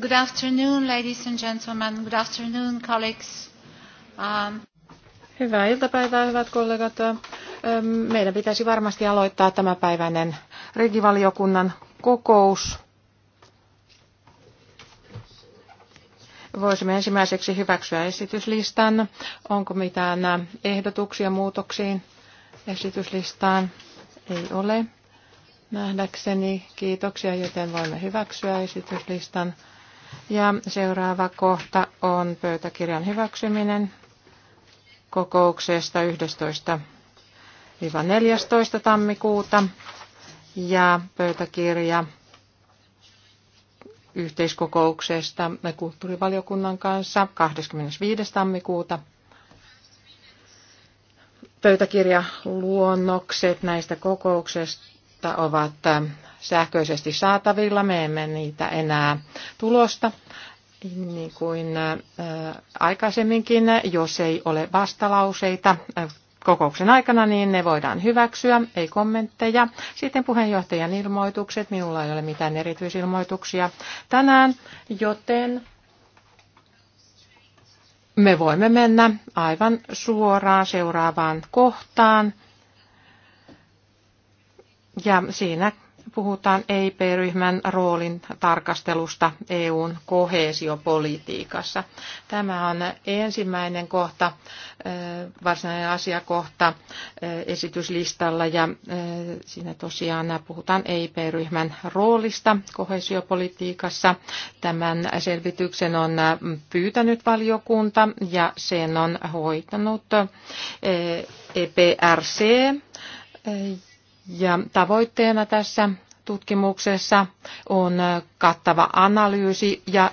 Good afternoon, ladies and gentlemen. Good afternoon, colleagues. Um... Hyvää iltapäivää, hyvät kollegat. Meidän pitäisi varmasti aloittaa tämä päiväinen regivaliokunnan kokous. Voisimme ensimmäiseksi hyväksyä esityslistan. Onko mitään ehdotuksia muutoksiin esityslistaan? Ei ole nähdäkseni. Kiitoksia, joten voimme hyväksyä esityslistan. Ja seuraava kohta on pöytäkirjan hyväksyminen kokouksesta 11-14. tammikuuta ja pöytäkirja yhteiskokouksesta kulttuurivaliokunnan kanssa 25. tammikuuta. Pöytäkirjaluonnokset näistä kokouksista jotka ovat äh, sähköisesti saatavilla. Me emme niitä enää tulosta niin kuin äh, aikaisemminkin, jos ei ole vastalauseita äh, kokouksen aikana, niin ne voidaan hyväksyä, ei kommentteja. Sitten puheenjohtajan ilmoitukset. Minulla ei ole mitään erityisilmoituksia tänään, joten me voimme mennä aivan suoraan seuraavaan kohtaan. Ja siinä puhutaan EIP-ryhmän roolin tarkastelusta EUn kohesiopolitiikassa. Tämä on ensimmäinen kohta, varsinainen asiakohta esityslistalla ja siinä tosiaan puhutaan EIP-ryhmän roolista kohesiopolitiikassa. Tämän selvityksen on pyytänyt valiokunta ja sen on hoitanut EPRC ja tavoitteena tässä tutkimuksessa on kattava analyysi ja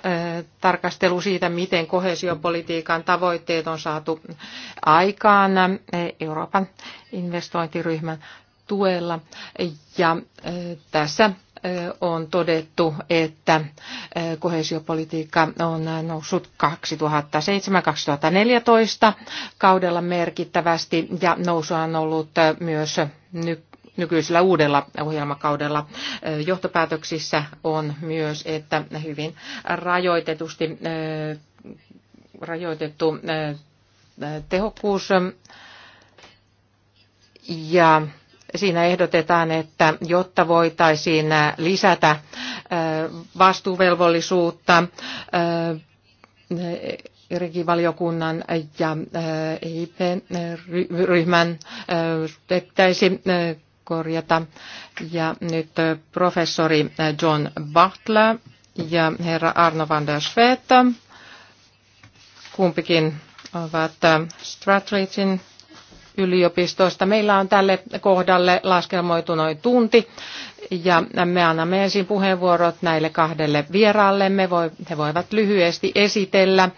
tarkastelu siitä, miten kohesiopolitiikan tavoitteet on saatu aikaan Euroopan investointiryhmän tuella. Ja tässä on todettu, että kohesiopolitiikka on noussut 2007-2014 kaudella merkittävästi ja nousu on ollut myös nyt nykyisellä uudella ohjelmakaudella. Johtopäätöksissä on myös, että hyvin rajoitetusti rajoitettu tehokkuus ja siinä ehdotetaan, että jotta voitaisiin lisätä vastuuvelvollisuutta rikivaliokunnan ja e ip ryhmän pitäisi korjata. Ja nyt professori John Butler ja herra Arno van der Schwet, kumpikin ovat Stratridgein yliopistosta. Meillä on tälle kohdalle laskelmoitu noin tunti ja me annamme ensin puheenvuorot näille kahdelle vieraallemme. He voivat lyhyesti esitellä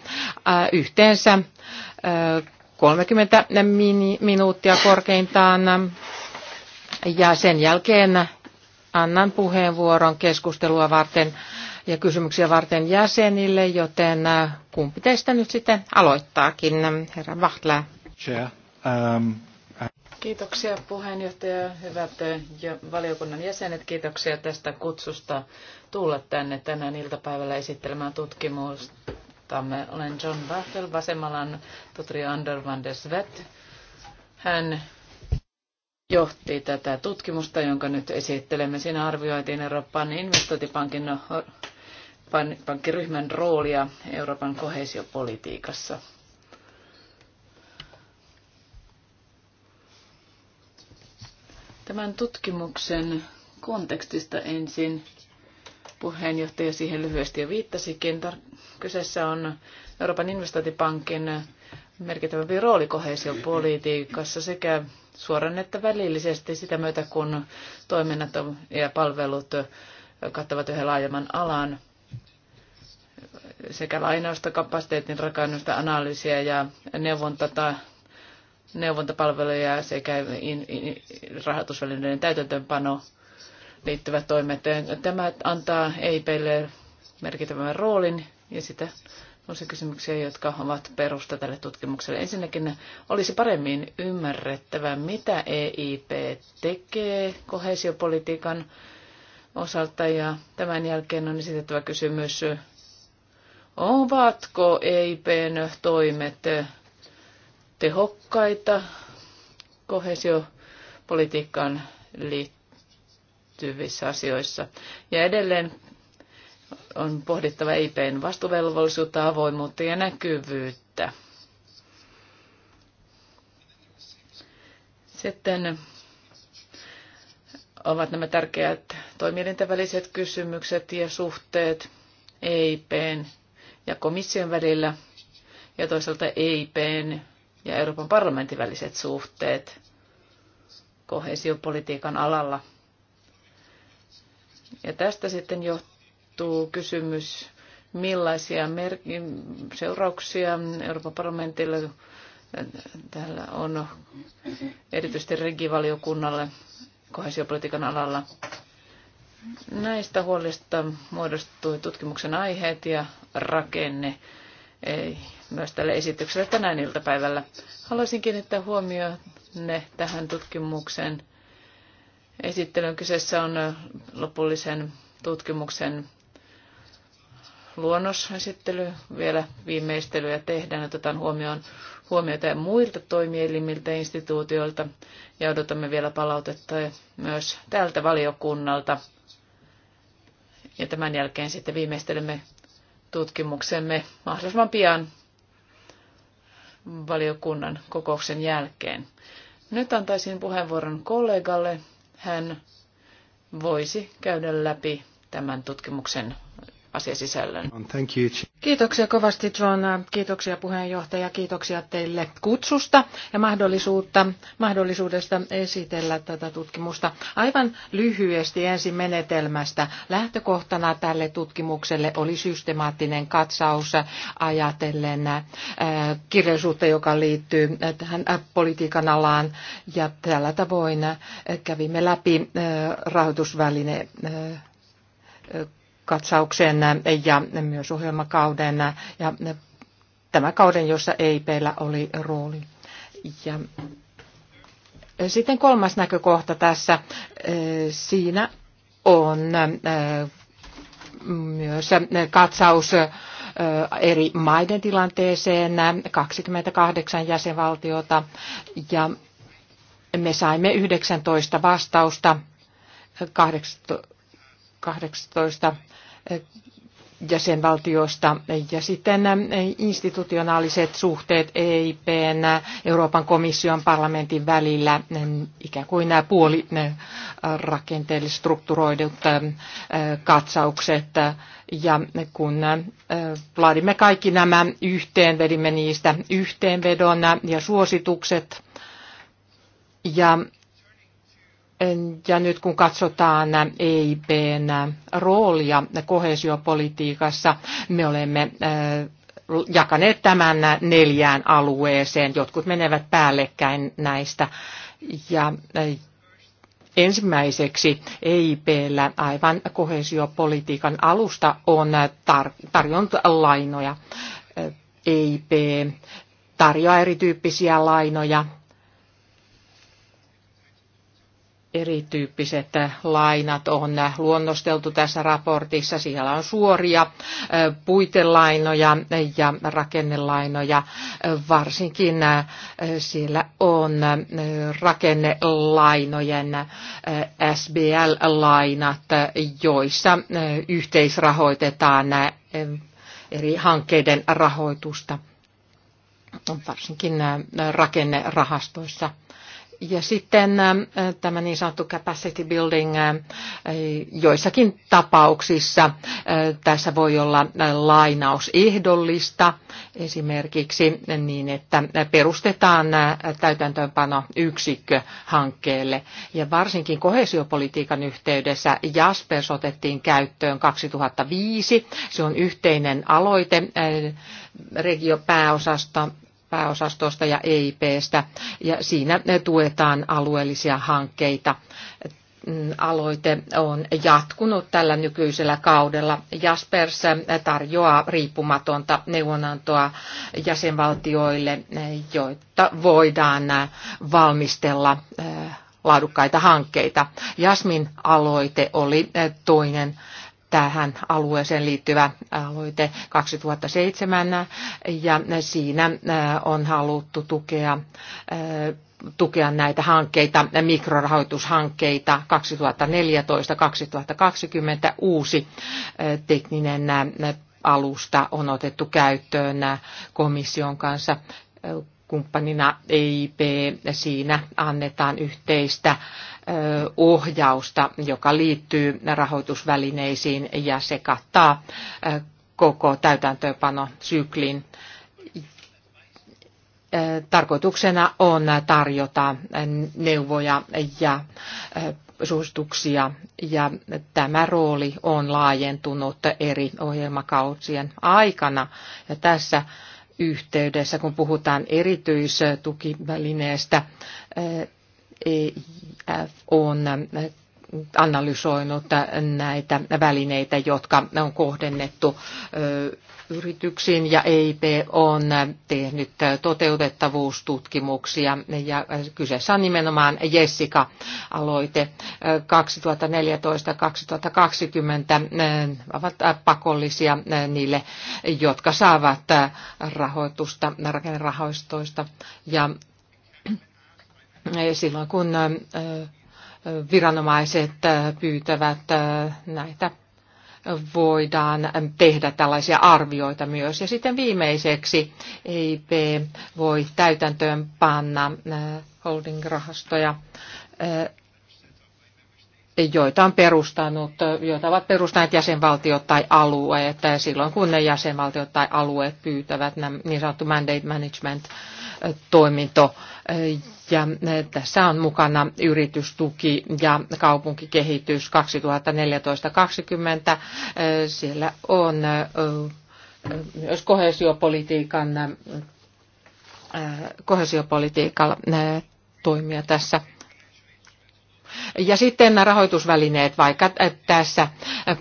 yhteensä 30 minuuttia korkeintaan ja sen jälkeen annan puheenvuoron keskustelua varten ja kysymyksiä varten jäsenille, joten äh, kumpi teistä nyt sitten aloittaakin, herra Vahtlä. Um, kiitoksia puheenjohtaja, hyvät ja valiokunnan jäsenet. Kiitoksia tästä kutsusta tulla tänne tänään iltapäivällä esittelemään tutkimustamme. Olen John Bartel, vasemmalan tutori Ander van der Svet. Hän johti tätä tutkimusta, jonka nyt esittelemme. Siinä arvioitiin Euroopan investointipankin roolia Euroopan kohesiopolitiikassa. Tämän tutkimuksen kontekstista ensin puheenjohtaja siihen lyhyesti jo viittasikin. Kyseessä on Euroopan investointipankin merkittävämpi rooli kohesiopolitiikassa sekä suoran että välillisesti sitä myötä, kun toiminnat ja palvelut kattavat yhden laajemman alan sekä lainausta, kapasiteetin rakennusta, analyysiä ja neuvontata, neuvontapalveluja sekä rahoitusvälineiden täytäntöönpano liittyvät toimet. Tämä antaa EIPlle merkittävän roolin ja sitä olisi kysymyksiä, jotka ovat perusta tälle tutkimukselle. Ensinnäkin olisi paremmin ymmärrettävä, mitä EIP tekee kohesiopolitiikan osalta ja tämän jälkeen on esitettävä kysymys, ovatko EIPn toimet tehokkaita kohesiopolitiikkaan liittyvissä asioissa. Ja edelleen on pohdittava IPn vastuvelvollisuutta, avoimuutta ja näkyvyyttä. Sitten ovat nämä tärkeät toimielinten väliset kysymykset ja suhteet EIPn ja komission välillä ja toisaalta EIPn ja Euroopan parlamentin väliset suhteet kohesiopolitiikan alalla. Ja tästä sitten johtuu asettuu kysymys, millaisia mer- seurauksia Euroopan parlamentille täällä on erityisesti regivaliokunnalle kohesiopolitiikan alalla. Näistä huolista muodostui tutkimuksen aiheet ja rakenne ei, myös tälle esitykselle tänään iltapäivällä. Haluaisin kiinnittää huomioon ne tähän tutkimuksen esittelyyn kyseessä on lopullisen tutkimuksen luonnosesittely vielä viimeistelyä tehdään. Otetaan huomioon huomiota ja muilta toimielimiltä instituutioilta ja odotamme vielä palautetta myös tältä valiokunnalta. Ja tämän jälkeen sitten viimeistelemme tutkimuksemme mahdollisimman pian valiokunnan kokouksen jälkeen. Nyt antaisin puheenvuoron kollegalle. Hän voisi käydä läpi tämän tutkimuksen asiasisällön. Kiitoksia kovasti John, kiitoksia puheenjohtaja, kiitoksia teille kutsusta ja mahdollisuutta, mahdollisuudesta esitellä tätä tutkimusta. Aivan lyhyesti ensin menetelmästä. Lähtökohtana tälle tutkimukselle oli systemaattinen katsaus ajatellen äh, kirjallisuutta, joka liittyy äh, tähän äh, politiikan alaan ja tällä tavoin kävimme läpi rahoitusväline katsauksen ja myös ohjelmakauden ja tämän kauden, jossa EIPllä oli rooli. Ja sitten kolmas näkökohta tässä, eh, siinä on eh, myös katsaus eh, eri maiden tilanteeseen, 28 jäsenvaltiota, ja me saimme 19 vastausta, 18 18 jäsenvaltiosta ja sitten institutionaaliset suhteet EIPn, Euroopan komission parlamentin välillä ikään kuin nämä puoli rakenteelliset strukturoidut katsaukset ja kun laadimme kaikki nämä yhteen, vedimme niistä yhteenvedon ja suositukset ja ja nyt kun katsotaan EIPn roolia kohesiopolitiikassa, me olemme äh, jakaneet tämän neljään alueeseen. Jotkut menevät päällekkäin näistä. Ja äh, ensimmäiseksi EIPllä aivan kohesiopolitiikan alusta on tarjonnut lainoja. Äh, EIP tarjoaa erityyppisiä lainoja erityyppiset lainat on luonnosteltu tässä raportissa. Siellä on suoria puitelainoja ja rakennelainoja. Varsinkin siellä on rakennelainojen SBL-lainat, joissa yhteisrahoitetaan eri hankkeiden rahoitusta, varsinkin rakennerahastoissa. Ja sitten äh, tämä niin sanottu capacity building äh, joissakin tapauksissa. Äh, tässä voi olla lainaus ehdollista esimerkiksi niin, että perustetaan yksikkö hankkeelle. Ja varsinkin kohesiopolitiikan yhteydessä Jaspers otettiin käyttöön 2005. Se on yhteinen aloite regiopääosasta pääosastosta ja EIPstä, ja siinä tuetaan alueellisia hankkeita. Mm, aloite on jatkunut tällä nykyisellä kaudella. Jaspers tarjoaa riippumatonta neuvonantoa jäsenvaltioille, joita voidaan valmistella eh, laadukkaita hankkeita. Jasmin aloite oli eh, toinen tähän alueeseen liittyvä aloite 2007 ja siinä äh, on haluttu tukea äh, tukea näitä hankkeita, mikrorahoitushankkeita 2014-2020 uusi äh, tekninen alusta on otettu käyttöön komission kanssa kumppanina EIP. Siinä annetaan yhteistä ohjausta, joka liittyy rahoitusvälineisiin ja se kattaa koko täytäntöönpanosyklin. Tarkoituksena on tarjota neuvoja ja suosituksia ja tämä rooli on laajentunut eri ohjelmakautsien aikana. Ja tässä yhteydessä, kun puhutaan erityistukivälineestä, E IF on äh, analysoinut äh, näitä välineitä, jotka on kohdennettu yrityksiin ja EIP on äh, tehnyt toteutettavuustutkimuksia ja kyseessä on nimenomaan Jessica-aloite 2014-2020 ovat pakollisia niille, jotka saavat rahoitusta rakennerahoistoista ja silloin, kun viranomaiset pyytävät näitä voidaan tehdä tällaisia arvioita myös. Ja sitten viimeiseksi EIP voi täytäntöön panna holdingrahastoja, joita on perustanut, joita ovat perustaneet jäsenvaltiot tai alueet, silloin kun ne jäsenvaltiot tai alueet pyytävät niin sanottu mandate management toiminto. Ja tässä on mukana yritystuki ja kaupunkikehitys 2014-2020. Siellä on myös kohesiopolitiikan, kohesiopolitiikalla toimia tässä ja sitten rahoitusvälineet, vaikka tässä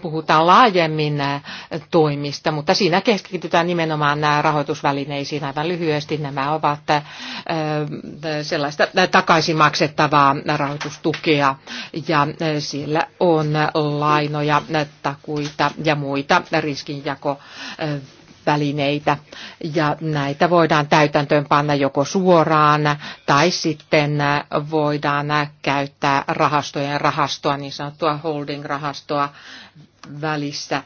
puhutaan laajemmin toimista, mutta siinä keskitytään nimenomaan nämä rahoitusvälineisiin aivan lyhyesti. Nämä ovat äh, sellaista takaisin maksettavaa rahoitustukea ja äh, siellä on lainoja, takuita ja muita riskinjako äh, välineitä ja näitä voidaan täytäntöön panna joko suoraan tai sitten voidaan käyttää rahastojen rahastoa, niin sanottua holding-rahastoa välissä,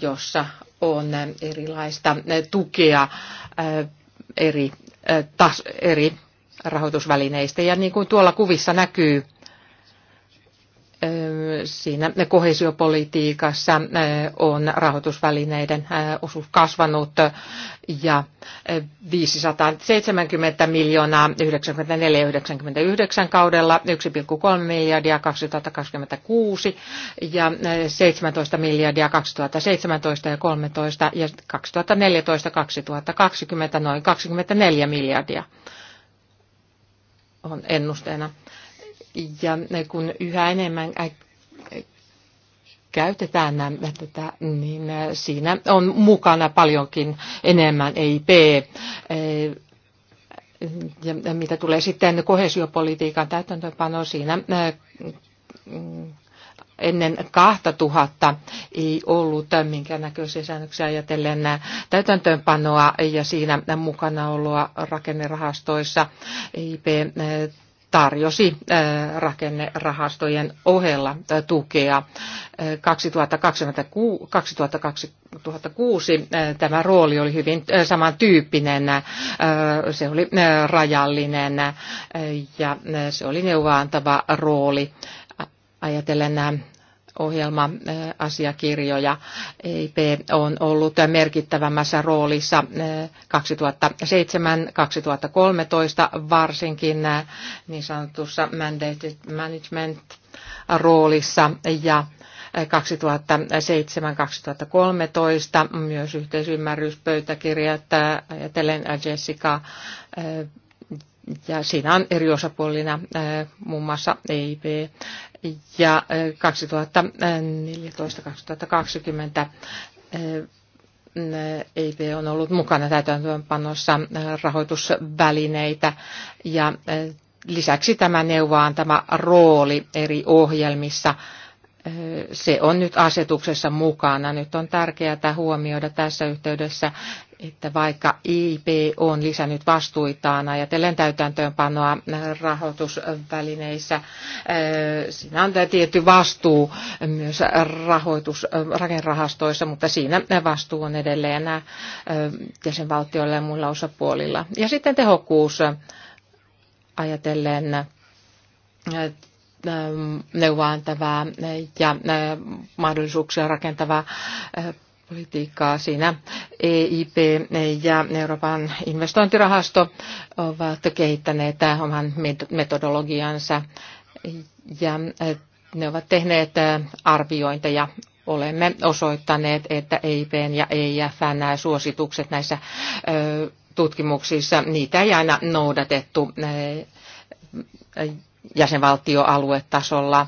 jossa on erilaista tukea eri, tas, eri rahoitusvälineistä. Ja niin kuin tuolla kuvissa näkyy, siinä kohesiopolitiikassa on rahoitusvälineiden osuus kasvanut ja 570 miljoonaa 94-99 kaudella 1,3 miljardia 2026 ja 17 miljardia 2017 ja 13 ja 2014-2020 noin 24 miljardia on ennusteena. Ja kun yhä enemmän äh, käytetään tätä, niin äh, siinä on mukana paljonkin enemmän EIP. Äh, ja mitä tulee sitten kohesiopolitiikan täytäntöönpanoon, siinä ennen 2000 ei ollut näköisiä säännöksiä ajatellen täytäntöönpanoa ja siinä mukana oloa rakennerahastoissa. E IP tarjosi rakennerahastojen ohella tukea. 2026, 2006 tämä rooli oli hyvin samantyyppinen. Se oli rajallinen ja se oli neuvoantava rooli ajatellen ohjelma-asiakirjoja. EIP on ollut merkittävämmässä roolissa 2007-2013 e, varsinkin e, niin sanotussa mandated management roolissa ja 2007-2013 e, myös yhteisymmärryspöytäkirjat ajatellen Jessica ja siinä on eri osapuolina muun muassa EIP, ja 2014-2020 EIP on ollut mukana täytäntöönpanossa rahoitusvälineitä ja lisäksi tämä tämä rooli eri ohjelmissa se on nyt asetuksessa mukana. Nyt on tärkeää huomioida tässä yhteydessä, että vaikka IP on lisännyt vastuitaan ajatellen täytäntöönpanoa rahoitusvälineissä, siinä on tietty vastuu myös rahoitus, mutta siinä vastuu on edelleen jäsenvaltioilla ja muilla osapuolilla. Ja sitten tehokkuus ajatellen Eh, neuvoa antavaa eh, ja eh, mahdollisuuksia rakentavaa politiikkaa siinä EIP ja Euroopan investointirahasto ovat kehittäneet oman metodologiansa ja ne ovat tehneet arviointeja. Olemme osoittaneet, että EIP ja EIFn suositukset näissä tutkimuksissa, niitä ei aina noudatettu jäsenvaltioaluetasolla.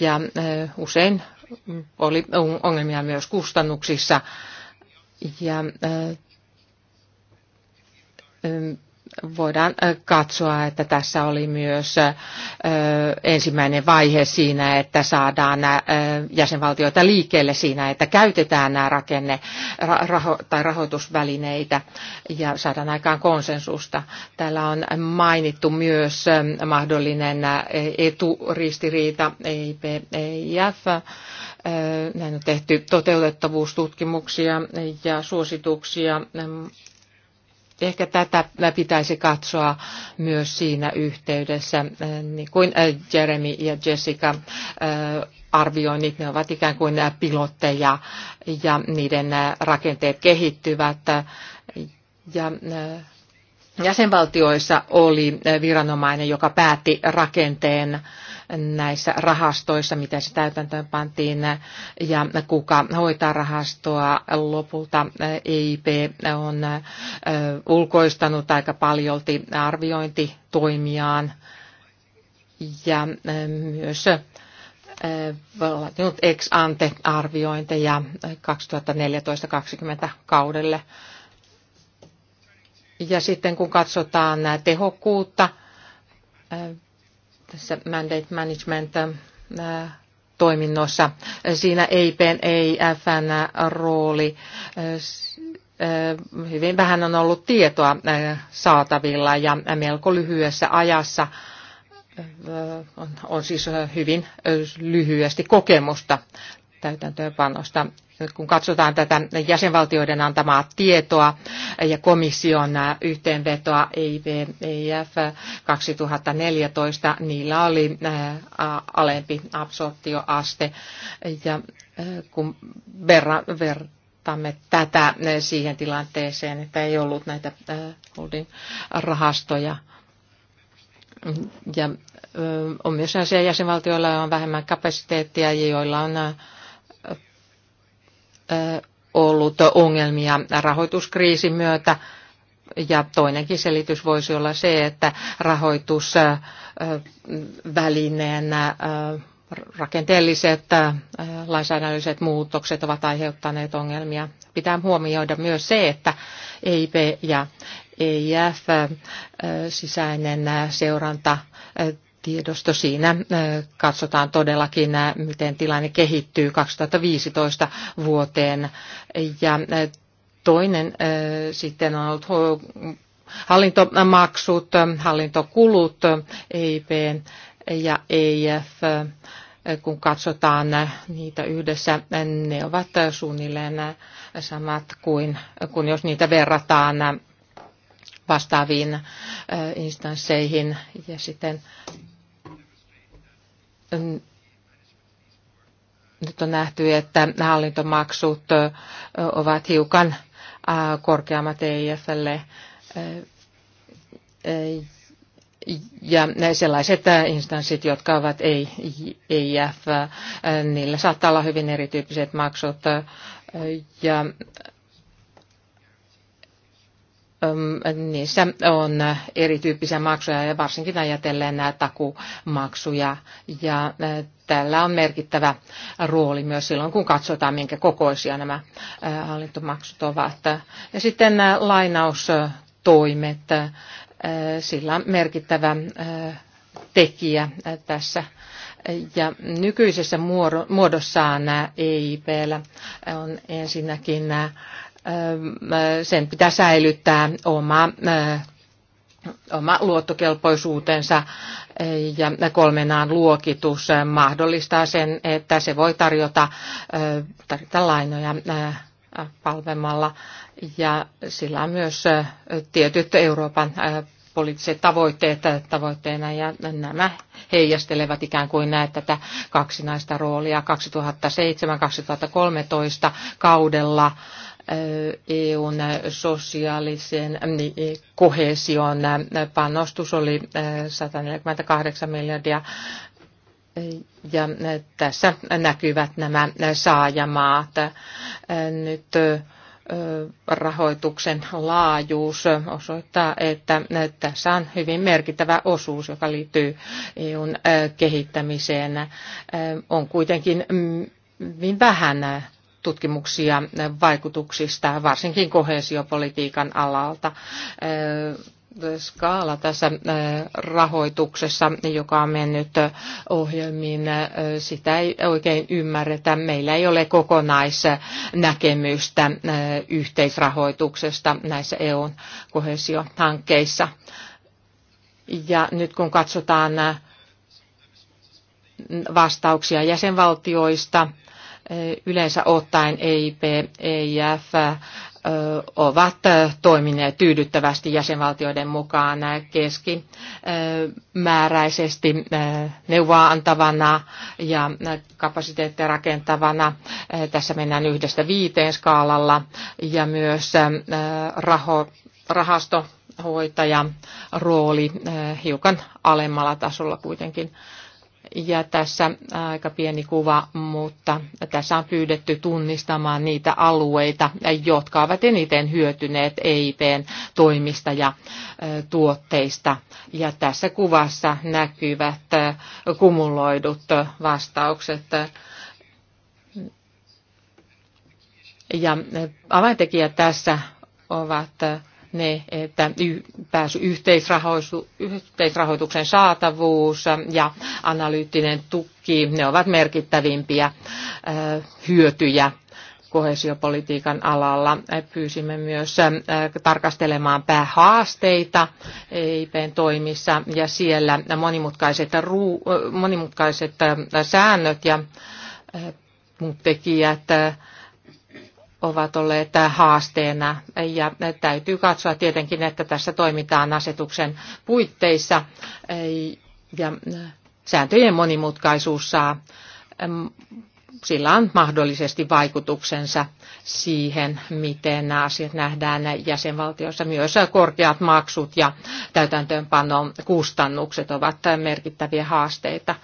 Ja eh, usein oli ongelmia myös kustannuksissa. Ja eh, voidaan katsoa, että tässä oli myös ensimmäinen vaihe siinä, että saadaan jäsenvaltioita liikkeelle siinä, että käytetään nämä rakenne- tai rahoitusvälineitä ja saadaan aikaan konsensusta. Täällä on mainittu myös mahdollinen eturistiriita EIPF. E näin on tehty toteutettavuustutkimuksia ja suosituksia Ehkä tätä pitäisi katsoa myös siinä yhteydessä, äh, niin kuin äh, Jeremy ja Jessica äh, arvioinnit, niin ne ovat ikään kuin pilotteja ja niiden rakenteet kehittyvät. Ja jäsenvaltioissa oli viranomainen, joka päätti rakenteen näissä rahastoissa, mitä se täytäntöön pantiin ja kuka hoitaa rahastoa. Lopulta EIP on ulkoistanut aika paljolti arviointitoimiaan ja myös laatinut ex ante arviointeja 2014-2020 kaudelle. Ja sitten kun katsotaan tehokkuutta, tässä mandate management äh, toiminnossa. Siinä EIPn, EIFn rooli, äh, äh, hyvin vähän on ollut tietoa saatavilla ja melko lyhyessä ajassa on siis hyvin lyhyesti kokemusta täytäntöönpanosta. Kun katsotaan tätä jäsenvaltioiden antamaa tietoa ja komission yhteenvetoa EIF e 2014, niillä oli alempi absorptioaste. Ja kun verra, ver, vertaamme tätä siihen tilanteeseen, että ei ollut näitä holding rahastoja. Ja on myös sellaisia jäsenvaltioilla, joilla on vähemmän kapasiteettia ja joilla on ollut ongelmia rahoituskriisin myötä. Ja toinenkin selitys voisi olla se, että rahoitusvälineen rakenteelliset lainsäädännölliset muutokset ovat aiheuttaneet ongelmia. Pitää huomioida myös se, että EIP ja EIF sisäinen seuranta tiedosto. Siinä äh, katsotaan todellakin, äh, miten tilanne kehittyy 2015 vuoteen. Ja äh, toinen sitten on ollut hallintomaksut, hallintokulut, EIP ja EIF kun katsotaan niitä yhdessä, ne ovat suunnilleen samat kuin kun jos niitä verrataan vastaaviin instansseihin. Ja sitten nyt on nähty, että hallintomaksut ovat hiukan korkeammat EIFlle ja sellaiset instanssit, jotka ovat EIF, e niillä saattaa olla hyvin erityyppiset maksut ja niissä on erityyppisiä maksuja ja varsinkin ajatellen nämä takumaksuja. Ja tällä on merkittävä rooli myös silloin, kun katsotaan, minkä kokoisia nämä hallintomaksut ovat. Ja sitten nämä lainaustoimet, sillä on merkittävä tekijä tässä. Ja nykyisessä muodossaan EIP on ensinnäkin sen pitää säilyttää oma, oma luottokelpoisuutensa ja kolmenaan luokitus mahdollistaa sen, että se voi tarjota, tarjota lainoja palvemalla ja sillä on myös tietyt Euroopan poliittiset tavoitteet tavoitteena ja nämä heijastelevat ikään kuin näet tätä kaksinaista roolia 2007-2013 kaudella EUn sosiaalisen mm, kohesion panostus oli 148 miljardia. Ja tässä näkyvät nämä saajamaat. Nyt rahoituksen laajuus osoittaa, että tässä on hyvin merkittävä osuus, joka liittyy EUn kehittämiseen. On kuitenkin mm, hyvin vähän tutkimuksia vaikutuksista, varsinkin kohesiopolitiikan alalta skaala tässä rahoituksessa, joka on mennyt ohjelmiin, sitä ei oikein ymmärretä. Meillä ei ole kokonaisnäkemystä yhteisrahoituksesta näissä EUn kohesiohankkeissa. Ja nyt kun katsotaan vastauksia jäsenvaltioista, Yleensä ottaen EIP, EIF ovat toimineet tyydyttävästi jäsenvaltioiden mukaan keskimääräisesti neuvoa antavana ja kapasiteettia rakentavana. Tässä mennään yhdestä viiteen skaalalla ja myös raho, rahastohoitajan rooli hiukan alemmalla tasolla kuitenkin. Ja tässä aika pieni kuva, mutta tässä on pyydetty tunnistamaan niitä alueita, jotka ovat eniten hyötyneet EIPn toimista ja tuotteista. Ja tässä kuvassa näkyvät kumuloidut vastaukset. Ja avaintekijät tässä ovat ne, että pääsy yhteisrahoituksen saatavuus ja analyyttinen tuki, ne ovat merkittävimpiä hyötyjä kohesiopolitiikan alalla. Pyysimme myös tarkastelemaan päähaasteita EIPn toimissa ja siellä monimutkaiset, ruu, monimutkaiset säännöt ja muut tekijät ovat olleet haasteena ja täytyy katsoa tietenkin, että tässä toimitaan asetuksen puitteissa ja sääntöjen monimutkaisuus saa, sillä on mahdollisesti vaikutuksensa siihen, miten nämä asiat nähdään jäsenvaltioissa. Myös korkeat maksut ja täytäntöönpanon kustannukset ovat merkittäviä haasteita.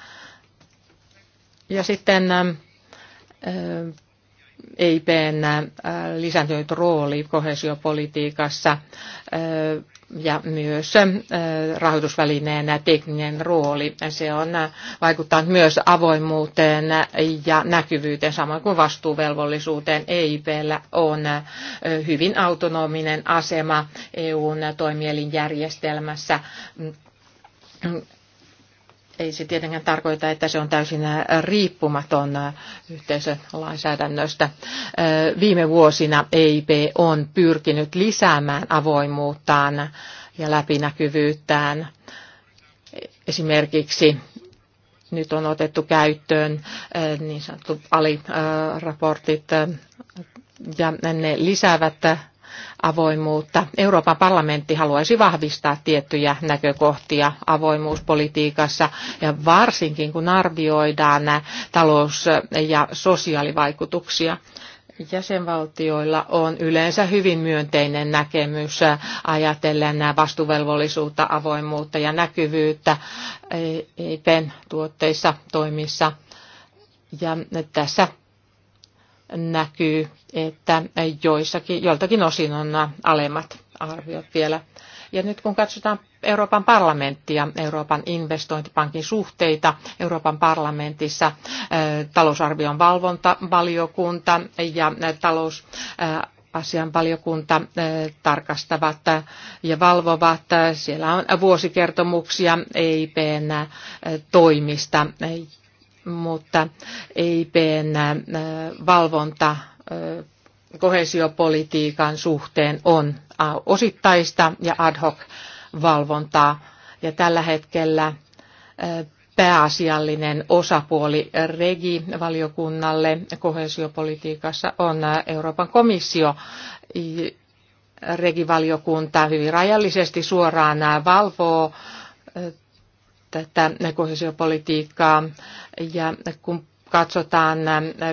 Ja sitten EIPn äh, lisääntynyt rooli kohesiopolitiikassa äh, ja myös äh, rahoitusvälineen tekninen rooli. Se on vaikuttanut myös avoimuuteen ja näkyvyyteen, samoin kuin vastuuvelvollisuuteen. EIPllä on hyvin autonominen asema EUn toimielinjärjestelmässä ei se tietenkään tarkoita, että se on täysin riippumaton lainsäädännöstä. Viime vuosina EIP on pyrkinyt lisäämään avoimuuttaan ja läpinäkyvyyttään. Esimerkiksi nyt on otettu käyttöön niin sanottu aliraportit ja ne lisäävät avoimuutta. Euroopan parlamentti haluaisi vahvistaa tiettyjä näkökohtia avoimuuspolitiikassa ja varsinkin kun arvioidaan talous- ja sosiaalivaikutuksia jäsenvaltioilla on yleensä hyvin myönteinen näkemys ajatellen vastuvelvollisuutta, avoimuutta ja näkyvyyttä EIPen tuotteissa, toimissa. Ja tässä näkyy, että joissakin, joiltakin osin on alemmat arviot vielä. Ja nyt kun katsotaan Euroopan parlamenttia, Euroopan investointipankin suhteita, Euroopan parlamentissa eh, talousarvion valvontavaliokunta ja talous eh, valiokunta eh, tarkastavat ja valvovat. Siellä on vuosikertomuksia EIPn toimista mutta EIPn äh, valvonta äh, kohesiopolitiikan suhteen on äh, osittaista ja ad hoc valvontaa. Ja tällä hetkellä pääasiallinen osapuoli regi-valiokunnalle kohesiopolitiikassa on Euroopan komissio. Regivaliokunta hyvin rajallisesti suoraan valvoo tätä kohesiopolitiikkaa ja kun katsotaan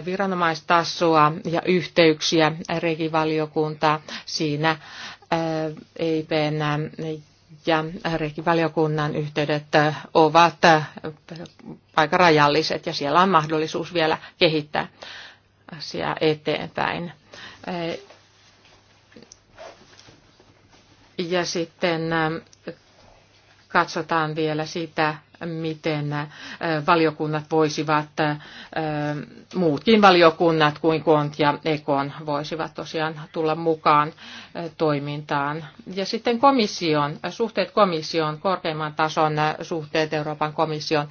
viranomaistasoa ja yhteyksiä regivaliokuntaa siinä EIPn ja regivaliokunnan yhteydet ovat aika rajalliset ja siellä on mahdollisuus vielä kehittää asiaa eteenpäin. Ja sitten katsotaan vielä sitä, miten äh, valiokunnat voisivat, äh, muutkin valiokunnat kuin KONT ja EKON voisivat tosiaan tulla mukaan äh, toimintaan. Ja sitten komission, suhteet komission, korkeimman tason suhteet Euroopan komission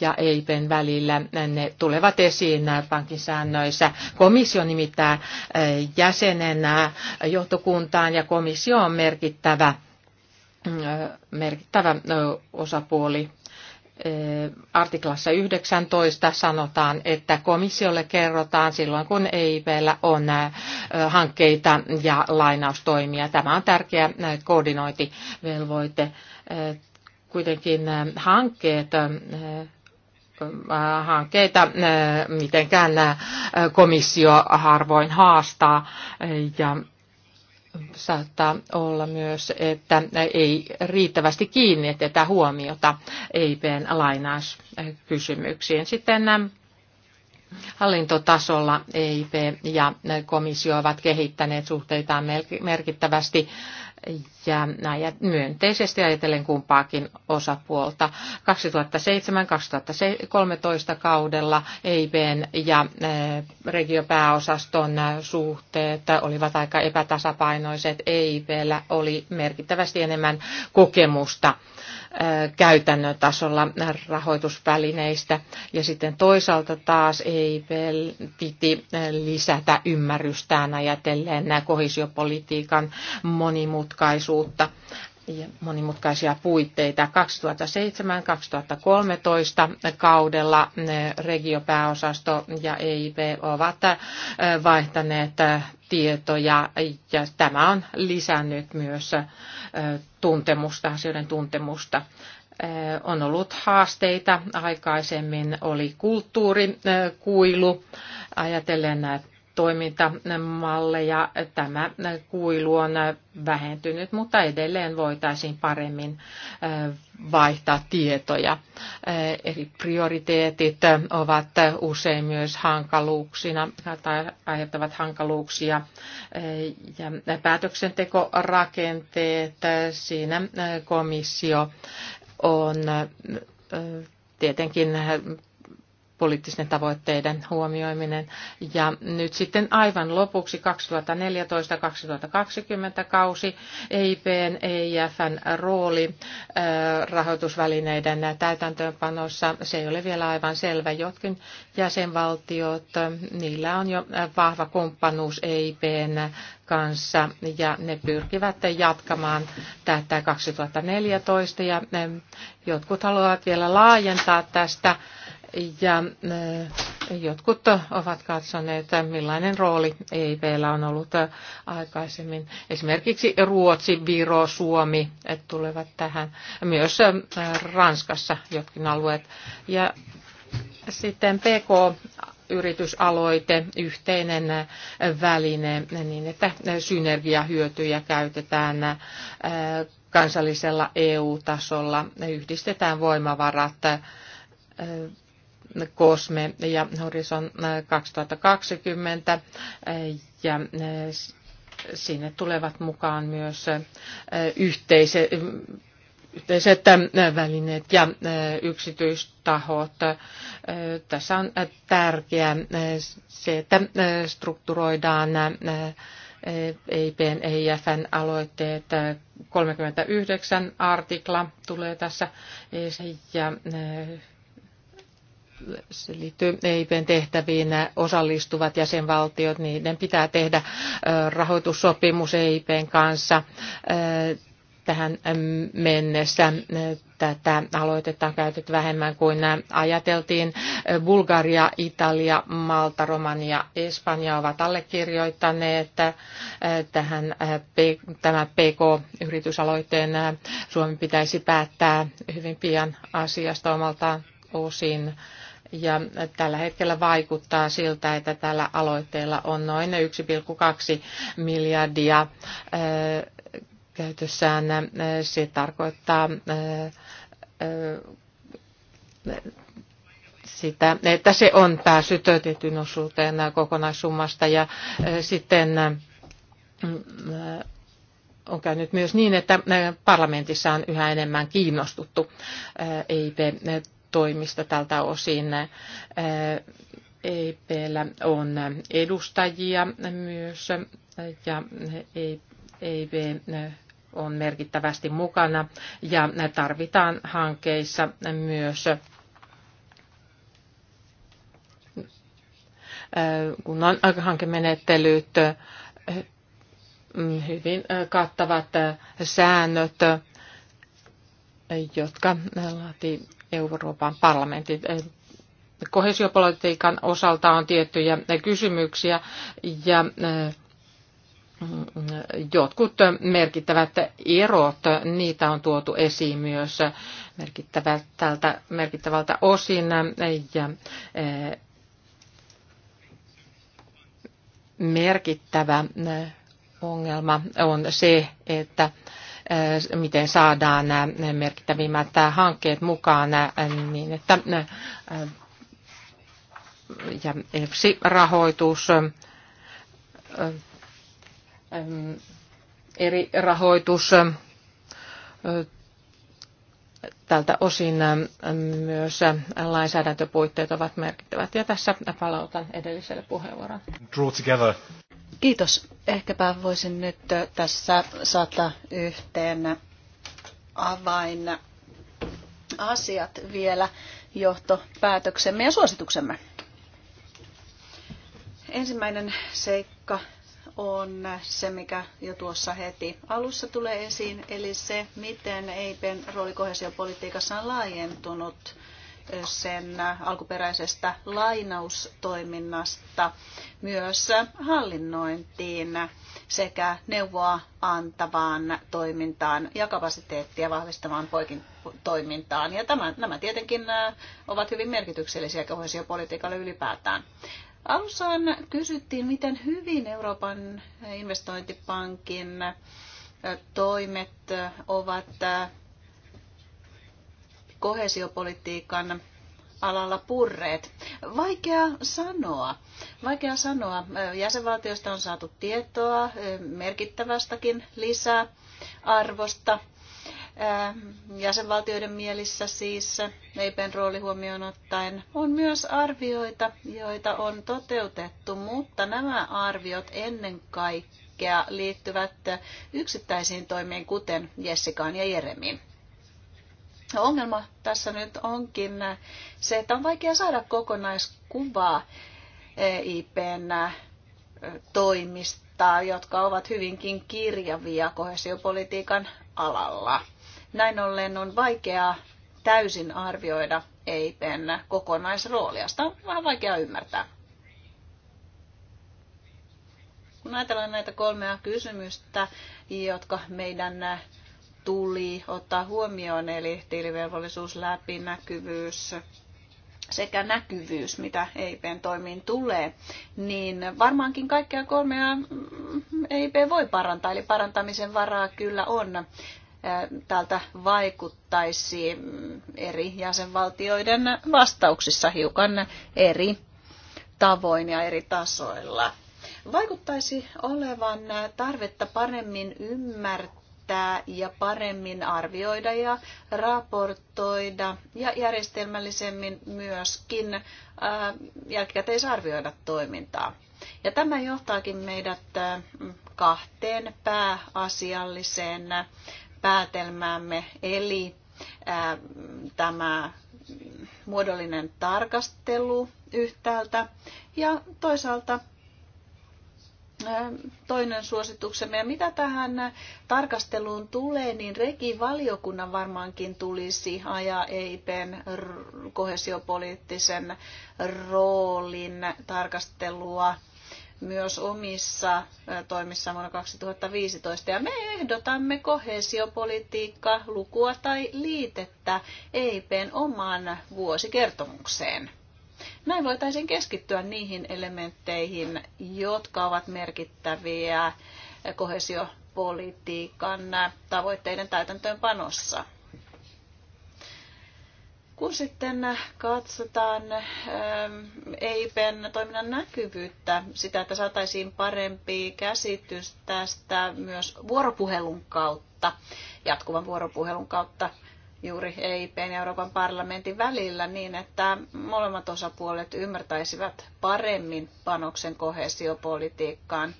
ja EIPen välillä, ne tulevat esiin pankin säännöissä. Komissio nimittää jäsenenä johtokuntaan ja komissio on merkittävä merkittävä osapuoli. Artiklassa 19 sanotaan, että komissiolle kerrotaan silloin, kun EIPllä on hankkeita ja lainaustoimia. Tämä on tärkeä koordinointivelvoite. Kuitenkin hankkeet hankkeita, mitenkään komissio harvoin haastaa. Ja saattaa olla myös, että ei riittävästi kiinnitetä huomiota EIPn lainauskysymyksiin. Sitten ähm, hallintotasolla EIP ja äh, komissio ovat kehittäneet suhteitaan merkittävästi ja myönteisesti ajatellen kumpaakin osapuolta. 2007-2013 kaudella EIBn ja regiopääosaston suhteet olivat aika epätasapainoiset. EIBllä oli merkittävästi enemmän kokemusta käytännön tasolla rahoitusvälineistä. Ja sitten toisaalta taas EIP piti lisätä ymmärrystään ajatellen kohesiopolitiikan monimutkaisuutta monimutkaisuutta ja monimutkaisia puitteita. 2007-2013 kaudella regiopääosasto ja EIP ovat äh, vaihtaneet äh, tietoja ja tämä on lisännyt myös äh, tuntemusta, asioiden tuntemusta on ollut haasteita. Aikaisemmin oli kulttuurikuilu ajatellen toimintamalleja. Tämä kuilu on vähentynyt, mutta edelleen voitaisiin paremmin vaihtaa tietoja. Eri prioriteetit ovat usein myös hankaluuksina tai aiheuttavat hankaluuksia. Ja päätöksentekorakenteet, siinä komissio on tietenkin poliittisten tavoitteiden huomioiminen. Ja nyt sitten aivan lopuksi 2014-2020 kausi EIPn, EIFn rooli rahoitusvälineiden täytäntöönpanossa. Se ei ole vielä aivan selvä. Jotkin jäsenvaltiot, niillä on jo vahva kumppanuus EIPn kanssa ja ne pyrkivät jatkamaan tätä 2014 ja jotkut haluavat vielä laajentaa tästä ja eh, jotkut ovat katsoneet, millainen rooli EIPllä on ollut eh, aikaisemmin. Esimerkiksi Ruotsi, Viro, Suomi tulevat tähän, myös eh, Ranskassa jotkin alueet. Ja sitten PK yritysaloite, yhteinen väline, niin että synergiahyötyjä käytetään kansallisella EU-tasolla, yhdistetään voimavarat COSME ja Horizon 2020 äh, äh, ja äh, sinne tulevat mukaan myös yhteiset, yhteiset välineet ja yksityistahot. Tässä on tärkeää se, että strukturoidaan EIPn e EIFn aloitteet. 39 artikla tulee tässä ja se liittyy EIPn tehtäviin, osallistuvat jäsenvaltiot, niiden pitää tehdä rahoitussopimus EIPn kanssa tähän mennessä. Tätä aloitetta on käytetty vähemmän kuin ajateltiin. Bulgaria, Italia, Malta, Romania, Espanja ovat allekirjoittaneet tähän tämän PK-yritysaloitteen. Suomi pitäisi päättää hyvin pian asiasta omalta osin. Ja tällä hetkellä vaikuttaa siltä, että tällä aloitteella on noin 1,2 miljardia äh, käytössään. Se tarkoittaa äh, äh, sitä, että se on päässyt töitetyn osuuteen kokonaissummasta ja sitten on käynyt myös niin, että parlamentissa on yhä enemmän kiinnostuttu EIP toimista tältä osin. EIPllä e on edustajia myös ja EIP on merkittävästi mukana ja tarvitaan hankkeissa myös kun on hankemenettelyt, hyvin kattavat säännöt, jotka laati Euroopan parlamentin kohesiopolitiikan osalta on tiettyjä kysymyksiä ja mm, jotkut merkittävät erot, niitä on tuotu esiin myös merkittävältä, merkittävältä osin ja eh, merkittävä ongelma on se, että miten saadaan nämä merkittävimmät hankkeet mukaan niin, että ja EFSI-rahoitus, eri rahoitus tältä osin myös lainsäädäntöpuitteet ovat merkittävät. Ja tässä palautan edelliselle puheenvuoron. Draw together. Kiitos. Ehkäpä voisin nyt tässä saattaa yhteen avain asiat vielä johtopäätöksemme ja suosituksemme. Ensimmäinen seikka on se, mikä jo tuossa heti alussa tulee esiin, eli se, miten EIPen rooli kohesiopolitiikassa on laajentunut sen alkuperäisestä lainaustoiminnasta myös hallinnointiin sekä neuvoa antavaan toimintaan ja kapasiteettia vahvistavaan poikin toimintaan. Ja tämän, nämä tietenkin äh, ovat hyvin merkityksellisiä kohesiopolitiikalle ylipäätään. Alussaan kysyttiin, miten hyvin Euroopan investointipankin äh, toimet äh, ovat kohesiopolitiikan alalla purreet? Vaikea sanoa. Vaikea sanoa. Jäsenvaltioista on saatu tietoa merkittävästäkin arvosta Jäsenvaltioiden mielissä siis EIPen rooli huomioon ottaen on myös arvioita, joita on toteutettu, mutta nämä arviot ennen kaikkea liittyvät yksittäisiin toimiin, kuten Jessikaan ja Jeremiin. Ongelma tässä nyt onkin se, että on vaikea saada kokonaiskuvaa e IPn toimista, jotka ovat hyvinkin kirjavia kohesiopolitiikan alalla. Näin ollen on vaikeaa täysin arvioida EIPn kokonaisroolia. Sitä on vähän vaikea ymmärtää. Kun ajatellaan näitä kolmea kysymystä, jotka meidän tuli ottaa huomioon, eli tilivelvollisuus, läpinäkyvyys sekä näkyvyys, mitä EIPn toimiin tulee, niin varmaankin kaikkea kolmea mm, EIP voi parantaa, eli parantamisen varaa kyllä on tältä vaikuttaisi mm, eri jäsenvaltioiden vastauksissa hiukan eri tavoin ja eri tasoilla. Vaikuttaisi olevan tarvetta paremmin ymmärtää, kehittää ja paremmin arvioida ja raportoida ja järjestelmällisemmin myöskin äh, jälkikäteisarvioida toimintaa. Ja tämä johtaakin meidät äh, kahteen pääasialliseen päätelmäämme, eli äh, tämä muodollinen tarkastelu yhtäältä ja toisaalta toinen suosituksemme. Ja mitä tähän tarkasteluun tulee, niin reki valiokunnan varmaankin tulisi ajaa EIPn kohesiopoliittisen roolin tarkastelua myös omissa toimissa vuonna 2015. Ja me ehdotamme kohesiopolitiikka lukua tai liitettä EIPn omaan vuosikertomukseen. Näin voitaisiin keskittyä niihin elementteihin, jotka ovat merkittäviä kohesiopolitiikan tavoitteiden täytäntöönpanossa. Kun sitten katsotaan ähm, EIPn toiminnan näkyvyyttä, sitä, että saataisiin parempi käsitys tästä myös vuoropuhelun kautta, jatkuvan vuoropuhelun kautta juuri EIPn ja Euroopan parlamentin välillä niin, että molemmat osapuolet ymmärtäisivät paremmin panoksen kohesiopolitiikkaan.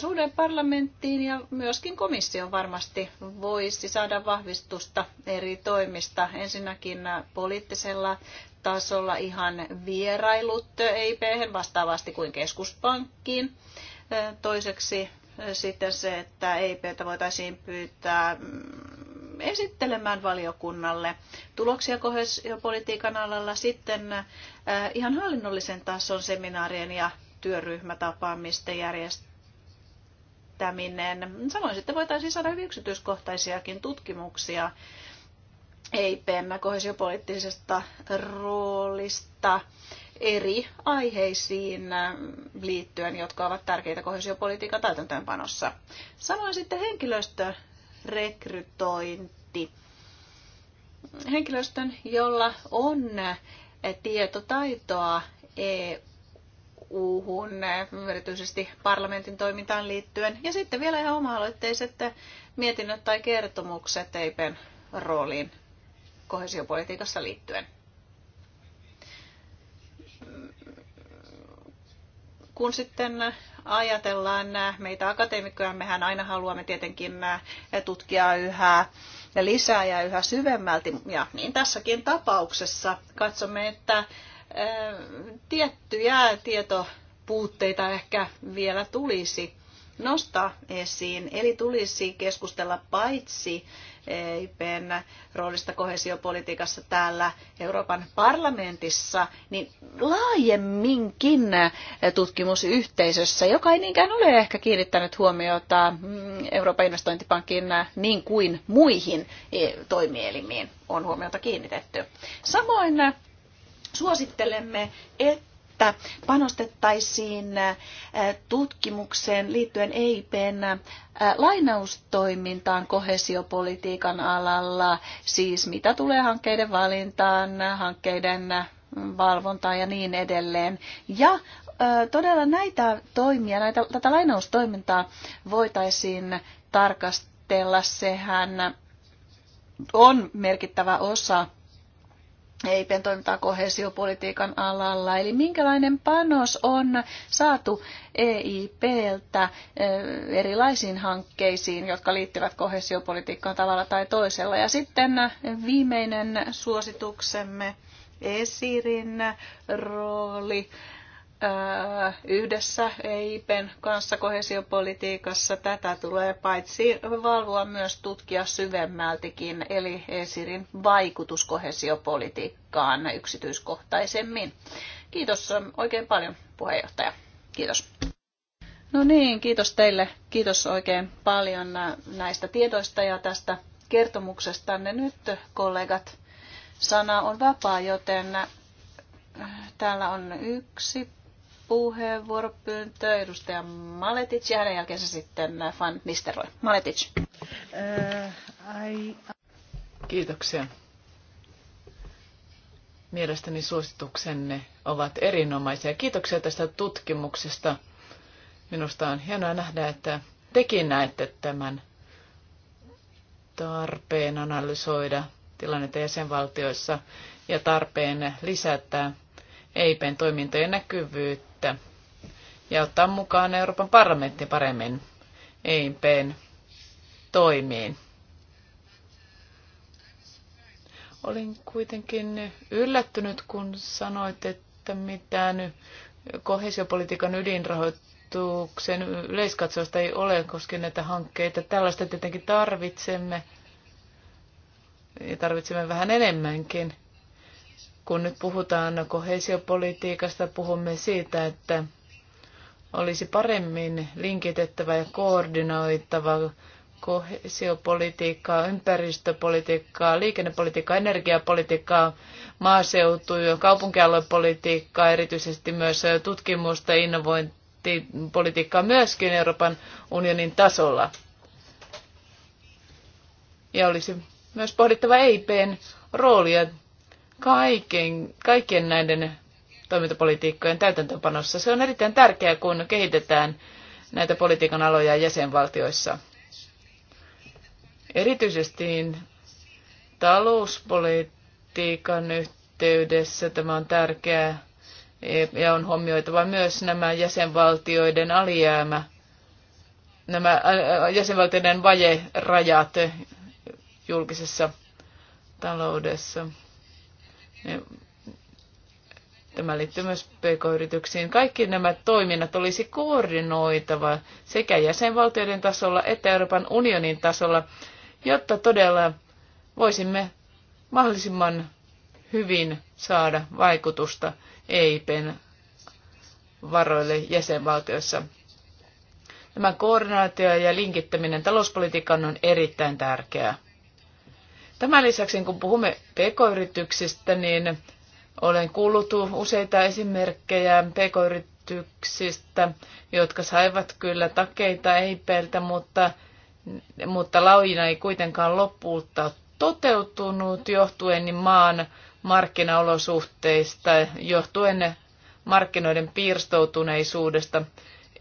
Suhde parlamenttiin ja myöskin komissio varmasti voisi saada vahvistusta eri toimista. Ensinnäkin poliittisella tasolla ihan vierailut eip vastaavasti kuin keskuspankkiin. Toiseksi sitten se, että EIPtä voitaisiin pyytää mm, esittelemään valiokunnalle tuloksia kohesiopolitiikan alalla sitten äh, ihan hallinnollisen tason seminaarien ja työryhmätapaamisten järjestäminen. Samoin sitten voitaisiin saada hyvin yksityiskohtaisiakin tutkimuksia EIPn kohesiopoliittisesta roolista eri aiheisiin liittyen, jotka ovat tärkeitä kohesiopolitiikan täytäntöönpanossa. Samoin sitten henkilöstö rekrytointi henkilöstön, jolla on tietotaitoa EU-hun, erityisesti parlamentin toimintaan liittyen. Ja sitten vielä ihan oma-aloitteiset mietinnöt tai kertomukset EIPen rooliin kohesiopolitiikassa liittyen. kun sitten ajatellaan meitä akateemikkoja, mehän aina haluamme tietenkin tutkia yhä lisää ja yhä syvemmälti. Ja niin tässäkin tapauksessa katsomme, että tiettyjä tietopuutteita ehkä vielä tulisi nostaa esiin. Eli tulisi keskustella paitsi EIPn roolista kohesiopolitiikassa täällä Euroopan parlamentissa, niin laajemminkin tutkimusyhteisössä, joka ei niinkään ole ehkä kiinnittänyt huomiota mm, Euroopan investointipankin niin kuin muihin e- toimielimiin on huomiota kiinnitetty. Samoin suosittelemme, että että panostettaisiin tutkimukseen liittyen EIPn lainaustoimintaan kohesiopolitiikan alalla, siis mitä tulee hankkeiden valintaan, hankkeiden valvontaan ja niin edelleen. Ja todella näitä toimia, näitä, tätä lainaustoimintaa voitaisiin tarkastella. Sehän on merkittävä osa ei toimintaa kohesiopolitiikan alalla. Eli minkälainen panos on saatu EIPltä erilaisiin hankkeisiin, jotka liittyvät kohesiopolitiikkaan tavalla tai toisella. Ja sitten viimeinen suosituksemme, Esirin rooli yhdessä EIPen kanssa kohesiopolitiikassa. Tätä tulee paitsi valvoa myös tutkia syvemmältikin, eli ESIRin vaikutus kohesiopolitiikkaan yksityiskohtaisemmin. Kiitos oikein paljon puheenjohtaja. Kiitos. No niin, kiitos teille. Kiitos oikein paljon näistä tiedoista ja tästä kertomuksestanne. Nyt kollegat, sana on vapaa, joten täällä on yksi puheenvuoropyyntö edustaja Maletic ja hänen jälkeensä sitten Van Nisteroi. Maletic. Äh, Kiitoksia. Mielestäni suosituksenne ovat erinomaisia. Kiitoksia tästä tutkimuksesta. Minusta on hienoa nähdä, että tekin näette tämän tarpeen analysoida tilannetta jäsenvaltioissa ja tarpeen lisätä EIPn toimintojen näkyvyyttä kehittää ja ottaa mukaan Euroopan parlamentti paremmin EIPn toimiin. Olin kuitenkin yllättynyt, kun sanoit, että mitään kohesiopolitiikan ydinrahoituksen yleiskatsausta ei ole koskien näitä hankkeita. Tällaista tietenkin tarvitsemme ja tarvitsemme vähän enemmänkin. Kun nyt puhutaan kohesiopolitiikasta, puhumme siitä, että olisi paremmin linkitettävä ja koordinoitava kohesiopolitiikkaa, ympäristöpolitiikkaa, liikennepolitiikkaa, energiapolitiikkaa, maaseutu- ja kaupunkialuepolitiikkaa, erityisesti myös tutkimusta, innovointipolitiikkaa myöskin Euroopan unionin tasolla. Ja olisi myös pohdittava EIPn roolia kaiken, kaikkien näiden toimintapolitiikkojen täytäntöpanossa. Se on erittäin tärkeää, kun kehitetään näitä politiikan aloja jäsenvaltioissa. Erityisesti talouspolitiikan yhteydessä tämä on tärkeää ja on huomioitava myös nämä jäsenvaltioiden alijäämä, nämä jäsenvaltioiden vajerajat julkisessa taloudessa. Tämä liittyy myös pk-yrityksiin. Kaikki nämä toiminnat olisi koordinoitava sekä jäsenvaltioiden tasolla että Euroopan unionin tasolla, jotta todella voisimme mahdollisimman hyvin saada vaikutusta EIPen varoille jäsenvaltioissa. Tämä koordinaatio ja linkittäminen talouspolitiikkaan on erittäin tärkeää. Tämän lisäksi, kun puhumme pk-yrityksistä, niin olen kuullut useita esimerkkejä pk-yrityksistä, jotka saivat kyllä takeita EIPeltä, mutta, mutta laujina ei kuitenkaan lopulta toteutunut johtuen niin maan markkinaolosuhteista, johtuen markkinoiden piirstoutuneisuudesta.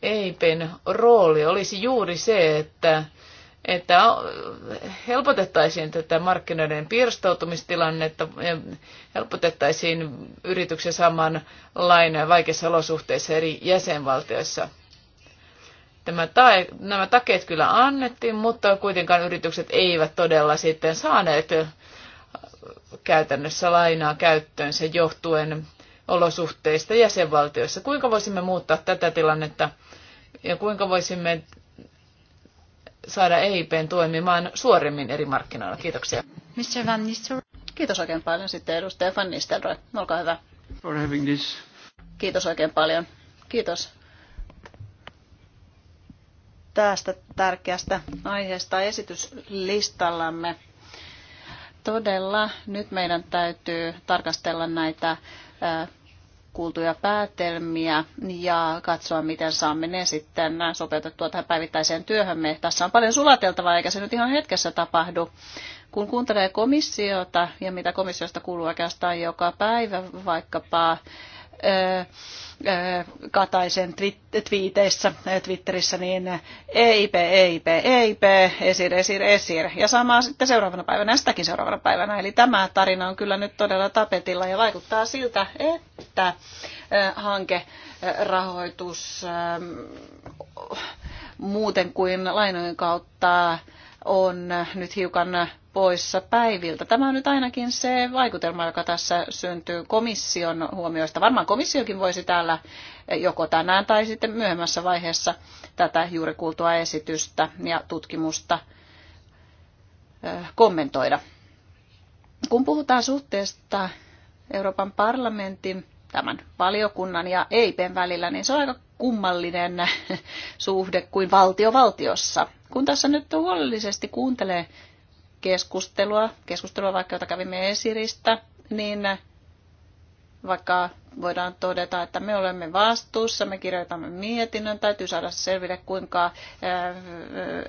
EIPen rooli olisi juuri se, että että helpotettaisiin tätä markkinoiden pirstoutumistilannetta, helpotettaisiin yrityksen saman lainaa vaikeissa olosuhteissa eri jäsenvaltioissa. Tämä tae, nämä takeet kyllä annettiin, mutta kuitenkaan yritykset eivät todella sitten saaneet käytännössä lainaa käyttöönsä johtuen olosuhteista jäsenvaltioissa. Kuinka voisimme muuttaa tätä tilannetta ja kuinka voisimme saada EIPn toimimaan suoremmin eri markkinoilla. Kiitoksia. Mr. Van Nistelrooy. Kiitos oikein paljon sitten edustaja Van Nistelrooy. Olkaa hyvä. For having this. Kiitos oikein paljon. Kiitos tästä tärkeästä aiheesta esityslistallamme. Todella nyt meidän täytyy tarkastella näitä kuultuja päätelmiä ja katsoa, miten saamme ne sitten sopeutettua tähän päivittäiseen työhömme. Tässä on paljon sulateltavaa, eikä se nyt ihan hetkessä tapahdu. Kun kuuntelee komissiota ja mitä komissiosta kuuluu oikeastaan joka päivä, vaikkapa Kataisen twiiteissä, Twitterissä, niin EIP, EIP, EIP, esir, esir, esir. Ja samaa sitten seuraavana päivänä, sitäkin seuraavana päivänä. Eli tämä tarina on kyllä nyt todella tapetilla ja vaikuttaa siltä, että hankerahoitus muuten kuin lainojen kautta on nyt hiukan poissa päiviltä. Tämä on nyt ainakin se vaikutelma, joka tässä syntyy komission huomioista. Varmaan komissiokin voisi täällä joko tänään tai sitten myöhemmässä vaiheessa tätä juuri kuultua esitystä ja tutkimusta kommentoida. Kun puhutaan suhteesta Euroopan parlamentin, tämän valiokunnan ja EIPen välillä, niin se on aika kummallinen suhde kuin valtio valtiossa. Kun tässä nyt huolellisesti kuuntelee keskustelua, keskustelua vaikka jota kävimme esiristä, niin vaikka voidaan todeta, että me olemme vastuussa, me kirjoitamme mietinnön, täytyy saada selville, kuinka äh,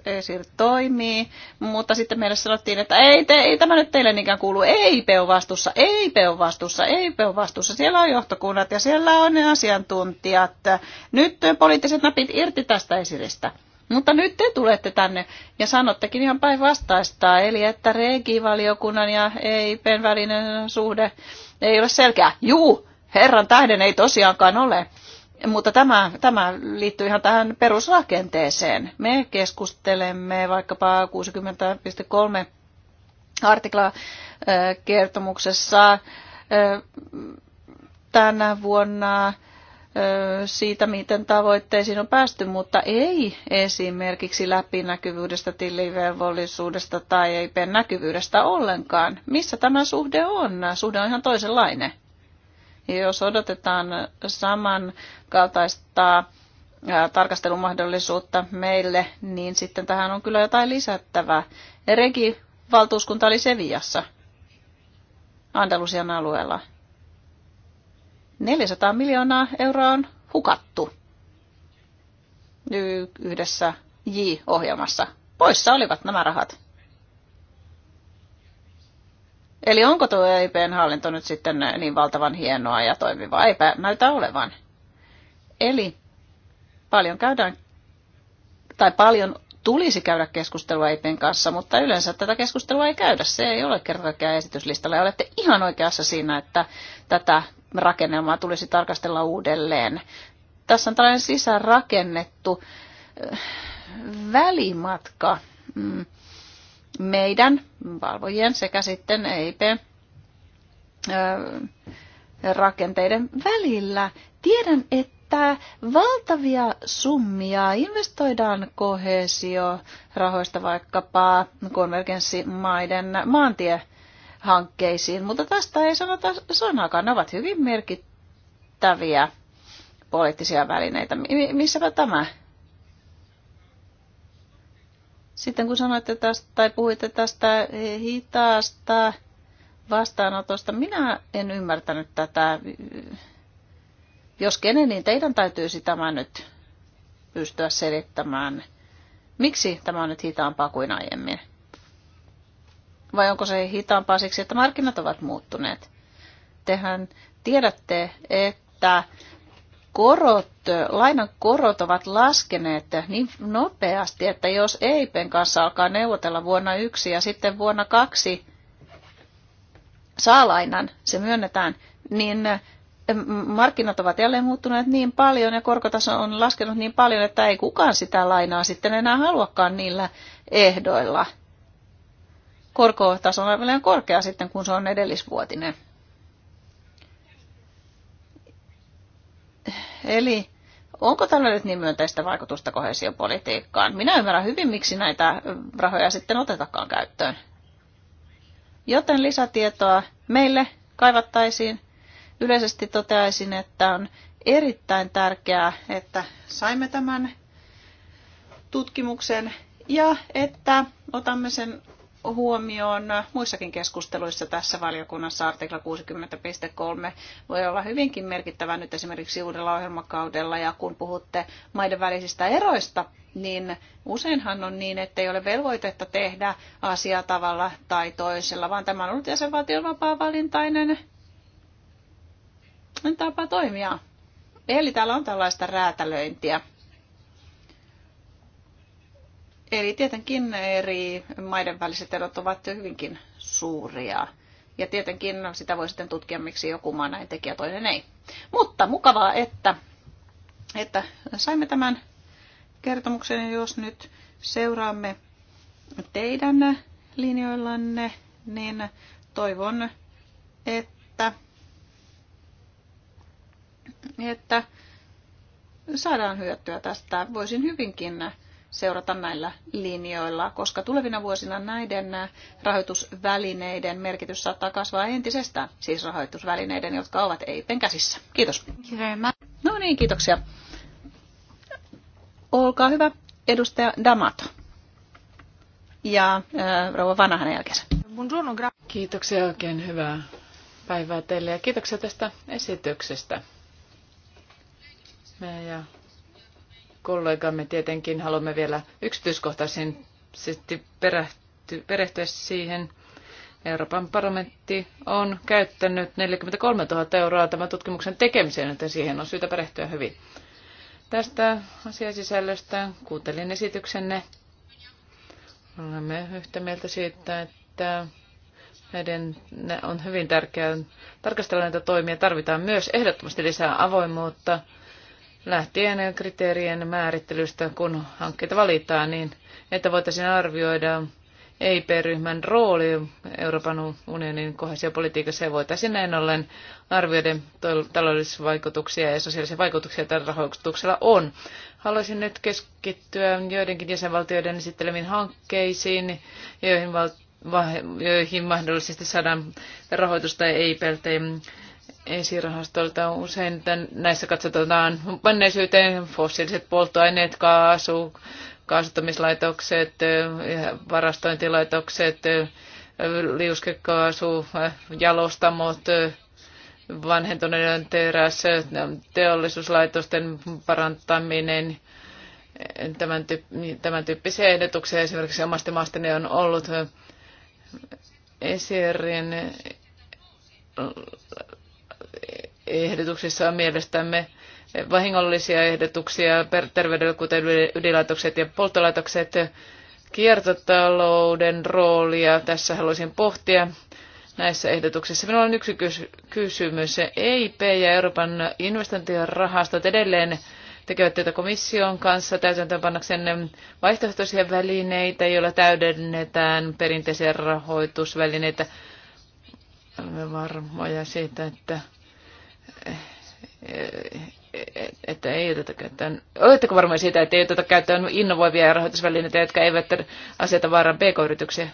ESIR toimii, mutta sitten meille sanottiin, että ei, te, ei tämä nyt teille niinkään kuulu, ei on vastuussa, ei on vastuussa, ei on vastuussa, siellä on johtokunnat ja siellä on ne asiantuntijat, nyt poliittiset napit irti tästä ESIRistä. Mutta nyt te tulette tänne ja sanottekin ihan päinvastaista, eli että regivaliokunnan ja EIPn välinen suhde ei ole selkeä. Juu, herran tähden ei tosiaankaan ole. Mutta tämä, tämä liittyy ihan tähän perusrakenteeseen. Me keskustelemme vaikkapa 60.3 artikla kertomuksessa tänä vuonna siitä, miten tavoitteisiin on päästy, mutta ei esimerkiksi läpinäkyvyydestä, tilivelvollisuudesta tai EIPn näkyvyydestä ollenkaan. Missä tämä suhde on? Suhde on ihan toisenlainen. Ja jos odotetaan samankaltaista tarkastelumahdollisuutta meille, niin sitten tähän on kyllä jotain lisättävää. Regi valtuuskunta oli Seviassa, Andalusian alueella. 400 miljoonaa euroa on hukattu yhdessä J-ohjelmassa. Poissa olivat nämä rahat. Eli onko tuo EIPn hallinto nyt sitten niin valtavan hienoa ja toimivaa? Eipä näytä olevan. Eli paljon käydään, tai paljon tulisi käydä keskustelua EIPn kanssa, mutta yleensä tätä keskustelua ei käydä. Se ei ole kertakaikkiaan esityslistalla. Ja olette ihan oikeassa siinä, että tätä rakennelmaa tulisi tarkastella uudelleen. Tässä on tällainen sisärakennettu äh, välimatka mm, meidän valvojien sekä sitten EIP äh, rakenteiden välillä. Tiedän, että valtavia summia investoidaan kohesio rahoista vaikkapa konvergenssimaiden maantie hankkeisiin, mutta tästä ei sanota sanakaan. Ne ovat hyvin merkittäviä poliittisia välineitä. Missäpä tämä? Sitten kun sanoitte tästä, tai puhuitte tästä hitaasta vastaanotosta, minä en ymmärtänyt tätä. Jos kenen, niin teidän täytyisi tämä nyt pystyä selittämään. Miksi tämä on nyt hitaampaa kuin aiemmin? vai onko se hitaampaa siksi, että markkinat ovat muuttuneet? Tehän tiedätte, että korot, lainan korot ovat laskeneet niin nopeasti, että jos EIPen kanssa alkaa neuvotella vuonna yksi ja sitten vuonna kaksi saa lainan, se myönnetään, niin eh, markkinat ovat jälleen muuttuneet niin paljon ja korkotaso on laskenut niin paljon, että ei kukaan sitä lainaa sitten enää haluakaan niillä ehdoilla – korkotaso on aivan korkea sitten, kun se on edellisvuotinen. Eli onko tällä nyt niin myönteistä vaikutusta kohesiopolitiikkaan? Minä ymmärrän hyvin, miksi näitä rahoja sitten otetakaan käyttöön. Joten lisätietoa meille kaivattaisiin. Yleisesti toteaisin, että on erittäin tärkeää, että saimme tämän tutkimuksen ja että otamme sen huomioon muissakin keskusteluissa tässä valiokunnassa artikla 60.3 voi olla hyvinkin merkittävä nyt esimerkiksi uudella ohjelmakaudella ja kun puhutte maiden välisistä eroista, niin useinhan on niin, että ei ole velvoitetta tehdä asiaa tavalla tai toisella, vaan tämä on ollut jäsenvaltion vapaa-valintainen tapa toimia. Eli täällä on tällaista räätälöintiä. Eli tietenkin eri maiden väliset erot ovat hyvinkin suuria. Ja tietenkin sitä voi sitten tutkia, miksi joku maa näin teki ja toinen ei. Mutta mukavaa, että, että saimme tämän kertomuksen, jos nyt seuraamme teidän linjoillanne, niin toivon, että, että saadaan hyötyä tästä. Voisin hyvinkin seurata näillä linjoilla, koska tulevina vuosina näiden rahoitusvälineiden merkitys saattaa kasvaa entisestään, siis rahoitusvälineiden, jotka ovat EIPen käsissä. Kiitos. No niin, kiitoksia. Olkaa hyvä, edustaja Damato. Ja äh, rouva Vanha hänen jälkeensä. Kiitoksia oikein hyvää päivää teille ja kiitoksia tästä esityksestä. Me ja kollegamme tietenkin haluamme vielä yksityiskohtaisesti perehtyä siihen. Euroopan parlamentti on käyttänyt 43 000 euroa tämän tutkimuksen tekemiseen, joten siihen on syytä perehtyä hyvin. Tästä asiasisällöstä kuuntelin esityksenne. Olemme yhtä mieltä siitä, että meidän on hyvin tärkeää tarkastella näitä toimia. Tarvitaan myös ehdottomasti lisää avoimuutta lähtien kriteerien määrittelystä, kun hankkeita valitaan, niin että voitaisiin arvioida EIP-ryhmän rooli Euroopan unionin politiikassa ja voitaisiin näin ollen arvioida taloudellisia vaikutuksia ja sosiaalisia vaikutuksia tällä rahoituksella on. Haluaisin nyt keskittyä joidenkin jäsenvaltioiden esittelemiin hankkeisiin, joihin, val- joihin mahdollisesti saadaan rahoitusta EIPltä esirahastolta usein tämän, näissä katsotaan menneisyyteen fossiiliset polttoaineet, kaasu, kaasuttamislaitokset, varastointilaitokset, liuskekaasu, jalostamot, vanhentuneiden teräs, teollisuuslaitosten parantaminen, tämän, tyyp, tämän tyyppisiä ehdotuksia esimerkiksi omasta maastani on ollut Esierin ehdotuksissa on mielestämme vahingollisia ehdotuksia terveydelle, kuten ydinlaitokset ja polttolaitokset. Kiertotalouden roolia tässä haluaisin pohtia näissä ehdotuksissa. Minulla on yksi kysymys. EIP ja Euroopan investointirahastot edelleen tekevät työtä komission kanssa täytäntöönpannakseen vaihtoehtoisia välineitä, joilla täydennetään perinteisiä rahoitusvälineitä. Olemme varmoja siitä, että että ei oteta käyttöön. Oletteko varmoja siitä, että ei oteta käyttöön innovoivia rahoitusvälineitä, jotka eivät aseta vaaraan pk-yrityksiä?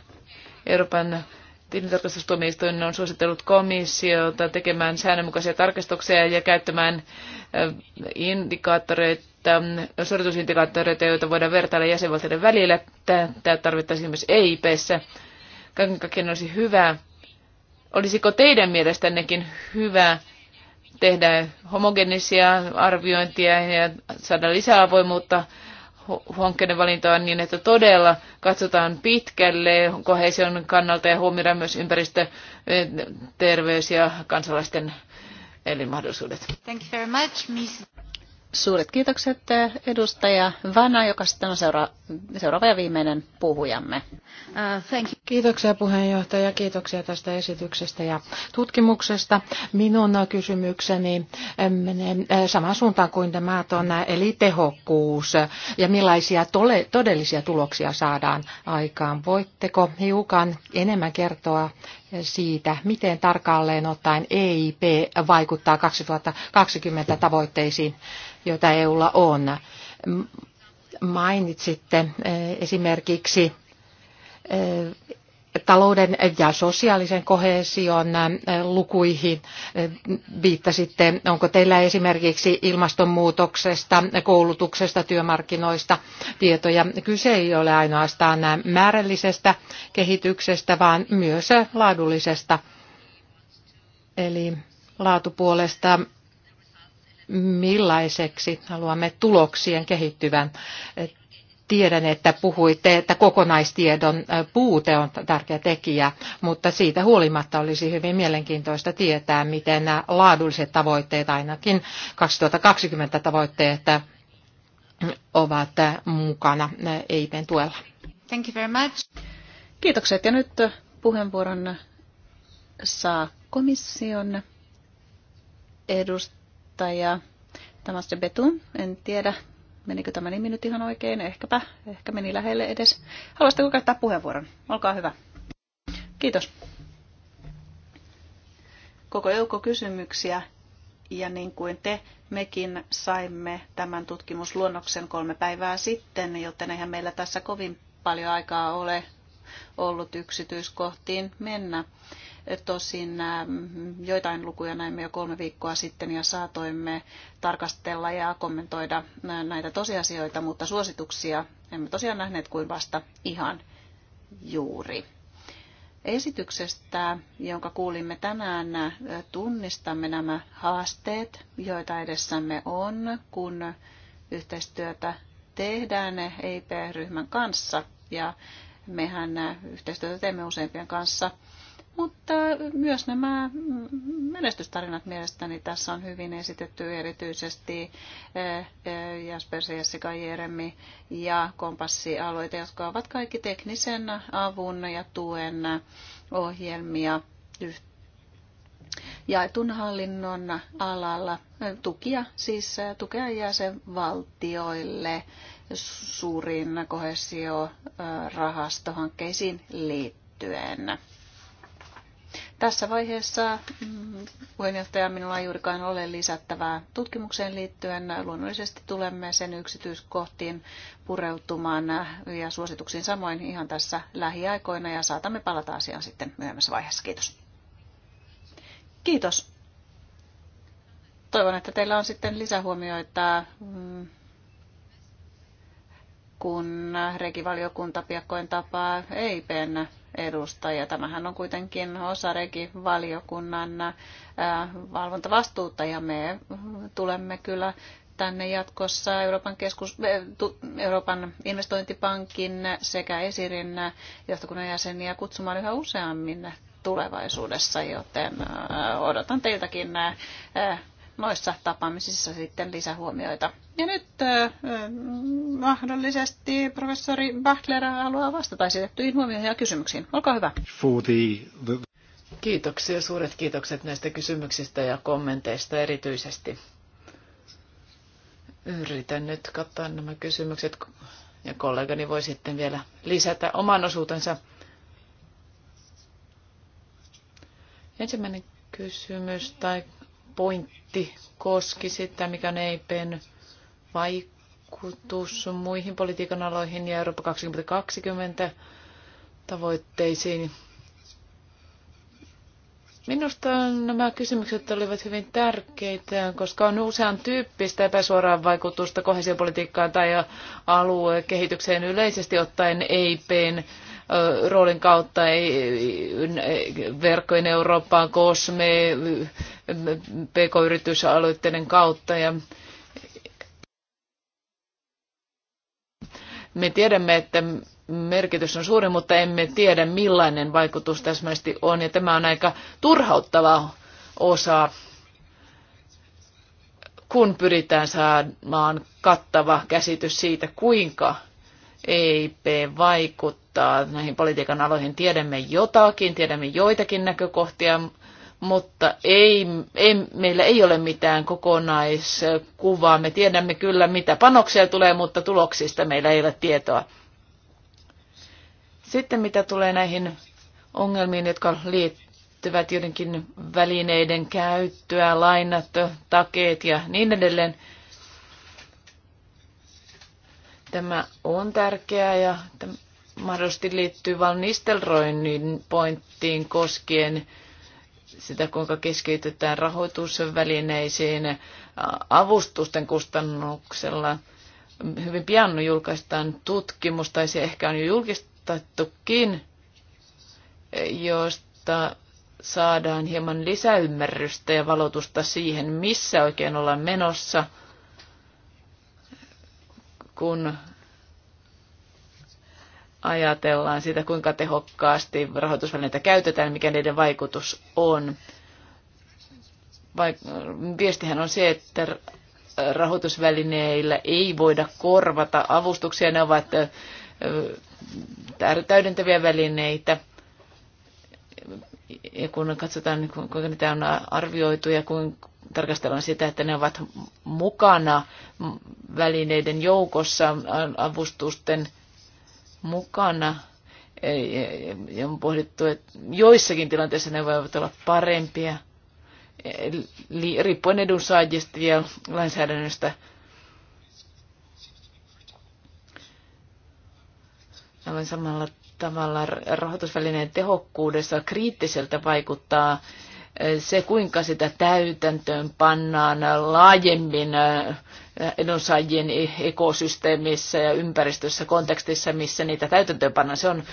Euroopan tilintarkastustuomioistuin on suositellut komissiota tekemään säännönmukaisia tarkastuksia ja käyttämään äh, indikaattoreita, suoritusindikaattoreita, joita voidaan vertailla jäsenvaltioiden välillä. Tämä tarvittaisiin myös EIPssä. Kaiken kaikkiaan olisi hyvä. Olisiko teidän mielestännekin hyvä tehdä homogenisia arviointia ja saada lisää avoimuutta hankkeiden valintaan niin, että todella katsotaan pitkälle kohesion kannalta ja huomioidaan myös ympäristö, eh, terveys ja kansalaisten elinmahdollisuudet. Thank you very much, Suuret kiitokset eh, edustaja Vana, joka sitten on seura- seuraava ja viimeinen puhujamme. Uh, thank you. Kiitoksia puheenjohtaja, kiitoksia tästä esityksestä ja tutkimuksesta. Minun kysymykseni eh, menee eh, samaan suuntaan kuin tämä on, eli tehokkuus ja millaisia tole- todellisia tuloksia saadaan aikaan. Voitteko hiukan enemmän kertoa siitä, miten tarkalleen ottaen EIP vaikuttaa 2020 tavoitteisiin, joita EUlla on. Mainitsitte eh, esimerkiksi eh, talouden ja sosiaalisen kohesion lukuihin viittasitte. Onko teillä esimerkiksi ilmastonmuutoksesta, koulutuksesta, työmarkkinoista tietoja? Kyse ei ole ainoastaan määrällisestä kehityksestä, vaan myös laadullisesta. Eli laatupuolesta millaiseksi haluamme tuloksien kehittyvän. Tiedän, että puhuitte, että kokonaistiedon puute on tärkeä tekijä, mutta siitä huolimatta olisi hyvin mielenkiintoista tietää, miten nämä laadulliset tavoitteet, ainakin 2020 tavoitteet, ovat mukana EIPn tuella. Thank you very much. Kiitokset ja nyt puheenvuoron saa komission edustaja Tamas de Betun. En tiedä, Menikö tämä nimi nyt ihan oikein? Ehkäpä. Ehkä meni lähelle edes. Haluaisitteko käyttää puheenvuoron? Olkaa hyvä. Kiitos. Koko joukko kysymyksiä ja niin kuin te, mekin saimme tämän tutkimusluonnoksen kolme päivää sitten, joten eihän meillä tässä kovin paljon aikaa ole ollut yksityiskohtiin mennä. Tosin ähm, joitain lukuja näimme jo kolme viikkoa sitten ja saatoimme tarkastella ja kommentoida äh, näitä tosiasioita, mutta suosituksia emme tosiaan nähneet kuin vasta ihan juuri. Esityksestä, jonka kuulimme tänään, äh, tunnistamme nämä haasteet, joita edessämme on, kun yhteistyötä tehdään EIP-ryhmän kanssa. Ja mehän äh, yhteistyötä teemme useimpien kanssa mutta myös nämä menestystarinat mielestäni tässä on hyvin esitetty erityisesti eh, eh, Jaspers, Jessica, Jeremi ja kompassialueita, jotka ovat kaikki teknisen avun ja tuen ohjelmia jaetun hallinnon alalla tukia, siis eh, tukea jäsenvaltioille suurin kohesiorahastohankkeisiin liittyen. Tässä vaiheessa mm, puheenjohtaja minulla ei juurikaan ole lisättävää tutkimukseen liittyen. Luonnollisesti tulemme sen yksityiskohtiin pureutumaan ja suosituksiin samoin ihan tässä lähiaikoina ja saatamme palata asiaan sitten myöhemmässä vaiheessa. Kiitos. Kiitos. Toivon, että teillä on sitten lisähuomioita mm, kun regivaliokunta piakkoin tapaa EIPn edustajia. Tämähän on kuitenkin osa regivaliokunnan äh, valvontavastuuta ja me tulemme kyllä tänne jatkossa Euroopan, keskus, äh, Euroopan investointipankin sekä Esirin johtokunnan jäseniä kutsumaan yhä useammin tulevaisuudessa, joten äh, odotan teiltäkin noissa tapaamisissa sitten lisähuomioita. Ja nyt äh, mahdollisesti professori Bachler haluaa vastata esitettyihin huomioihin ja kysymyksiin. Olkaa hyvä. Kiitoksia, suuret kiitokset näistä kysymyksistä ja kommenteista erityisesti. Yritän nyt katsoa nämä kysymykset ja kollegani voi sitten vielä lisätä oman osuutensa. Ensimmäinen kysymys tai pointti koski sitä, mikä on EIPn vaikutus muihin politiikan aloihin ja Eurooppa 2020 tavoitteisiin. Minusta nämä kysymykset olivat hyvin tärkeitä, koska on usean tyyppistä epäsuoraa vaikutusta kohesiopolitiikkaan tai aluekehitykseen yleisesti ottaen EIPn roolin kautta, ei, verkkojen Eurooppaan Kosme, PK-yritysaloitteiden kautta ja me tiedämme, että merkitys on suuri, mutta emme tiedä millainen vaikutus täsmällisesti on ja tämä on aika turhauttava osa kun pyritään saamaan kattava käsitys siitä, kuinka EIP vaikuttaa vaikuttaa näihin politiikan aloihin. Tiedämme jotakin, tiedämme joitakin näkökohtia, mutta ei, ei, meillä ei ole mitään kokonaiskuvaa. Me tiedämme kyllä, mitä panoksia tulee, mutta tuloksista meillä ei ole tietoa. Sitten mitä tulee näihin ongelmiin, jotka liittyvät joidenkin välineiden käyttöä, lainat, takeet ja niin edelleen. Tämä on tärkeää ja mahdollisesti liittyy Val Nistelroinnin pointtiin koskien sitä, kuinka keskitytään rahoitusvälineisiin avustusten kustannuksella. Hyvin pian julkaistaan tutkimus, tai se ehkä on jo julkistettukin, josta saadaan hieman lisäymmärrystä ja valotusta siihen, missä oikein ollaan menossa, kun ajatellaan sitä, kuinka tehokkaasti rahoitusvälineitä käytetään, mikä niiden vaikutus on. Vaik- viestihän on se, että rahoitusvälineillä ei voida korvata avustuksia, ne ovat täydentäviä välineitä. Ja kun katsotaan, niin kuinka niitä on arvioitu ja kun tarkastellaan sitä, että ne ovat mukana välineiden joukossa avustusten mukana. Ja on pohdittu, että joissakin tilanteissa ne voivat olla parempia, riippuen edunsaajista ja lainsäädännöstä. Aivan samalla tavalla rahoitusvälineen tehokkuudessa kriittiseltä vaikuttaa eh, se, kuinka sitä täytäntöön pannaan laajemmin eh, edunsaajien ekosysteemissä ja ympäristössä, kontekstissa, missä niitä täytäntöönpannaan. Se on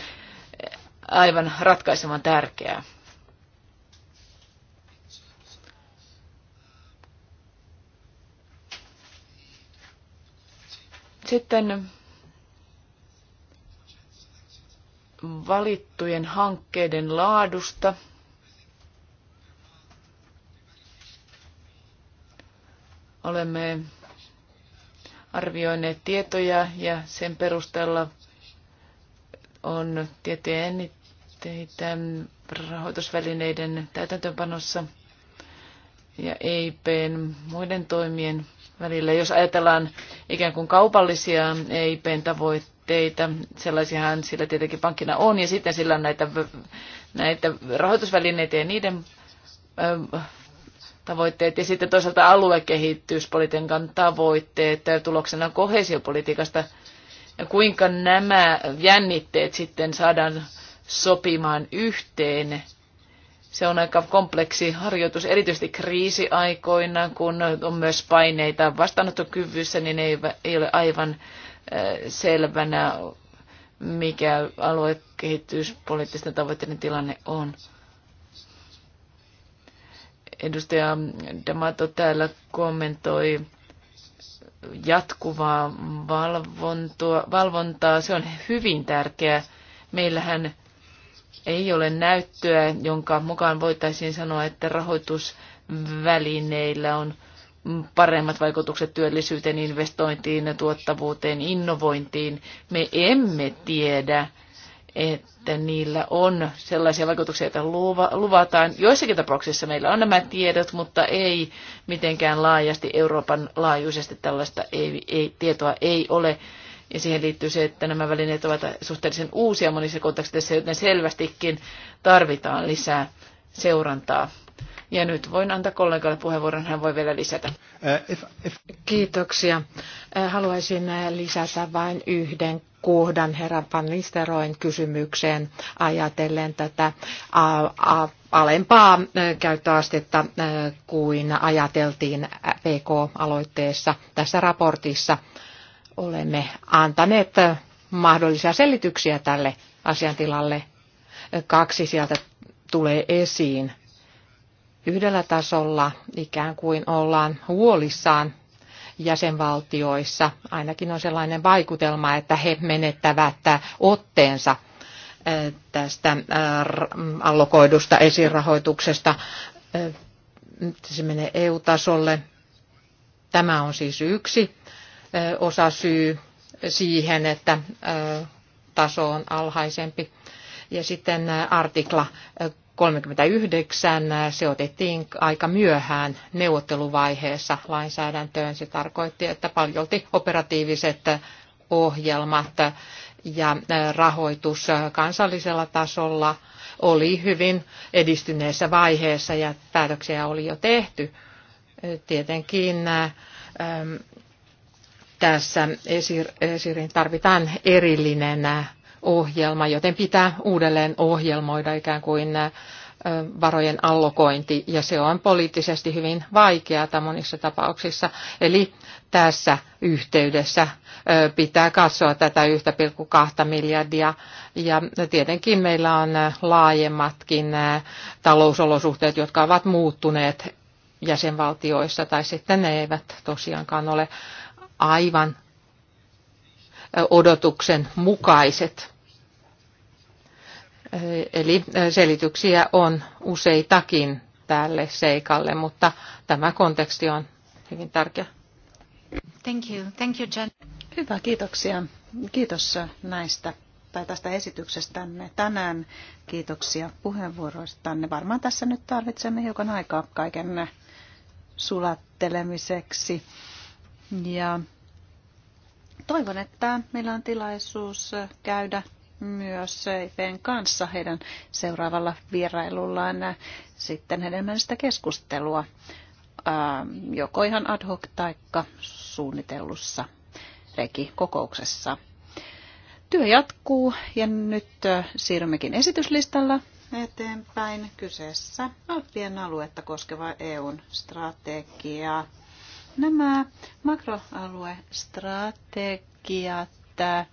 aivan ratkaisevan tärkeää. Sitten valittujen hankkeiden laadusta. Olemme arvioineet tietoja ja sen perusteella on tietoja ennitteitä rahoitusvälineiden täytäntöönpanossa ja EIPn muiden toimien välillä. Jos ajatellaan ikään kuin kaupallisia EIPn tavoitteita, sellaisiahan sillä tietenkin pankkina on, ja sitten sillä on näitä, näitä rahoitusvälineitä ja niiden tavoitteet ja sitten toisaalta aluekehityspolitiikan tavoitteet tuloksena kohesiopolitiikasta. Ja kuinka nämä jännitteet sitten saadaan sopimaan yhteen. Se on aika kompleksi harjoitus, erityisesti kriisiaikoina, kun on myös paineita vastaanottokyvyssä, niin ei, ei ole aivan äh, selvänä, mikä aluekehityspoliittisten tavoitteiden tilanne on. Edustaja Damato täällä kommentoi jatkuvaa valvontua, valvontaa. Se on hyvin tärkeää. Meillähän ei ole näyttöä, jonka mukaan voitaisiin sanoa, että rahoitusvälineillä on paremmat vaikutukset työllisyyteen, investointiin, tuottavuuteen, innovointiin. Me emme tiedä, että niillä on sellaisia vaikutuksia, joita luvataan. Joissakin tapauksissa meillä on nämä tiedot, mutta ei mitenkään laajasti Euroopan laajuisesti tällaista ei, ei, tietoa ei ole. Ja siihen liittyy se, että nämä välineet ovat suhteellisen uusia monissa konteksteissa, joten selvästikin tarvitaan lisää seurantaa. Ja nyt voin antaa kollegalle puheenvuoron, hän voi vielä lisätä. Äh, Kiitoksia. Äh, haluaisin äh, lisätä vain yhden kohdan herran Van Nisteroin kysymykseen ajatellen tätä alempaa käyttöastetta kuin ajateltiin PK-aloitteessa tässä raportissa. Olemme antaneet mahdollisia selityksiä tälle asiantilalle. Kaksi sieltä tulee esiin. Yhdellä tasolla ikään kuin ollaan huolissaan jäsenvaltioissa. Ainakin on sellainen vaikutelma, että he menettävät otteensa tästä allokoidusta esirahoituksesta. Se menee EU-tasolle. Tämä on siis yksi osa syy siihen, että taso on alhaisempi. Ja sitten artikla 39, se otettiin aika myöhään neuvotteluvaiheessa lainsäädäntöön. Se tarkoitti, että paljolti operatiiviset ohjelmat ja rahoitus kansallisella tasolla oli hyvin edistyneessä vaiheessa ja päätöksiä oli jo tehty. Tietenkin ähm, tässä esirin tarvitaan erillinen ohjelma, joten pitää uudelleen ohjelmoida ikään kuin varojen allokointi, ja se on poliittisesti hyvin vaikeaa monissa tapauksissa. Eli tässä yhteydessä pitää katsoa tätä 1,2 miljardia, ja tietenkin meillä on laajemmatkin talousolosuhteet, jotka ovat muuttuneet jäsenvaltioissa, tai sitten ne eivät tosiaankaan ole aivan odotuksen mukaiset Eli selityksiä on useitakin tälle seikalle, mutta tämä konteksti on hyvin tärkeä. Thank you. Thank you, Jen. Hyvä, kiitoksia. Kiitos näistä tai tästä esityksestänne tänään. Kiitoksia puheenvuoroistanne. Varmaan tässä nyt tarvitsemme hiukan aikaa kaiken sulattelemiseksi. Ja toivon, että meillä on tilaisuus käydä myös EIPn kanssa heidän seuraavalla vierailullaan sitten sitä keskustelua, ähm, joko ihan ad hoc taikka suunnitellussa rekikokouksessa. Työ jatkuu ja nyt äh, siirrymmekin esityslistalla eteenpäin. Kyseessä Alppien aluetta koskeva EUn strategia. Nämä makroaluestrategiat äh,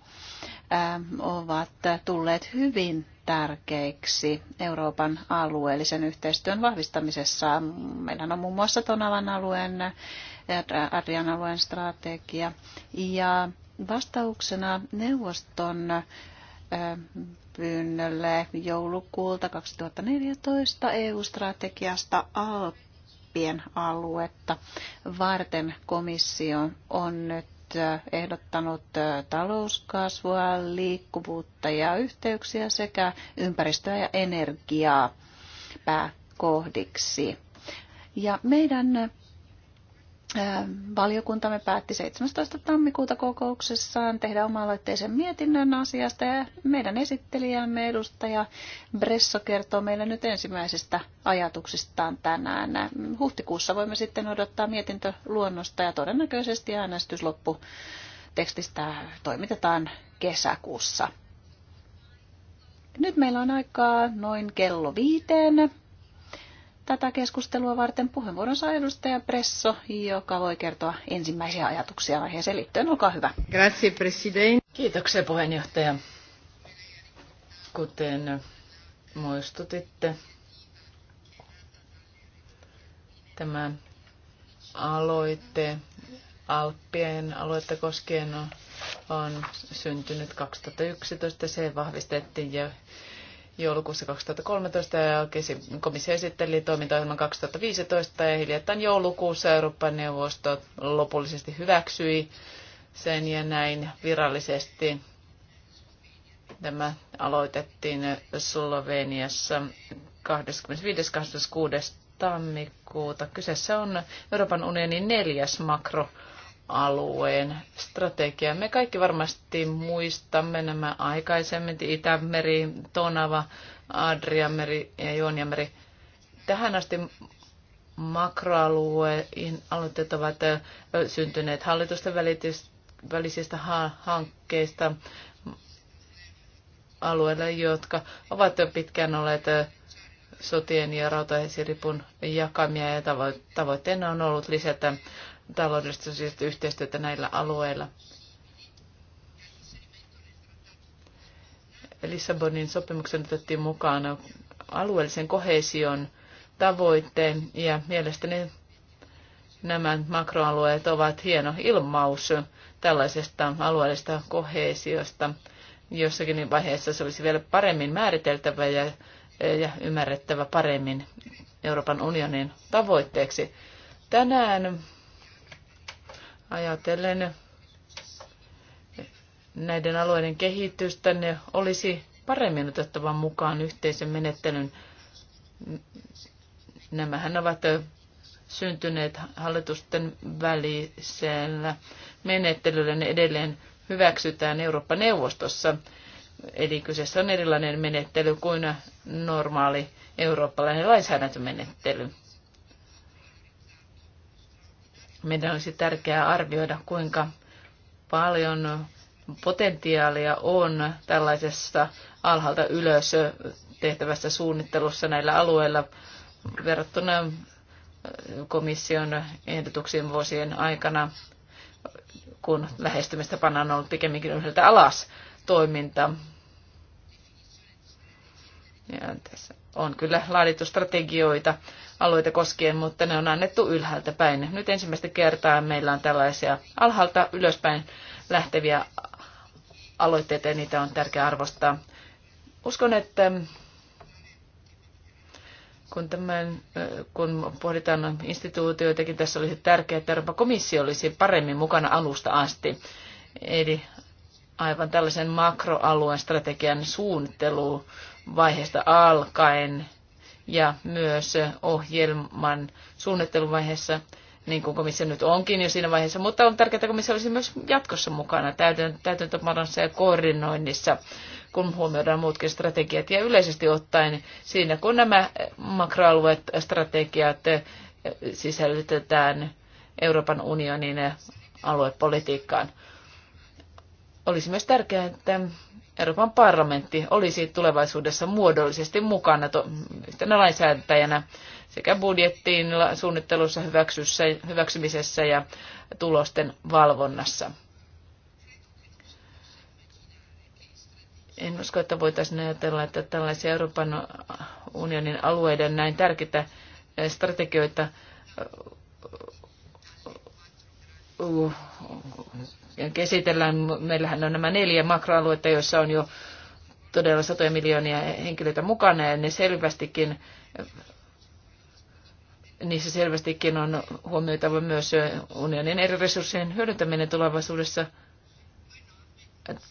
ovat tulleet hyvin tärkeiksi Euroopan alueellisen yhteistyön vahvistamisessa. Meillä on muun muassa Tonavan alueen, Adrian alueen strategia. Ja vastauksena neuvoston pyynnölle joulukuulta 2014 EU-strategiasta Alppien aluetta varten komissio on nyt Äh, ehdottanut äh, talouskasvua, liikkuvuutta ja yhteyksiä sekä ympäristöä ja energiaa pääkohdiksi. Ja meidän Valiokuntamme päätti 17. tammikuuta kokouksessaan tehdä oma-aloitteisen mietinnön asiasta ja meidän esittelijämme edustaja Bresso kertoo meille nyt ensimmäisistä ajatuksistaan tänään. Huhtikuussa voimme sitten odottaa mietintöluonnosta ja todennäköisesti äänestysloppu tekstistä toimitetaan kesäkuussa. Nyt meillä on aikaa noin kello viiteen tätä keskustelua varten puheenvuoron saa edustaja Presso, joka voi kertoa ensimmäisiä ajatuksia aiheeseen liittyen. Olkaa hyvä. Grazie, president. Kiitoksia puheenjohtaja. Kuten muistutitte, tämä aloite Alppien aluetta koskien on, on syntynyt 2011. Se vahvistettiin ja joulukuussa 2013 ja komissio esitteli toimintaohjelman 2015 ja hiljattain joulukuussa Euroopan neuvosto lopullisesti hyväksyi sen ja näin virallisesti tämä aloitettiin Sloveniassa 25.26. tammikuuta. Kyseessä on Euroopan unionin neljäs makro alueen strategia. Me kaikki varmasti muistamme nämä aikaisemmin, Itämeri, Tonava, Adriameri ja Joniameri. Tähän asti makroalueen aloitteet ovat syntyneet hallitusten välisistä hankkeista alueilla, jotka ovat jo pitkään olleet sotien ja rautaisiripun jakamia ja tavoitteena on ollut lisätä taloudellista sosiaalista yhteistyötä näillä alueilla. Lissabonin sopimuksen otettiin mukaan alueellisen kohesion tavoitteen ja mielestäni nämä makroalueet ovat hieno ilmaus tällaisesta alueellisesta kohesiosta. Jossakin vaiheessa se olisi vielä paremmin määriteltävä ja, ja ymmärrettävä paremmin Euroopan unionin tavoitteeksi. Tänään ajatellen näiden alueiden kehitystä, ne olisi paremmin otettava mukaan yhteisen menettelyn. Nämähän ovat syntyneet hallitusten välisellä menettelyllä. Ne edelleen hyväksytään Eurooppa-neuvostossa. Eli kyseessä on erilainen menettely kuin normaali eurooppalainen lainsäädäntömenettely meidän olisi tärkeää arvioida, kuinka paljon potentiaalia on tällaisessa alhaalta ylös tehtävässä suunnittelussa näillä alueilla verrattuna äh, komission ehdotuksiin vuosien aikana, kun lähestymistä on ollut pikemminkin yhdeltä alas toiminta. Ja tässä on kyllä laadittu strategioita alueita koskien, mutta ne on annettu ylhäältä päin. Nyt ensimmäistä kertaa meillä on tällaisia alhaalta ylöspäin lähteviä aloitteita ja niitä on tärkeää arvostaa. Uskon, että ähm, kun, tämän, äh, kun pohditaan instituutioitakin, tässä olisi tärkeää, että Euroopan komissio olisi paremmin mukana alusta asti. Eli aivan tällaisen makroalueen strategian suunnitteluvaiheesta vaiheesta alkaen ja myös ohjelman suunnitteluvaiheessa, niin kuin komissio nyt onkin jo siinä vaiheessa, mutta on tärkeää, että komissio olisi myös jatkossa mukana täytäntöpanossa ja koordinoinnissa, kun huomioidaan muutkin strategiat ja yleisesti ottaen siinä, kun nämä makroalueet strategiat eh, sisällytetään Euroopan unionin eh, aluepolitiikkaan. Olisi myös tärkeää, että Euroopan parlamentti olisi tulevaisuudessa muodollisesti mukana to, yhtenä lainsäätäjänä sekä budjettiin, suunnittelussa, hyväksymisessä ja tulosten valvonnassa. En usko, että voitaisiin ajatella, että tällaisia Euroopan unionin alueiden näin tärkeitä eh, strategioita eh, käsitellään. Meillähän on nämä neljä makroaluetta, joissa on jo todella satoja miljoonia henkilöitä mukana ja ne selvästikin niissä selvästikin on huomioitava myös unionin eri resurssien hyödyntäminen tulevaisuudessa.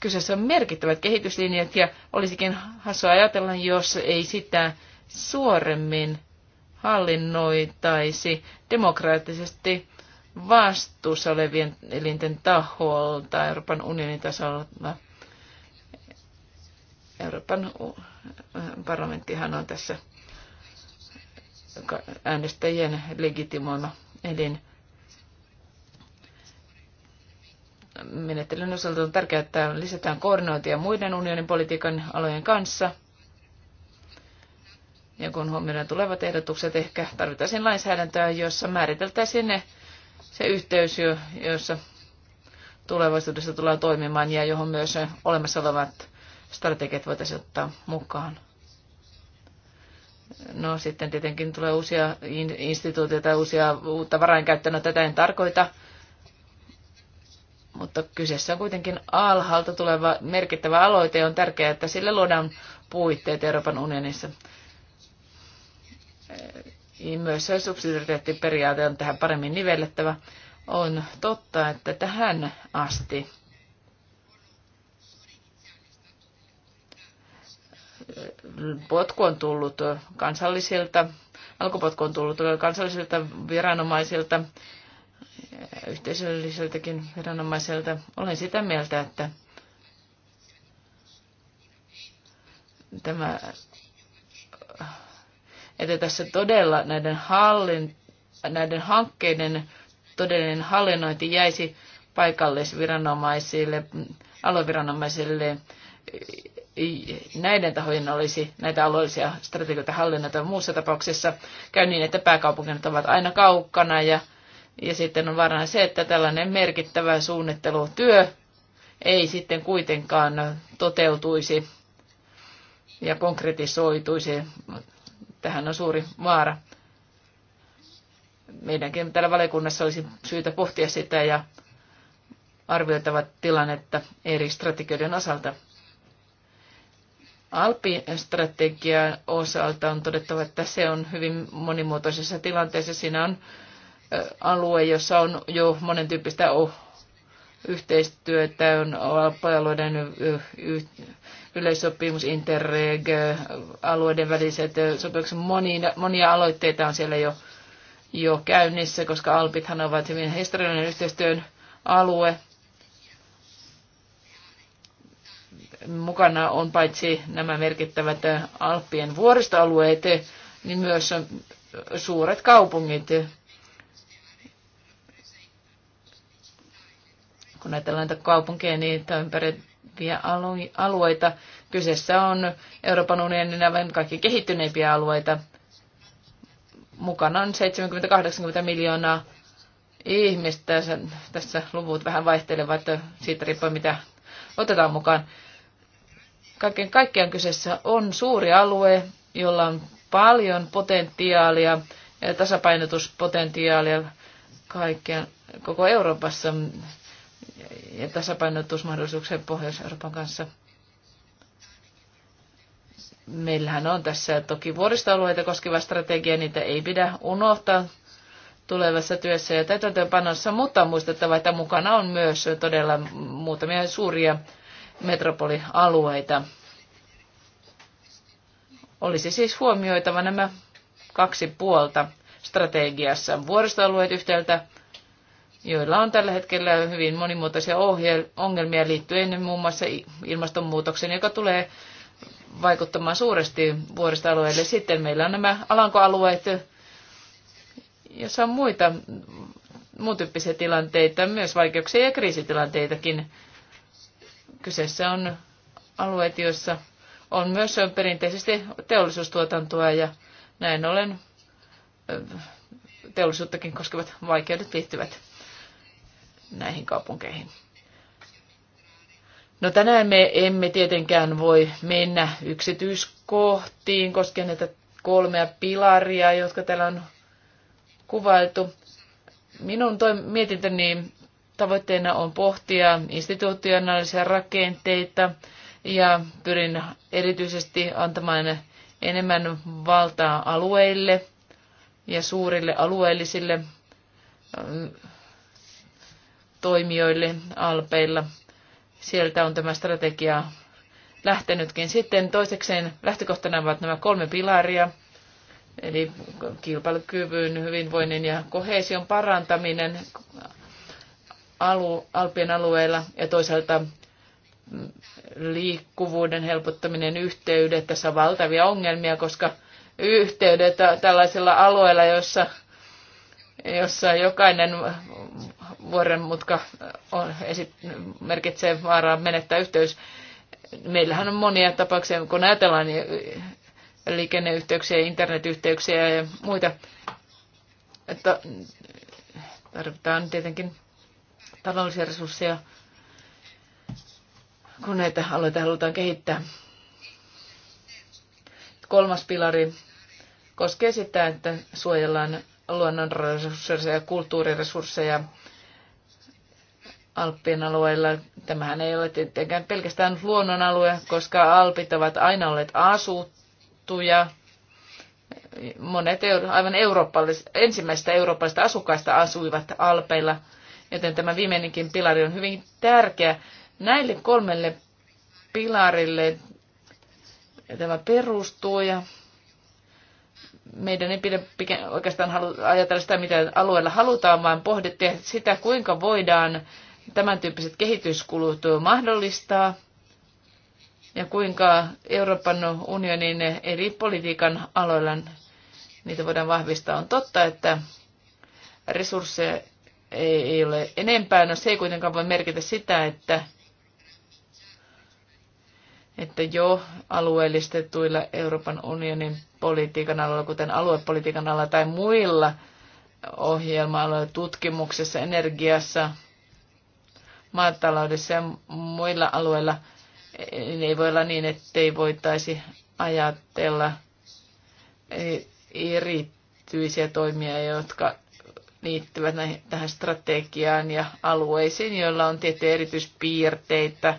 Kyseessä on merkittävät kehityslinjat ja olisikin hassua ajatella, jos ei sitä suoremmin hallinnoitaisi demokraattisesti vastuussa olevien elinten taholta Euroopan unionin tasolla. Euroopan parlamenttihan on tässä äänestäjien legitimoima elin. Menettelyn osalta on tärkeää, että lisätään koordinointia muiden unionin politiikan alojen kanssa. Ja kun huomioidaan tulevat ehdotukset, ehkä tarvitaan lainsäädäntöä, jossa määriteltäisiin ne se yhteys, jossa tulevaisuudessa tulee toimimaan ja johon myös olemassa olevat strategiat voitaisiin ottaa mukaan. No sitten tietenkin tulee uusia instituutioita, uusia uutta varainkäyttöä, no tätä en tarkoita, mutta kyseessä on kuitenkin alhaalta tuleva merkittävä aloite ja on tärkeää, että sille luodaan puitteet Euroopan unionissa myös subsidiariteettiperiaate on tähän paremmin nivellettävä. On totta, että tähän asti potku on tullut kansallisilta, alkupotku on tullut kansallisilta viranomaisilta, yhteisöllisiltäkin viranomaisilta. Olen sitä mieltä, että tämä että tässä todella näiden, hallin, näiden hankkeiden todellinen hallinnointi jäisi paikallisviranomaisille, alueviranomaisille. Näiden tahojen olisi näitä alueellisia strategioita hallinnoita. Muussa tapauksessa käy niin, että pääkaupunkinat ovat aina kaukana ja, ja sitten on varana se, että tällainen merkittävä suunnittelutyö ei sitten kuitenkaan toteutuisi ja konkretisoituisi Tähän on suuri vaara. Meidänkin täällä valiokunnassa olisi syytä pohtia sitä ja arvioitava tilannetta eri strategioiden osalta. Alpi-strategian osalta on todettava, että se on hyvin monimuotoisessa tilanteessa. Siinä on alue, jossa on jo monen tyyppistä yhteistyötä, on alueiden yleissopimus, Interreg, alueiden väliset sopimukset, monia, monia aloitteita on siellä jo, jo käynnissä, koska Alpithan ovat hyvin historiallinen yhteistyön alue. Mukana on paitsi nämä merkittävät Alppien vuoristoalueet, niin myös suuret kaupungit, kun ajatellaan näitä kaupunkeja niin ympäröiviä alueita. Kyseessä on Euroopan unionin aivan kaikki kehittyneimpiä alueita. Mukana on 70-80 miljoonaa ihmistä. Tässä luvut vähän vaihtelevat siitä riippuen, mitä otetaan mukaan. Kaiken kaikkiaan kyseessä on suuri alue, jolla on paljon potentiaalia ja tasapainotuspotentiaalia kaikkea koko Euroopassa ja tasapainotusmahdollisuuksien Pohjois-Euroopan kanssa. Meillähän on tässä toki vuoristoalueita koskeva strategia, niitä ei pidä unohtaa tulevassa työssä ja täytäntöönpanossa, mutta on muistettava, että mukana on myös todella muutamia suuria metropolialueita. Olisi siis huomioitava nämä kaksi puolta strategiassa. Vuoristoalueet yhtäältä joilla on tällä hetkellä hyvin monimuotoisia ongelmia liittyen muun muassa ilmastonmuutokseen, joka tulee vaikuttamaan suuresti vuoristoalueelle. Sitten meillä on nämä alankoalueet, jossa on muita muun tyyppisiä tilanteita, myös vaikeuksia ja kriisitilanteitakin. Kyseessä on alueet, joissa on myös perinteisesti teollisuustuotantoa ja näin ollen teollisuuttakin koskevat vaikeudet liittyvät näihin kaupunkeihin. No tänään me emme tietenkään voi mennä yksityiskohtiin koskien näitä kolmea pilaria, jotka täällä on kuvailtu. Minun toim- mietintäni tavoitteena on pohtia institutionaalisia rakenteita ja pyrin erityisesti antamaan enemmän valtaa alueille ja suurille alueellisille toimijoille Alpeilla. Sieltä on tämä strategia lähtenytkin. Sitten toisekseen lähtökohtana ovat nämä kolme pilaria, eli kilpailukyvyn, hyvinvoinnin ja kohesion parantaminen alu, Alpien alueella ja toisaalta liikkuvuuden helpottaminen, yhteydet. Tässä on valtavia ongelmia, koska yhteydet tällaisilla alueilla, jossa, jossa jokainen vuoren mutka äh, on, esit, merkitsee vaaraa menettää yhteys. Meillähän on monia tapauksia, kun ajatellaan niin äh, liikenneyhteyksiä, internetyhteyksiä ja muita. Että äh, tarvitaan tietenkin taloudellisia resursseja, kun näitä aloita halutaan kehittää. Kolmas pilari koskee sitä, että suojellaan luonnonresursseja ja kulttuuriresursseja, Alppien alueilla. Tämähän ei ole tietenkään pelkästään luonnonalue, koska Alpit ovat aina olleet asuttuja. Monet aivan eurooppalais, ensimmäistä eurooppalaisista asukkaista asuivat Alpeilla, joten tämä viimeinenkin pilari on hyvin tärkeä. Näille kolmelle pilarille tämä perustuu ja meidän ei pidä oikeastaan ajatella sitä, mitä alueella halutaan, vaan pohdittiin sitä, kuinka voidaan tämän tyyppiset kehityskulut mahdollistaa ja kuinka Euroopan unionin eri politiikan aloilla niitä voidaan vahvistaa. On totta, että resursseja ei ole enempää. No se ei kuitenkaan voi merkitä sitä, että, että jo alueellistetuilla Euroopan unionin politiikan aloilla, kuten aluepolitiikan alalla tai muilla ohjelma-aloilla, tutkimuksessa, energiassa – maataloudessa ja muilla alueilla, niin ei voi olla niin, ettei voitaisi ajatella erityisiä toimia, jotka liittyvät näihin, tähän strategiaan ja alueisiin, joilla on tiettyjä erityispiirteitä,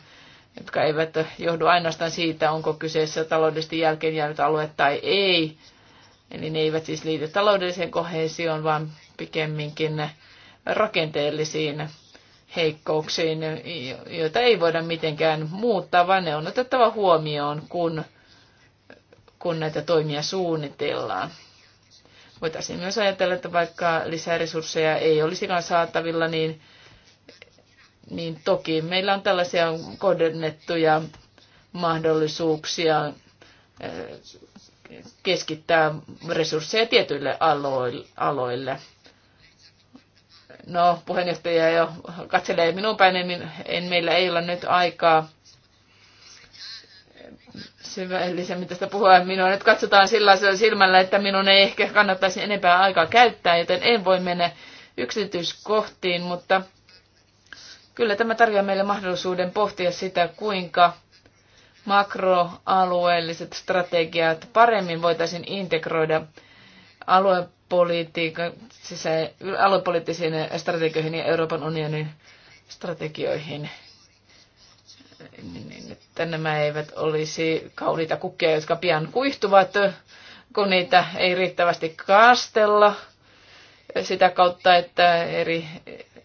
jotka eivät johdu ainoastaan siitä, onko kyseessä taloudellisesti jälkeen jäänyt alue tai ei. Eli ne eivät siis liity taloudelliseen kohesioon, vaan pikemminkin rakenteellisiin heikkouksiin, joita ei voida mitenkään muuttaa, vaan ne on otettava huomioon, kun, kun näitä toimia suunnitellaan. Voitaisiin myös ajatella, että vaikka lisäresursseja ei olisikaan saatavilla, niin, niin toki meillä on tällaisia kohdennettuja mahdollisuuksia eh, keskittää resursseja tietyille aloille No, puheenjohtaja jo katselee minun päin, niin en, meillä ei ole nyt aikaa syvällisemmin tästä puhua. Minua nyt katsotaan sillä silmällä, että minun ei ehkä kannattaisi enempää aikaa käyttää, joten en voi mennä yksityiskohtiin, mutta kyllä tämä tarjoaa meille mahdollisuuden pohtia sitä, kuinka makroalueelliset strategiat paremmin voitaisiin integroida alue politiikan, siis aluepoliittisiin strategioihin ja Euroopan unionin strategioihin. Niin, niin, että nämä eivät olisi kauniita kukkia, jotka pian kuihtuvat, kun niitä ei riittävästi kastella sitä kautta, että eri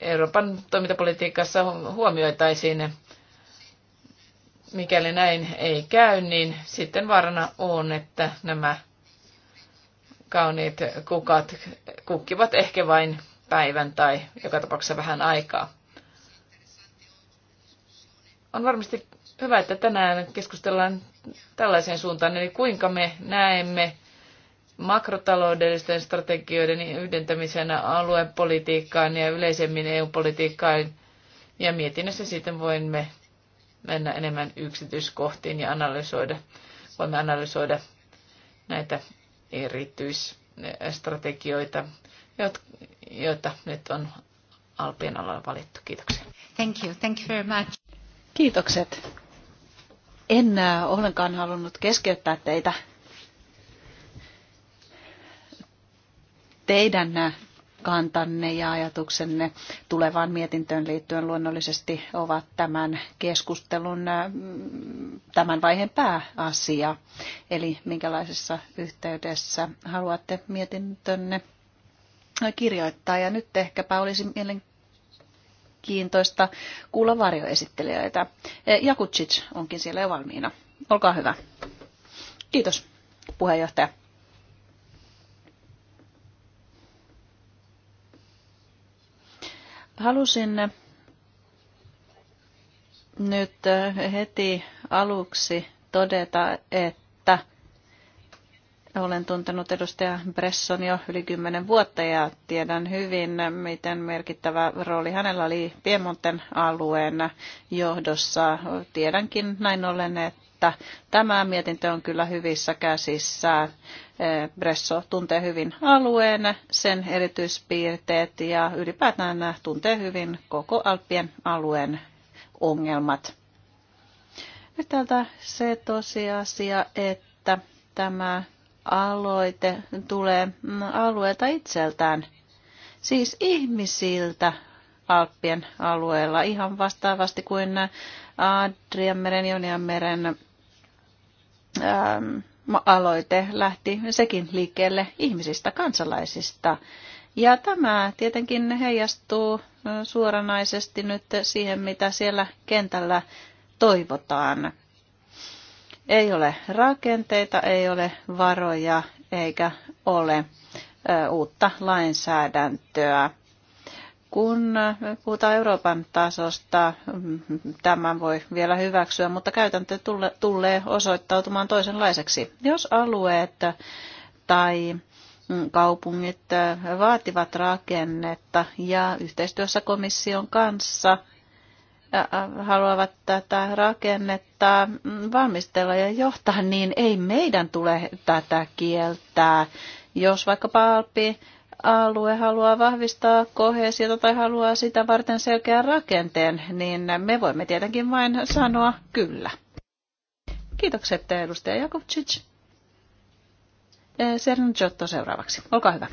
Euroopan toimintapolitiikassa huomioitaisiin mikäli näin ei käy, niin sitten varana on, että nämä kauniit kukat kukkivat ehkä vain päivän tai joka tapauksessa vähän aikaa. On varmasti hyvä, että tänään keskustellaan tällaiseen suuntaan, eli kuinka me näemme makrotaloudellisten strategioiden yhdentämisenä aluepolitiikkaan ja yleisemmin EU-politiikkaan. Ja mietinnössä sitten voimme mennä enemmän yksityiskohtiin ja analysoida, voimme analysoida näitä erityisstrategioita, joita nyt on Alpien alalla valittu. Kiitoksia. Thank you. Thank you very much. Kiitokset. En äh, ollenkaan halunnut keskeyttää teitä teidän äh, kantanne ja ajatuksenne tulevaan mietintöön liittyen luonnollisesti ovat tämän keskustelun mm, tämän vaiheen pääasia. Eli minkälaisessa yhteydessä haluatte mietintönne kirjoittaa. Ja nyt ehkäpä olisi mielenkiintoista kuulla varjoesittelijöitä. E, Jakutsic onkin siellä jo valmiina. Olkaa hyvä. Kiitos, puheenjohtaja. Halusin nyt heti aluksi todeta, että olen tuntenut edustaja Bresson jo yli kymmenen vuotta ja tiedän hyvin, miten merkittävä rooli hänellä oli Piemonten alueen johdossa. Tiedänkin näin ollen, että että tämä mietintö on kyllä hyvissä käsissä. Bresso tuntee hyvin alueen, sen erityispiirteet ja ylipäätään tuntee hyvin koko Alppien alueen ongelmat. Nyt täältä se tosiasia, että tämä aloite tulee mm, alueelta itseltään, siis ihmisiltä Alppien alueella ihan vastaavasti kuin Adrianmeren, Jonianmeren Ähm, aloite lähti sekin liikkeelle ihmisistä, kansalaisista. Ja tämä tietenkin heijastuu suoranaisesti nyt siihen, mitä siellä kentällä toivotaan. Ei ole rakenteita, ei ole varoja eikä ole uutta lainsäädäntöä. Kun puhutaan Euroopan tasosta, tämän voi vielä hyväksyä, mutta käytäntö tulee osoittautumaan toisenlaiseksi. Jos alueet tai kaupungit vaativat rakennetta ja yhteistyössä komission kanssa haluavat tätä rakennetta valmistella ja johtaa, niin ei meidän tule tätä kieltää. Jos vaikkapa Alpi alue haluaa vahvistaa kohesiota tai haluaa sitä varten selkeän rakenteen, niin me voimme tietenkin vain sanoa kyllä. Kiitokset eh, edustaja Jakovcic. Eh, Sern Giotto seuraavaksi. Olkaa hyvä.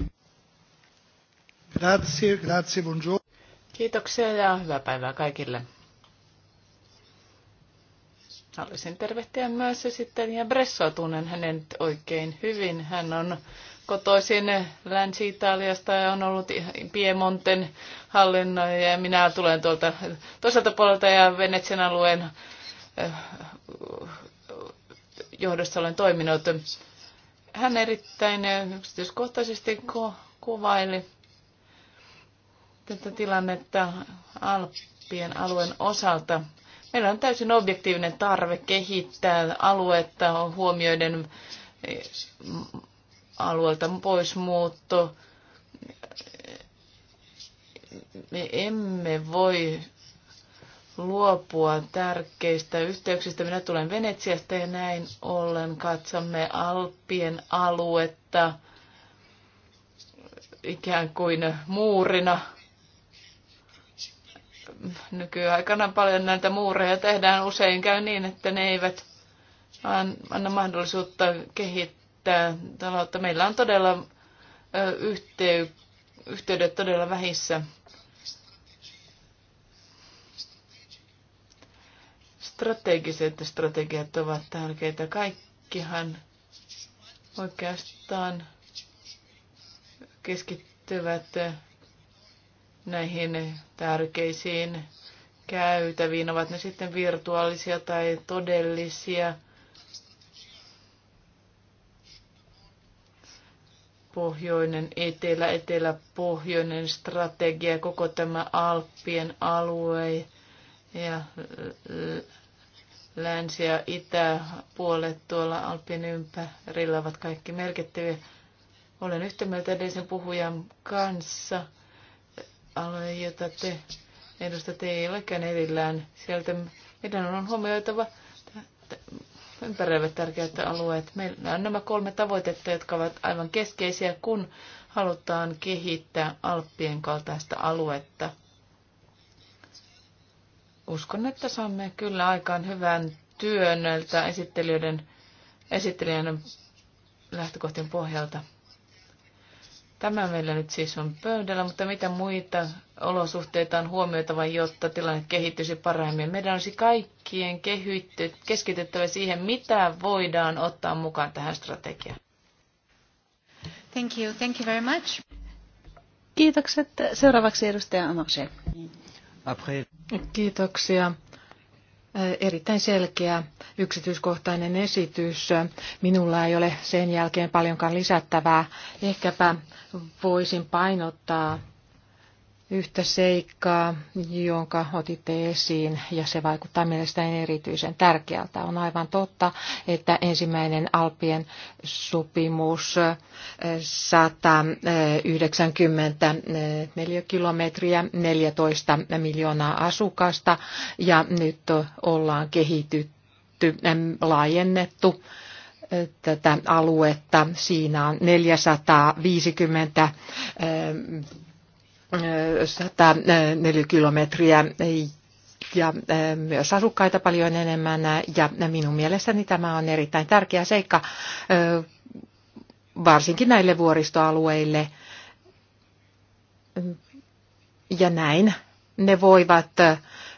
Grazie, grazie, buongiorno. Kiitoksia ja hyvää päivää kaikille. Haluaisin tervehtiä myös sitten ja Bressoa tunnen hänen oikein hyvin. Hän on kotoisin Länsi-Italiasta ja on ollut Piemonten hallinnoija ja minä tulen tuolta toiselta puolelta ja Venetsian alueen eh, johdossa olen toiminut. Hän erittäin yksityiskohtaisesti ku- kuvaili tätä tilannetta Alppien alueen osalta. Meillä on täysin objektiivinen tarve kehittää aluetta huomioiden eh, alueelta poismuutto. Me emme voi luopua tärkeistä yhteyksistä. Minä tulen Venetsiasta ja näin ollen katsomme Alppien aluetta ikään kuin muurina. Nykyaikana paljon näitä muureja tehdään. Usein käy niin, että ne eivät anna mahdollisuutta kehittää että, että Meillä on todella yhtey, yhteydet todella vähissä. Strategiset strategiat ovat tärkeitä. Kaikkihan oikeastaan keskittyvät näihin tärkeisiin käytäviin, ovat ne sitten virtuaalisia tai todellisia – pohjoinen, etelä, etelä-pohjoinen strategia, koko tämä Alppien alue ja äh, länsi- ja itäpuolet tuolla Alppien ympärillä ovat kaikki merkittäviä. Olen yhtä mieltä edellisen puhujan kanssa. Alue, jota te edustatte, ei olekään erillään. Sieltä meidän on huomioitava ympäröivät tärkeät alueet. Meillä on nämä kolme tavoitetta, jotka ovat aivan keskeisiä, kun halutaan kehittää Alppien kaltaista aluetta. Uskon, että saamme kyllä aikaan hyvän työn näiltä esittelijöiden, esittelijän lähtökohtien pohjalta. Tämä meillä nyt siis on pöydällä, mutta mitä muita olosuhteita on huomioitava, jotta tilanne kehittyisi paremmin? Meidän olisi kaikkien kehitty, keskityttävä siihen, mitä voidaan ottaa mukaan tähän strategiaan. Thank you. Thank you very much. Kiitokset. Seuraavaksi edustaja Amakse. Kiitoksia erittäin selkeä yksityiskohtainen esitys. Minulla ei ole sen jälkeen paljonkaan lisättävää. Ehkäpä voisin painottaa yhtä seikkaa, jonka otitte esiin, ja se vaikuttaa mielestäni erityisen tärkeältä. On aivan totta, että ensimmäinen Alpien sopimus 194 kilometriä, 14 miljoonaa asukasta, ja nyt ollaan kehitytty, laajennettu eh, tätä aluetta. Siinä on 450 104 kilometriä ja myös asukkaita paljon enemmän. Ja minun mielestäni tämä on erittäin tärkeä seikka varsinkin näille vuoristoalueille. Ja näin ne voivat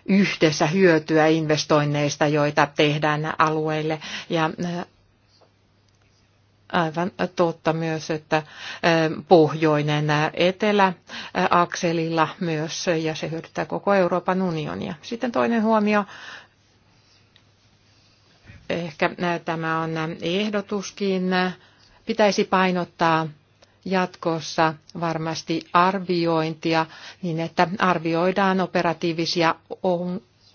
yhdessä hyötyä investoinneista, joita tehdään alueille. Ja aivan totta myös, että pohjoinen eteläakselilla myös, ja se hyödyttää koko Euroopan unionia. Sitten toinen huomio, ehkä tämä on ehdotuskin, pitäisi painottaa jatkossa varmasti arviointia niin, että arvioidaan operatiivisia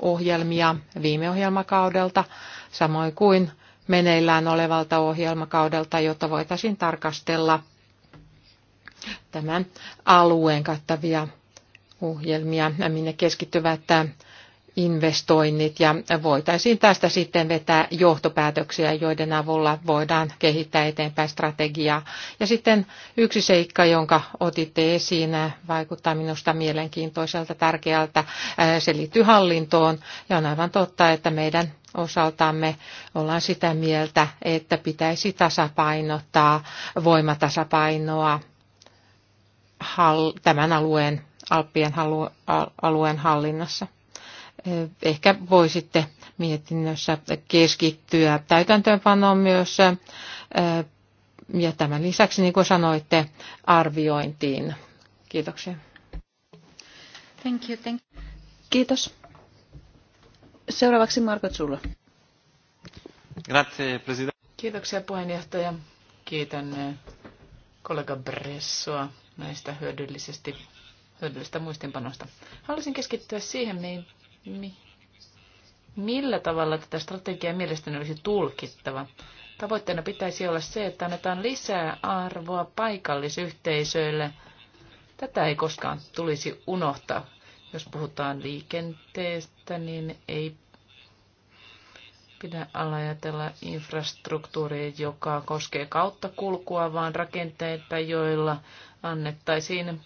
ohjelmia viime ohjelmakaudelta, samoin kuin meneillään olevalta ohjelmakaudelta, jotta voitaisiin tarkastella tämän alueen kattavia ohjelmia, minne keskittyvät investoinnit ja voitaisiin tästä sitten vetää johtopäätöksiä, joiden avulla voidaan kehittää eteenpäin strategiaa. Ja sitten yksi seikka, jonka otitte esiin, vaikuttaa minusta mielenkiintoiselta, tärkeältä, se liittyy hallintoon ja on aivan totta, että meidän osaltamme ollaan sitä mieltä, että pitäisi tasapainottaa voimatasapainoa tämän alueen, Alppien alueen hallinnassa. Ehkä voisitte mietinnössä keskittyä täytäntöönpanoon myös ja tämän lisäksi, niin kuin sanoitte, arviointiin. Kiitoksia. Thank you, thank you. Kiitos. Seuraavaksi Marko Zulla. Grazie, president. Kiitoksia puheenjohtaja. Kiitän kollega Bressoa näistä hyödyllisistä, hyödyllistä muistinpanosta. Haluaisin keskittyä siihen, niin niin. millä tavalla tätä strategiaa mielestäni olisi tulkittava? Tavoitteena pitäisi olla se, että annetaan lisää arvoa paikallisyhteisöille. Tätä ei koskaan tulisi unohtaa. Jos puhutaan liikenteestä, niin ei pidä ajatella infrastruktuuria, joka koskee kautta kulkua, vaan rakenteita, joilla annettaisiin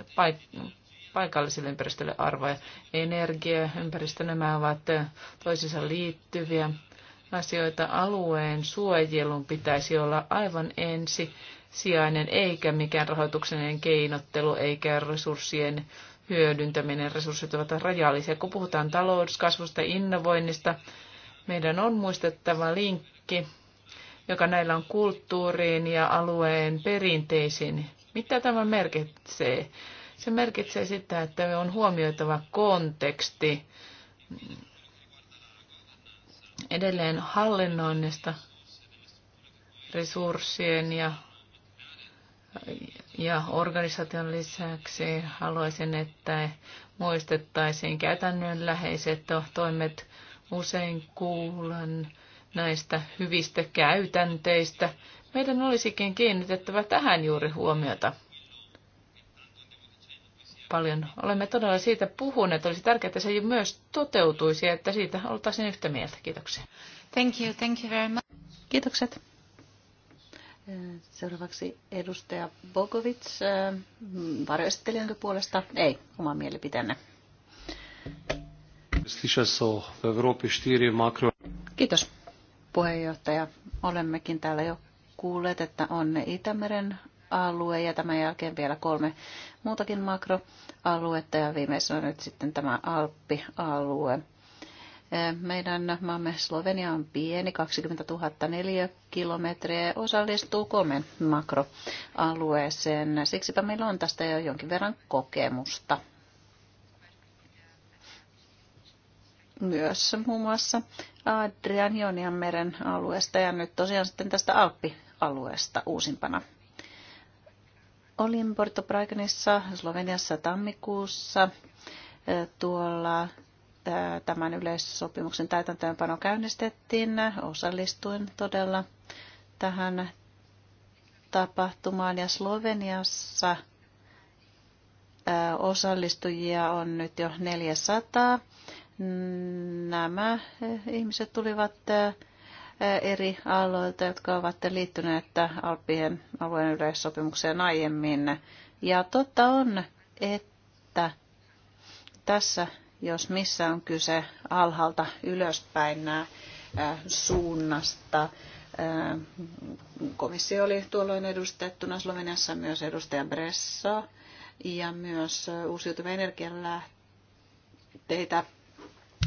paik- paikalliselle ympäristölle arvoja. Energia, ympäristö, nämä ovat toisiinsa liittyviä asioita. Alueen suojelun pitäisi olla aivan ensi sijainen, eikä mikään rahoituksellinen keinottelu, eikä resurssien hyödyntäminen. Resurssit ovat rajallisia. Kun puhutaan talouskasvusta, innovoinnista, meidän on muistettava linkki, joka näillä on kulttuuriin ja alueen perinteisiin. Mitä tämä merkitsee? Se merkitsee sitä, että on huomioitava konteksti edelleen hallinnoinnista resurssien ja, ja organisaation lisäksi haluaisin, että muistettaisiin käytännönläheiset toimet. Usein kuulen näistä hyvistä käytänteistä. Meidän olisikin kiinnitettävä tähän juuri huomiota paljon. Olemme todella siitä puhuneet. Olisi tärkeää, että se myös toteutuisi ja että siitä oltaisiin yhtä mieltä. Kiitoksia. Thank you, thank you very much. Kiitokset. Seuraavaksi edustaja Bogovic. Äh, varjoesittelijänkö puolesta? Ei, oma mielipiteenne. Kiitos puheenjohtaja. Olemmekin täällä jo kuulleet, että on Itämeren makroalue ja tämän jälkeen vielä kolme muutakin makroaluetta ja viimeisenä nyt sitten tämä Alppi-alue. Eh, meidän maamme Slovenia on pieni, 20 000 ja osallistuu kolmen makroalueeseen. Siksipä meillä on tästä jo jonkin verran kokemusta. Myös muun muassa Adrian Jonian meren alueesta ja nyt tosiaan sitten tästä Alppi-alueesta uusimpana Olin Porto Braikenissa Sloveniassa tammikuussa tuolla tämän yleissopimuksen täytäntöönpano käynnistettiin. Osallistuin todella tähän tapahtumaan ja Sloveniassa osallistujia on nyt jo 400. Nämä ihmiset tulivat Eh, eri aloilta, jotka ovat liittyneet Alppien alueen yleissopimukseen aiemmin. Ja totta on, että tässä, jos missä on kyse alhaalta ylöspäin nämä eh, suunnasta. Eh, komissio oli tuolloin edustettuna Sloveniassa myös edustaja Bressa ja myös uusiutuvia energialähteitä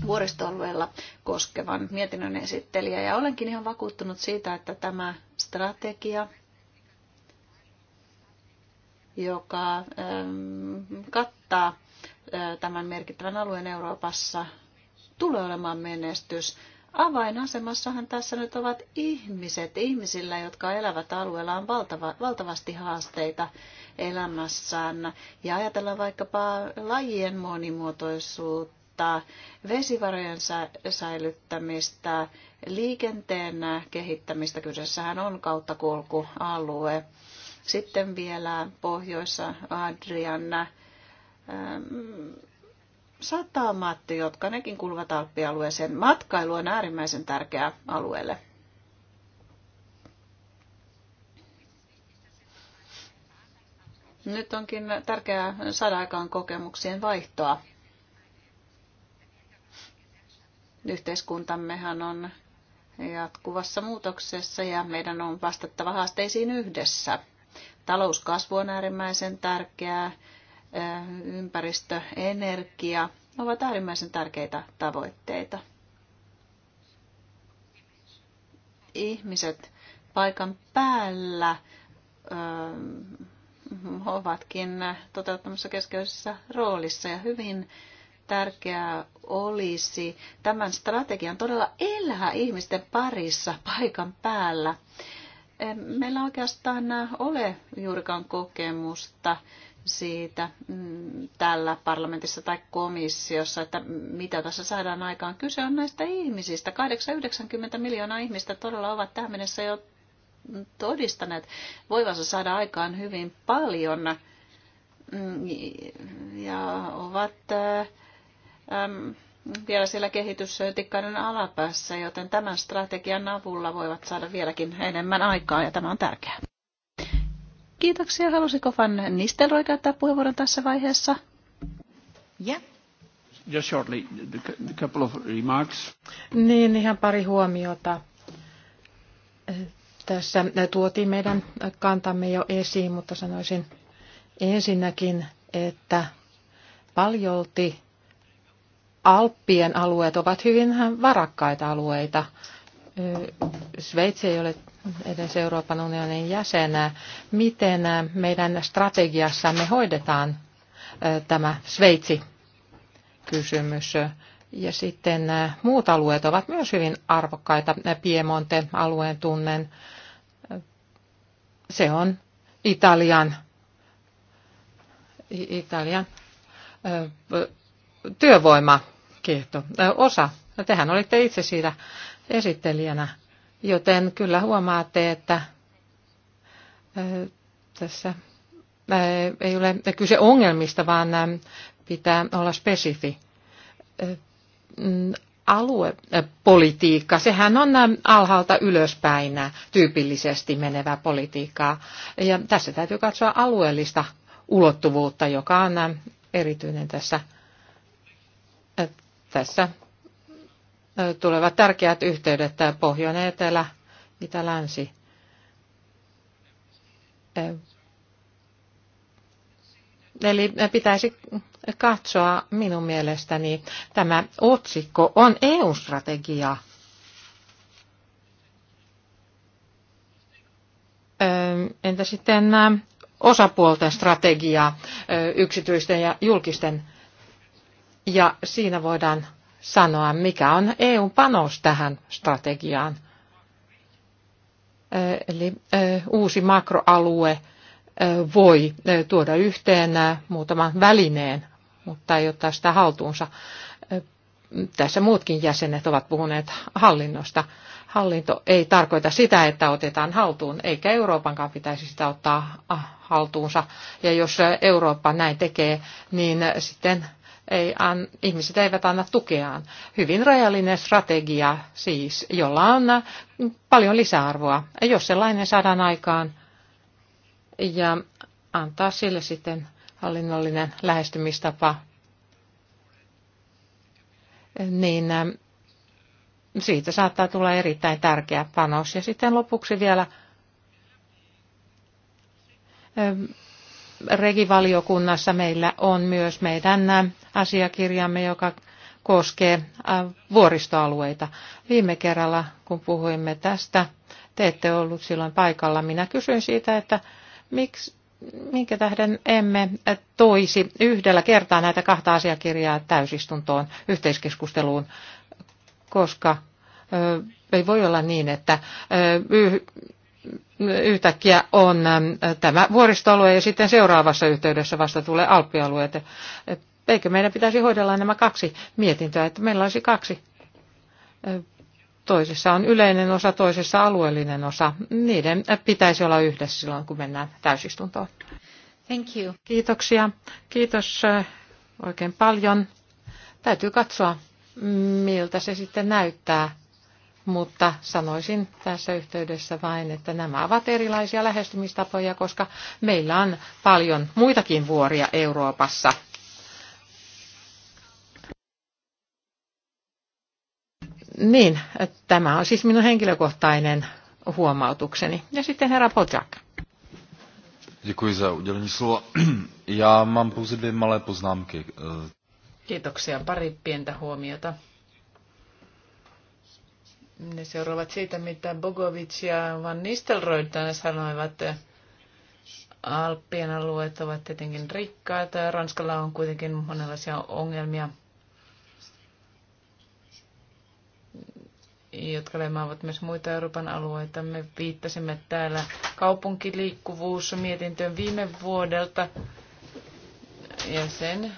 vuoristoalueella koskevan mietinnön esittelijä. Ja olenkin ihan vakuuttunut siitä, että tämä strategia, joka ähm, kattaa äh, tämän merkittävän alueen Euroopassa, tulee olemaan menestys. Avainasemassahan tässä nyt ovat ihmiset. Ihmisillä, jotka elävät alueella, on valtava, valtavasti haasteita elämässään. Ja ajatellaan vaikkapa lajien monimuotoisuutta helpottaa vesivarojen säilyttämistä, liikenteen kehittämistä. Kyseessähän on kauttakulkualue. Sitten vielä pohjoissa adrian ähm, satamat, jotka nekin kuuluvat Alppialueeseen. Matkailu on äärimmäisen tärkeä alueelle. Nyt onkin tärkeää saada aikaan kokemuksien vaihtoa Yhteiskuntammehan on jatkuvassa muutoksessa ja meidän on vastattava haasteisiin yhdessä. Talouskasvu on äärimmäisen tärkeää, ympäristö, energia ovat äärimmäisen tärkeitä tavoitteita. Ihmiset paikan päällä ovatkin toteuttamassa keskeisessä roolissa ja hyvin tärkeää olisi tämän strategian todella elää ihmisten parissa paikan päällä. Meillä oikeastaan ole juurikaan kokemusta siitä mm, tällä parlamentissa tai komissiossa, että mitä tässä saadaan aikaan. Kyse on näistä ihmisistä. 890 miljoonaa ihmistä todella ovat tähän mennessä jo todistaneet voivansa saada aikaan hyvin paljon mm, ja ovat äh, äm, vielä siellä kehitystikkaiden alapäässä, joten tämän strategian avulla voivat saada vieläkin enemmän aikaa ja tämä on tärkeää. Kiitoksia. Halusiko Van Nistelrooy käyttää puheenvuoron tässä vaiheessa? Yeah. Just shortly, a couple of remarks. Niin, ihan pari huomiota. Tässä tuotiin meidän kantamme jo esiin, mutta sanoisin ensinnäkin, että paljolti Alppien alueet ovat hyvin varakkaita alueita. Sveitsi ei ole edes Euroopan unionin jäsenä. Miten meidän strategiassamme hoidetaan tämä Sveitsi-kysymys? Ja sitten muut alueet ovat myös hyvin arvokkaita. Piemonte-alueen tunnen. Se on Italian, Italian työvoimakiehto, osa. No, tehän olitte itse siitä esittelijänä, joten kyllä huomaatte, että tässä ei ole kyse ongelmista, vaan pitää olla spesifi. Aluepolitiikka, sehän on alhaalta ylöspäin tyypillisesti menevää politiikkaa. Ja tässä täytyy katsoa alueellista ulottuvuutta, joka on erityinen tässä tässä tulevat tärkeät yhteydet pohjoinen, etelä, itä, länsi. Eli pitäisi katsoa minun mielestäni, tämä otsikko on EU-strategia. Entä sitten osapuolten strategia, yksityisten ja julkisten ja siinä voidaan sanoa, mikä on EUn panos tähän strategiaan. Eli uusi makroalue voi tuoda yhteen muutaman välineen, mutta ei ottaa sitä haltuunsa. Tässä muutkin jäsenet ovat puhuneet hallinnosta. Hallinto ei tarkoita sitä, että otetaan haltuun, eikä Euroopankaan pitäisi sitä ottaa haltuunsa. Ja jos Eurooppa näin tekee, niin sitten ei an, ihmiset eivät anna tukeaan. Hyvin rajallinen strategia siis, jolla on äh, paljon lisäarvoa. Jos sellainen saadaan aikaan ja antaa sille sitten hallinnollinen lähestymistapa, niin äh, siitä saattaa tulla erittäin tärkeä panos. Ja sitten lopuksi vielä ähm, regivaliokunnassa meillä on myös meidän äh, asiakirjamme, joka koskee äh, vuoristoalueita. Viime kerralla, kun puhuimme tästä, te ette ollut silloin paikalla. Minä kysyin siitä, että miksi, minkä tähden emme äh, toisi yhdellä kertaa näitä kahta asiakirjaa täysistuntoon yhteiskeskusteluun, koska ö, äh, ei voi olla niin, että ö, yhtäkkiä on tämä vuoristoalue ja sitten seuraavassa yhteydessä vasta tulee alppialueet eikö meidän pitäisi hoidella nämä kaksi mietintöä, että meillä olisi kaksi. Toisessa on yleinen osa, toisessa alueellinen osa. Niiden pitäisi olla yhdessä silloin, kun mennään täysistuntoon. Thank you. Kiitoksia. Kiitos oikein paljon. Täytyy katsoa, miltä se sitten näyttää. Mutta sanoisin tässä yhteydessä vain, että nämä ovat erilaisia lähestymistapoja, koska meillä on paljon muitakin vuoria Euroopassa Niin, tämä on siis minun henkilökohtainen huomautukseni. Ja sitten herra Pojak. Děkuji za udělení slova. Já mám pouze dvě malé poznámky. Eh. Kiitoksia. Pari pientä huomiota. Ne seuraavat siitä, mitä Bogovic ja Van Nistelrooy sanoivat. Alppien alueet ovat tietenkin rikkaita ja Ranskalla on kuitenkin monenlaisia ongelmia – jotka leimaavat myös muita Euroopan alueita. Me viittasimme täällä kaupunkiliikkuvuus mietintöön viime vuodelta ja sen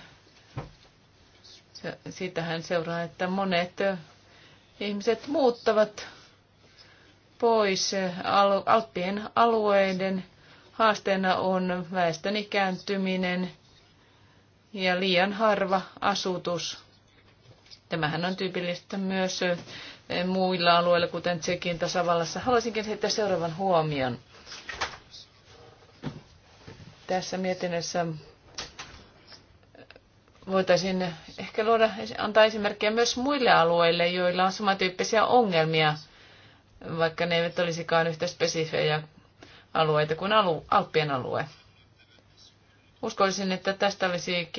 siitähän seuraa, että monet ihmiset muuttavat pois. Alppien alueiden haasteena on väestön ikääntyminen ja liian harva asutus. Tämähän on tyypillistä myös muilla alueilla, kuten Tsekin tasavallassa. Haluaisinkin heittää seuraavan huomion. Tässä mietinnössä voitaisiin ehkä luoda, antaa esimerkkejä myös muille alueille, joilla on samantyyppisiä ongelmia, vaikka ne eivät olisikaan yhtä spesifejä alueita kuin alu, Alppien alue. Uskoisin, että tästä olisi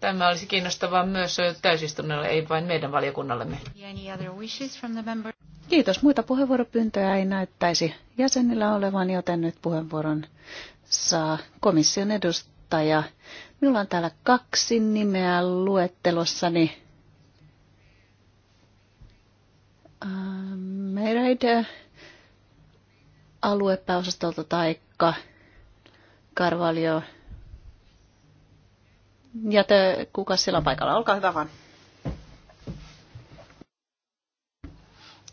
tämä olisi kiinnostavaa myös täysistunnolle, ei vain meidän valiokunnallemme. Kiitos. Muita puheenvuoropyyntöjä ei näyttäisi jäsenillä olevan, joten nyt puheenvuoron saa komission edustaja. Minulla on täällä kaksi nimeä luettelossani. Ähm, Mereide aluepääosastolta taikka Carvalho ja te, kuka siellä on paikalla? Olkaa hyvä vaan.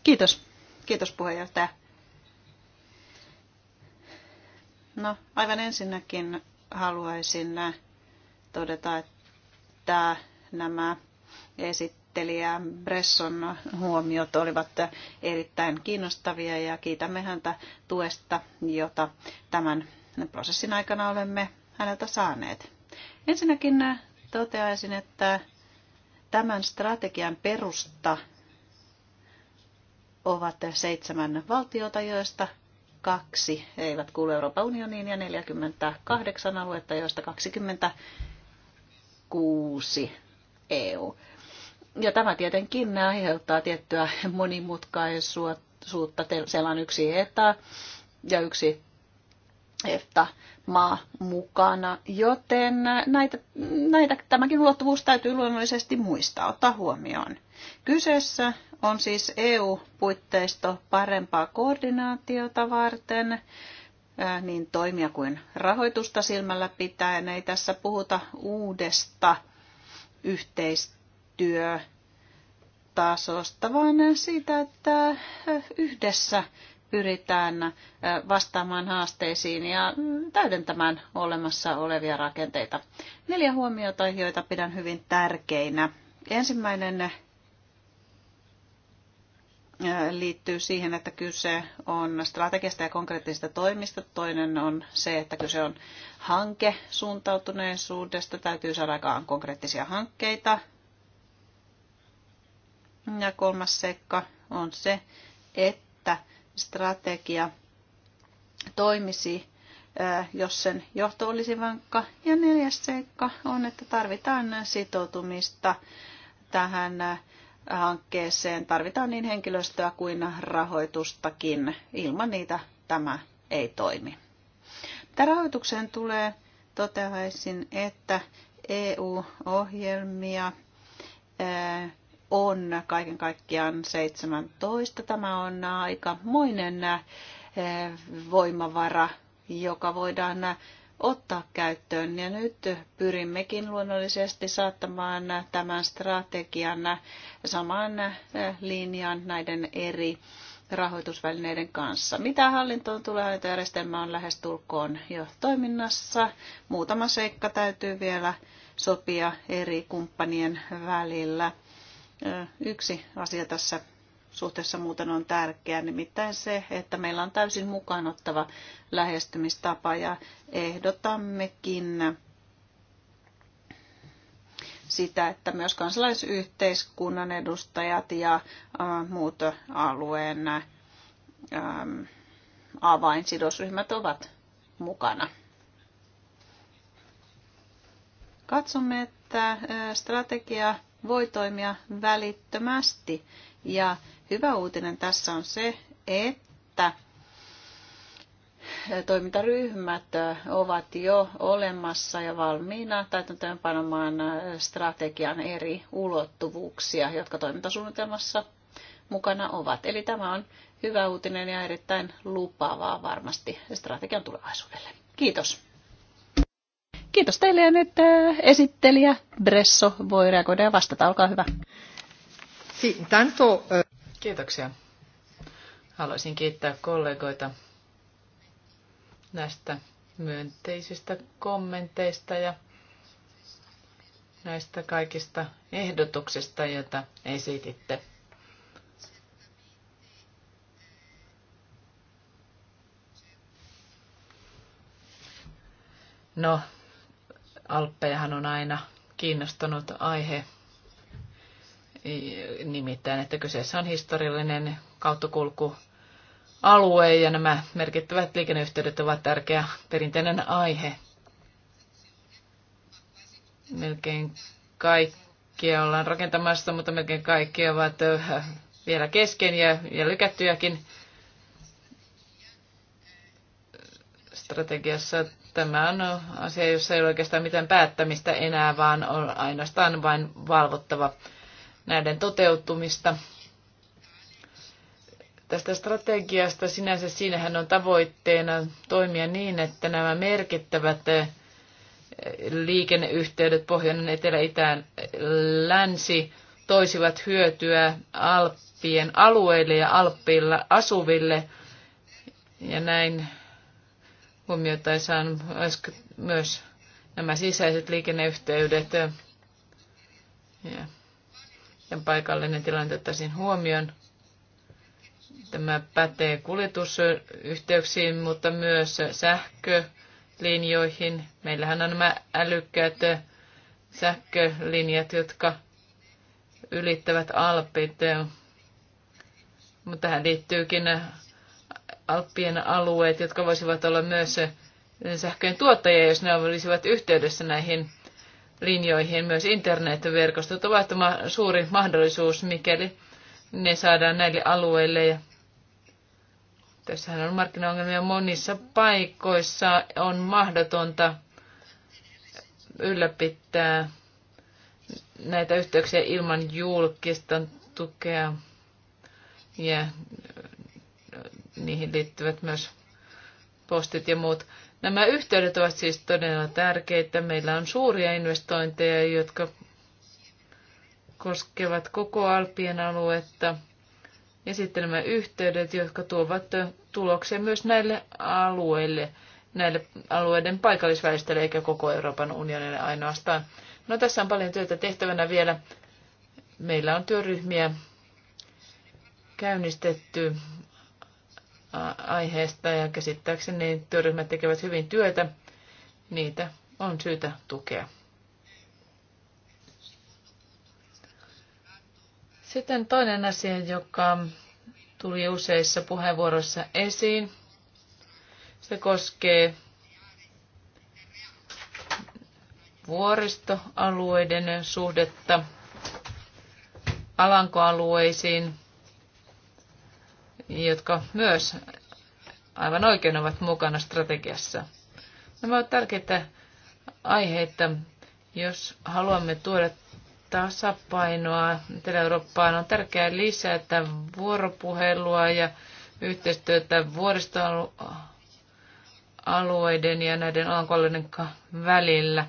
Kiitos. Kiitos puheenjohtaja. No, aivan ensinnäkin haluaisin todeta, että nämä esittelijä Bresson huomiot olivat erittäin kiinnostavia ja kiitämme häntä tuesta, jota tämän prosessin aikana olemme häneltä saaneet. Ensinnäkin äh, toteaisin, että tämän strategian perusta ovat seitsemän valtiota, joista kaksi eivät kuulu Euroopan unioniin ja 48 aluetta, joista 26 EU. Ja tämä tietenkin aiheuttaa tiettyä monimutkaisuutta. Siellä on yksi ETA ja yksi EFTA maa mukana, joten näitä, näitä, tämäkin ulottuvuus täytyy luonnollisesti muistaa, ottaa huomioon. Kyseessä on siis EU-puitteisto parempaa koordinaatiota varten, niin toimia kuin rahoitusta silmällä pitäen. Ei tässä puhuta uudesta yhteistyötasosta, vaan siitä, että yhdessä pyritään vastaamaan haasteisiin ja mm, täydentämään olemassa olevia rakenteita. Neljä huomiota, joita pidän hyvin tärkeinä. Ensimmäinen liittyy siihen, että kyse on strategista ja konkreettisista toimista. Toinen on se, että kyse on suuntautuneisuudesta. Täytyy saada aikaan konkreettisia hankkeita. Ja kolmas seikka on se, että strategia toimisi, jos sen johto olisi vankka. Ja neljäs seikka on, että tarvitaan sitoutumista tähän hankkeeseen. Tarvitaan niin henkilöstöä kuin rahoitustakin. Ilman niitä tämä ei toimi. Tämä rahoitukseen tulee, toteaisin, että EU-ohjelmia on kaiken kaikkiaan 17. Tämä on aikamoinen eh, voimavara, joka voidaan ottaa käyttöön. Ja nyt pyrimmekin luonnollisesti saattamaan tämän strategian saman eh, linjan näiden eri rahoitusvälineiden kanssa. Mitä hallintoon tulee, hallintojärjestelmä on lähes tulkoon jo toiminnassa. Muutama seikka täytyy vielä sopia eri kumppanien välillä yksi asia tässä suhteessa muuten on tärkeä, nimittäin se, että meillä on täysin mukaanottava lähestymistapa ja ehdotammekin sitä, että myös kansalaisyhteiskunnan edustajat ja muut alueen avainsidosryhmät ovat mukana. Katsomme, että strategia voi toimia välittömästi. Ja hyvä uutinen tässä on se, että toimintaryhmät ovat jo olemassa ja valmiina täytäntöönpanomaan strategian eri ulottuvuuksia, jotka toimintasuunnitelmassa mukana ovat. Eli tämä on hyvä uutinen ja erittäin lupaavaa varmasti strategian tulevaisuudelle. Kiitos. Kiitos teille ja nyt äh, esittelijä Bresso voi reagoida ja vastata. Olkaa hyvä. Eh, Kiitoksia. Haluaisin kiittää kollegoita näistä myönteisistä kommenteista ja näistä kaikista ehdotuksista, joita esititte. No, Alppejahan on aina kiinnostanut aihe, nimittäin, että kyseessä on historiallinen kauttakulku alue ja nämä merkittävät liikenneyhteydet ovat tärkeä perinteinen aihe. Melkein kaikkia ollaan rakentamassa, mutta melkein kaikki ovat vielä kesken ja, ja lykättyjäkin. Strategiassa Tämä on asia, jossa ei ole oikeastaan mitään päättämistä enää, vaan on ainoastaan vain valvottava näiden toteutumista. Tästä strategiasta sinänsä siinähän on tavoitteena toimia niin, että nämä merkittävät eh, liikenneyhteydet pohjoinen, etelä, itään, länsi toisivat hyötyä Alppien alueille ja Alppilla asuville. Ja näin huomioitaisaan myös nämä sisäiset liikenneyhteydet ja, ja paikallinen tilanne ottaisiin huomioon. Tämä pätee kuljetusyhteyksiin, mutta myös sähkölinjoihin. Meillähän on nämä älykkäät sähkölinjat, jotka ylittävät Alpit. Mutta tähän liittyykin Alppien alueet, jotka voisivat olla myös sähköjen tuottajia, jos ne olisivat yhteydessä näihin linjoihin. Myös internetverkostot ovat suuri mahdollisuus, mikäli ne saadaan näille alueille. Ja tässähän on markkinaongelmia monissa paikoissa. On mahdotonta ylläpitää näitä yhteyksiä ilman julkista tukea. Ja niihin liittyvät myös postit ja muut. Nämä yhteydet ovat siis todella tärkeitä. Meillä on suuria investointeja, jotka koskevat koko Alpien aluetta. Ja sitten nämä yhteydet, jotka tuovat tuloksia myös näille alueille, näille alueiden paikallisväestölle eikä koko Euroopan unionille ainoastaan. No tässä on paljon työtä tehtävänä vielä. Meillä on työryhmiä käynnistetty aiheesta ja käsittääkseni työryhmät tekevät hyvin työtä. Niitä on syytä tukea. Sitten toinen asia, joka tuli useissa puheenvuoroissa esiin, se koskee vuoristoalueiden suhdetta alankoalueisiin – jotka myös aivan oikein ovat mukana strategiassa. Nämä ovat tärkeitä aiheita, jos haluamme tuoda tasapainoa Etelä-Eurooppaan. On tärkeää lisätä vuoropuhelua ja yhteistyötä vuoristoalueiden ja näiden alankollinen välillä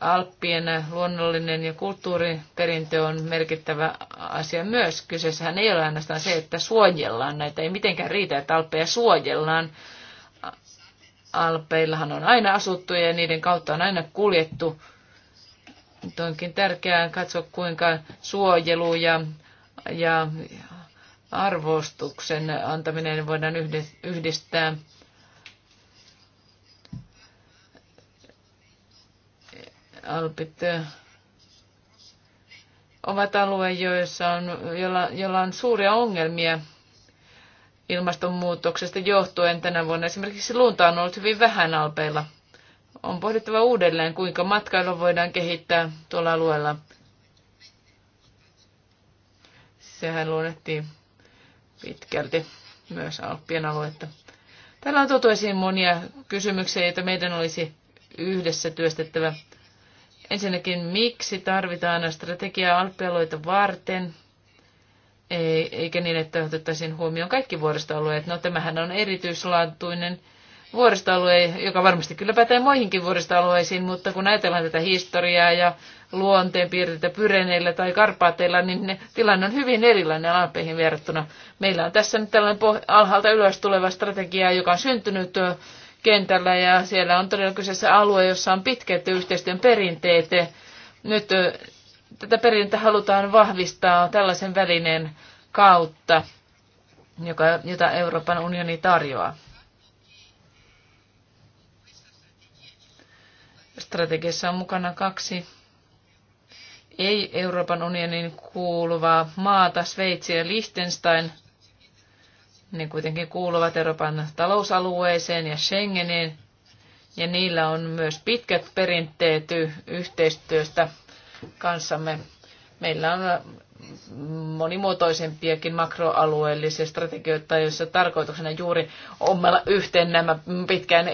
Alppien luonnollinen ja kulttuuriperintö on merkittävä asia myös. Kyseessähän ei ole ainoastaan se, että suojellaan näitä. Ei mitenkään riitä, että Alppeja suojellaan. Alpeillahan on aina asuttu ja niiden kautta on aina kuljettu. Nyt onkin tärkeää katsoa, kuinka suojelu ja, ja arvostuksen antaminen voidaan yhdistää Alpit ovat alue, joissa on, jolla, jolla on suuria ongelmia ilmastonmuutoksesta johtuen tänä vuonna. Esimerkiksi lunta on ollut hyvin vähän alpeilla. On pohdittava uudelleen, kuinka matkailu voidaan kehittää tuolla alueella. Sehän luonnettiin pitkälti myös Alppien aluetta. Täällä on tuotu esiin monia kysymyksiä, joita meidän olisi yhdessä työstettävä. Ensinnäkin, miksi tarvitaan strategiaa alppialueita varten, eikä niin, että otettaisiin huomioon kaikki vuoristoalueet. No tämähän on erityislaatuinen vuoristoalue, joka varmasti kyllä pätee muihinkin vuoristoalueisiin, mutta kun ajatellaan tätä historiaa ja luonteenpiirteitä Pyreneillä tai Karpaateilla, niin ne, tilanne on hyvin erilainen Alpeihin verrattuna. Meillä on tässä nyt tällainen alhaalta ylös tuleva strategia, joka on syntynyt kentällä ja siellä on todella kyseessä alue, jossa on pitkät yhteistyön perinteet. Nyt tätä perintä halutaan vahvistaa tällaisen välineen kautta, joka, jota Euroopan unioni tarjoaa. Strategiassa on mukana kaksi ei Euroopan unionin kuuluvaa maata, Sveitsi ja Liechtenstein – ne kuitenkin kuuluvat Euroopan talousalueeseen ja Schengeniin, ja niillä on myös pitkät perinteet yhteistyöstä kanssamme. Meillä on äh, monimuotoisempiakin makroalueellisia strategioita, joissa tarkoituksena juuri ommella yhteen nämä pitkään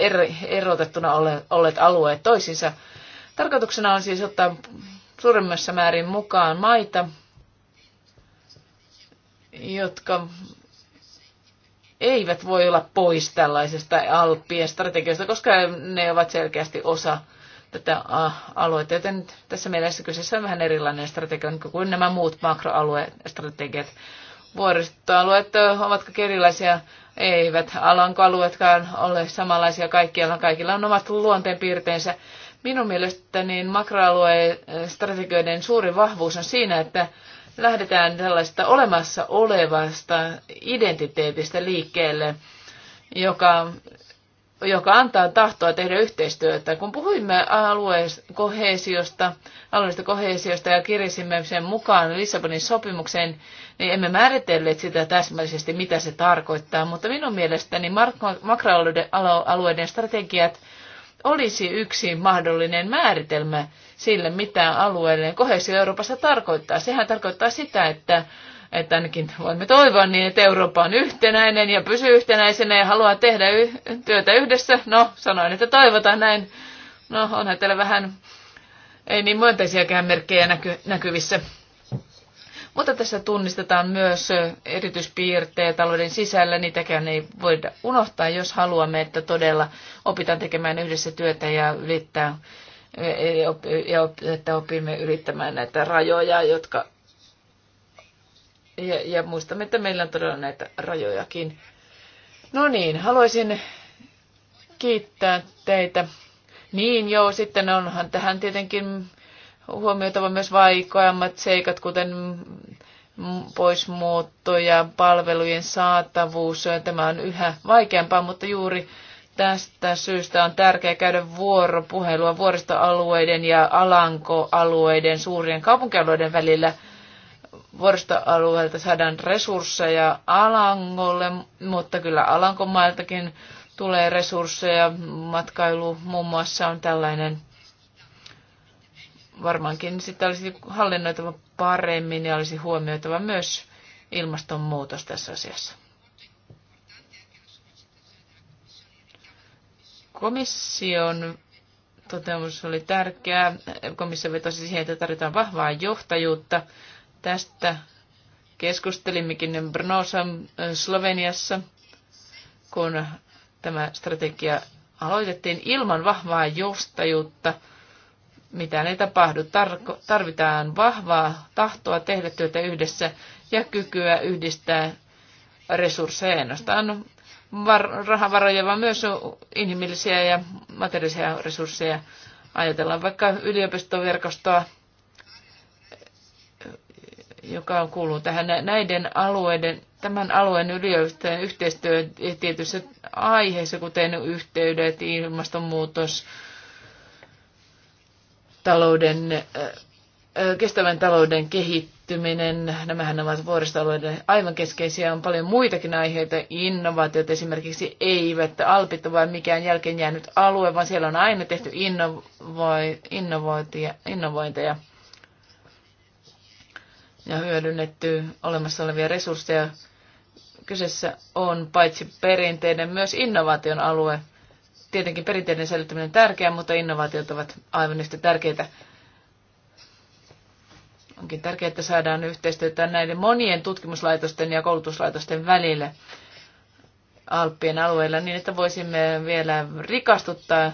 erotettuna olleet alueet toisiinsa. Tarkoituksena on siis ottaa suuremmassa määrin mukaan maita, jotka eivät voi olla pois tällaisesta Alppien strategiasta, koska ne ovat selkeästi osa tätä äh, aluetta. Joten tässä mielessä kyseessä on vähän erilainen strategia niin kuin nämä muut makroaluestrategiat. Vuoristoalueet äh, ovat erilaisia? Eivät alankoalueetkaan ole samanlaisia kaikkialla. Kaikilla on omat luonteenpiirteensä. Minun mielestäni makroalueen strategioiden suuri vahvuus on siinä, että lähdetään tällaista olemassa olevasta identiteetistä liikkeelle, joka, joka antaa tahtoa tehdä yhteistyötä. Kun puhuimme aluekohesiosta, alueesta kohesiosta ja kirjasimme sen mukaan Lissabonin sopimukseen, niin emme määritelleet sitä täsmällisesti, mitä se tarkoittaa, mutta minun mielestäni makroalueiden strategiat – olisi yksi mahdollinen määritelmä sille, mitä alueellinen kohesio Euroopassa tarkoittaa. Sehän tarkoittaa sitä, että, että ainakin voimme toivoa niin, että Eurooppa on yhtenäinen ja pysyy yhtenäisenä ja haluaa tehdä työtä yhdessä. No, sanoin, että toivotaan näin. No, onhan teillä vähän ei niin myönteisiäkään merkkejä näky- näkyvissä. Mutta tässä tunnistetaan myös erityispiirteet talouden sisällä. Niitäkään ei voida unohtaa, jos haluamme, että todella opitaan tekemään yhdessä työtä ja ylittää ja että opimme ylittämään näitä rajoja, jotka ja, ja muistamme, että meillä on todella näitä rajojakin. No niin, haluaisin kiittää teitä. Niin joo, sitten onhan tähän tietenkin huomioitava myös vaikeammat seikat, kuten poismuutto ja palvelujen saatavuus. Tämä on yhä vaikeampaa, mutta juuri tästä syystä on tärkeää käydä vuoropuhelua vuoristoalueiden ja alankoalueiden suurien kaupunkialueiden välillä. Vuoristoalueelta saadaan resursseja Alangolle, mutta kyllä Alankomailtakin tulee resursseja. Matkailu muun muassa on tällainen varmaankin sitä olisi hallinnoitava paremmin ja olisi huomioitava myös ilmastonmuutos tässä asiassa. Komission toteamus oli tärkeää. Komissio vetosi siihen, että tarvitaan vahvaa johtajuutta. Tästä keskustelimmekin Brnosan Sloveniassa, kun tämä strategia aloitettiin ilman vahvaa johtajuutta – mitään ei tapahdu. Tarvitaan vahvaa tahtoa tehdä työtä yhdessä ja kykyä yhdistää resursseja ainoastaan var- rahavaroja, vaan myös inhimillisiä ja materiaalisia resursseja. Ajatellaan vaikka yliopistoverkostoa, joka kuuluu tähän näiden alueiden, tämän alueen yliopistojen yhteistyö tietyissä aiheissa, kuten yhteydet, ilmastonmuutos, talouden, kestävän talouden kehittyminen, nämähän ovat vuoristoalueiden aivan keskeisiä, on paljon muitakin aiheita, innovaatiot esimerkiksi eivät alpit ole mikään jälkeen jäänyt alue, vaan siellä on aina tehty innovointeja, innovointeja ja hyödynnetty olemassa olevia resursseja. Kyseessä on paitsi perinteinen myös innovaation alue – tietenkin perinteinen säilyttäminen tärkeää, mutta innovaatiot ovat aivan yhtä tärkeitä. Onkin tärkeää, että saadaan yhteistyötä näiden monien tutkimuslaitosten ja koulutuslaitosten välille Alppien alueilla niin, että voisimme vielä rikastuttaa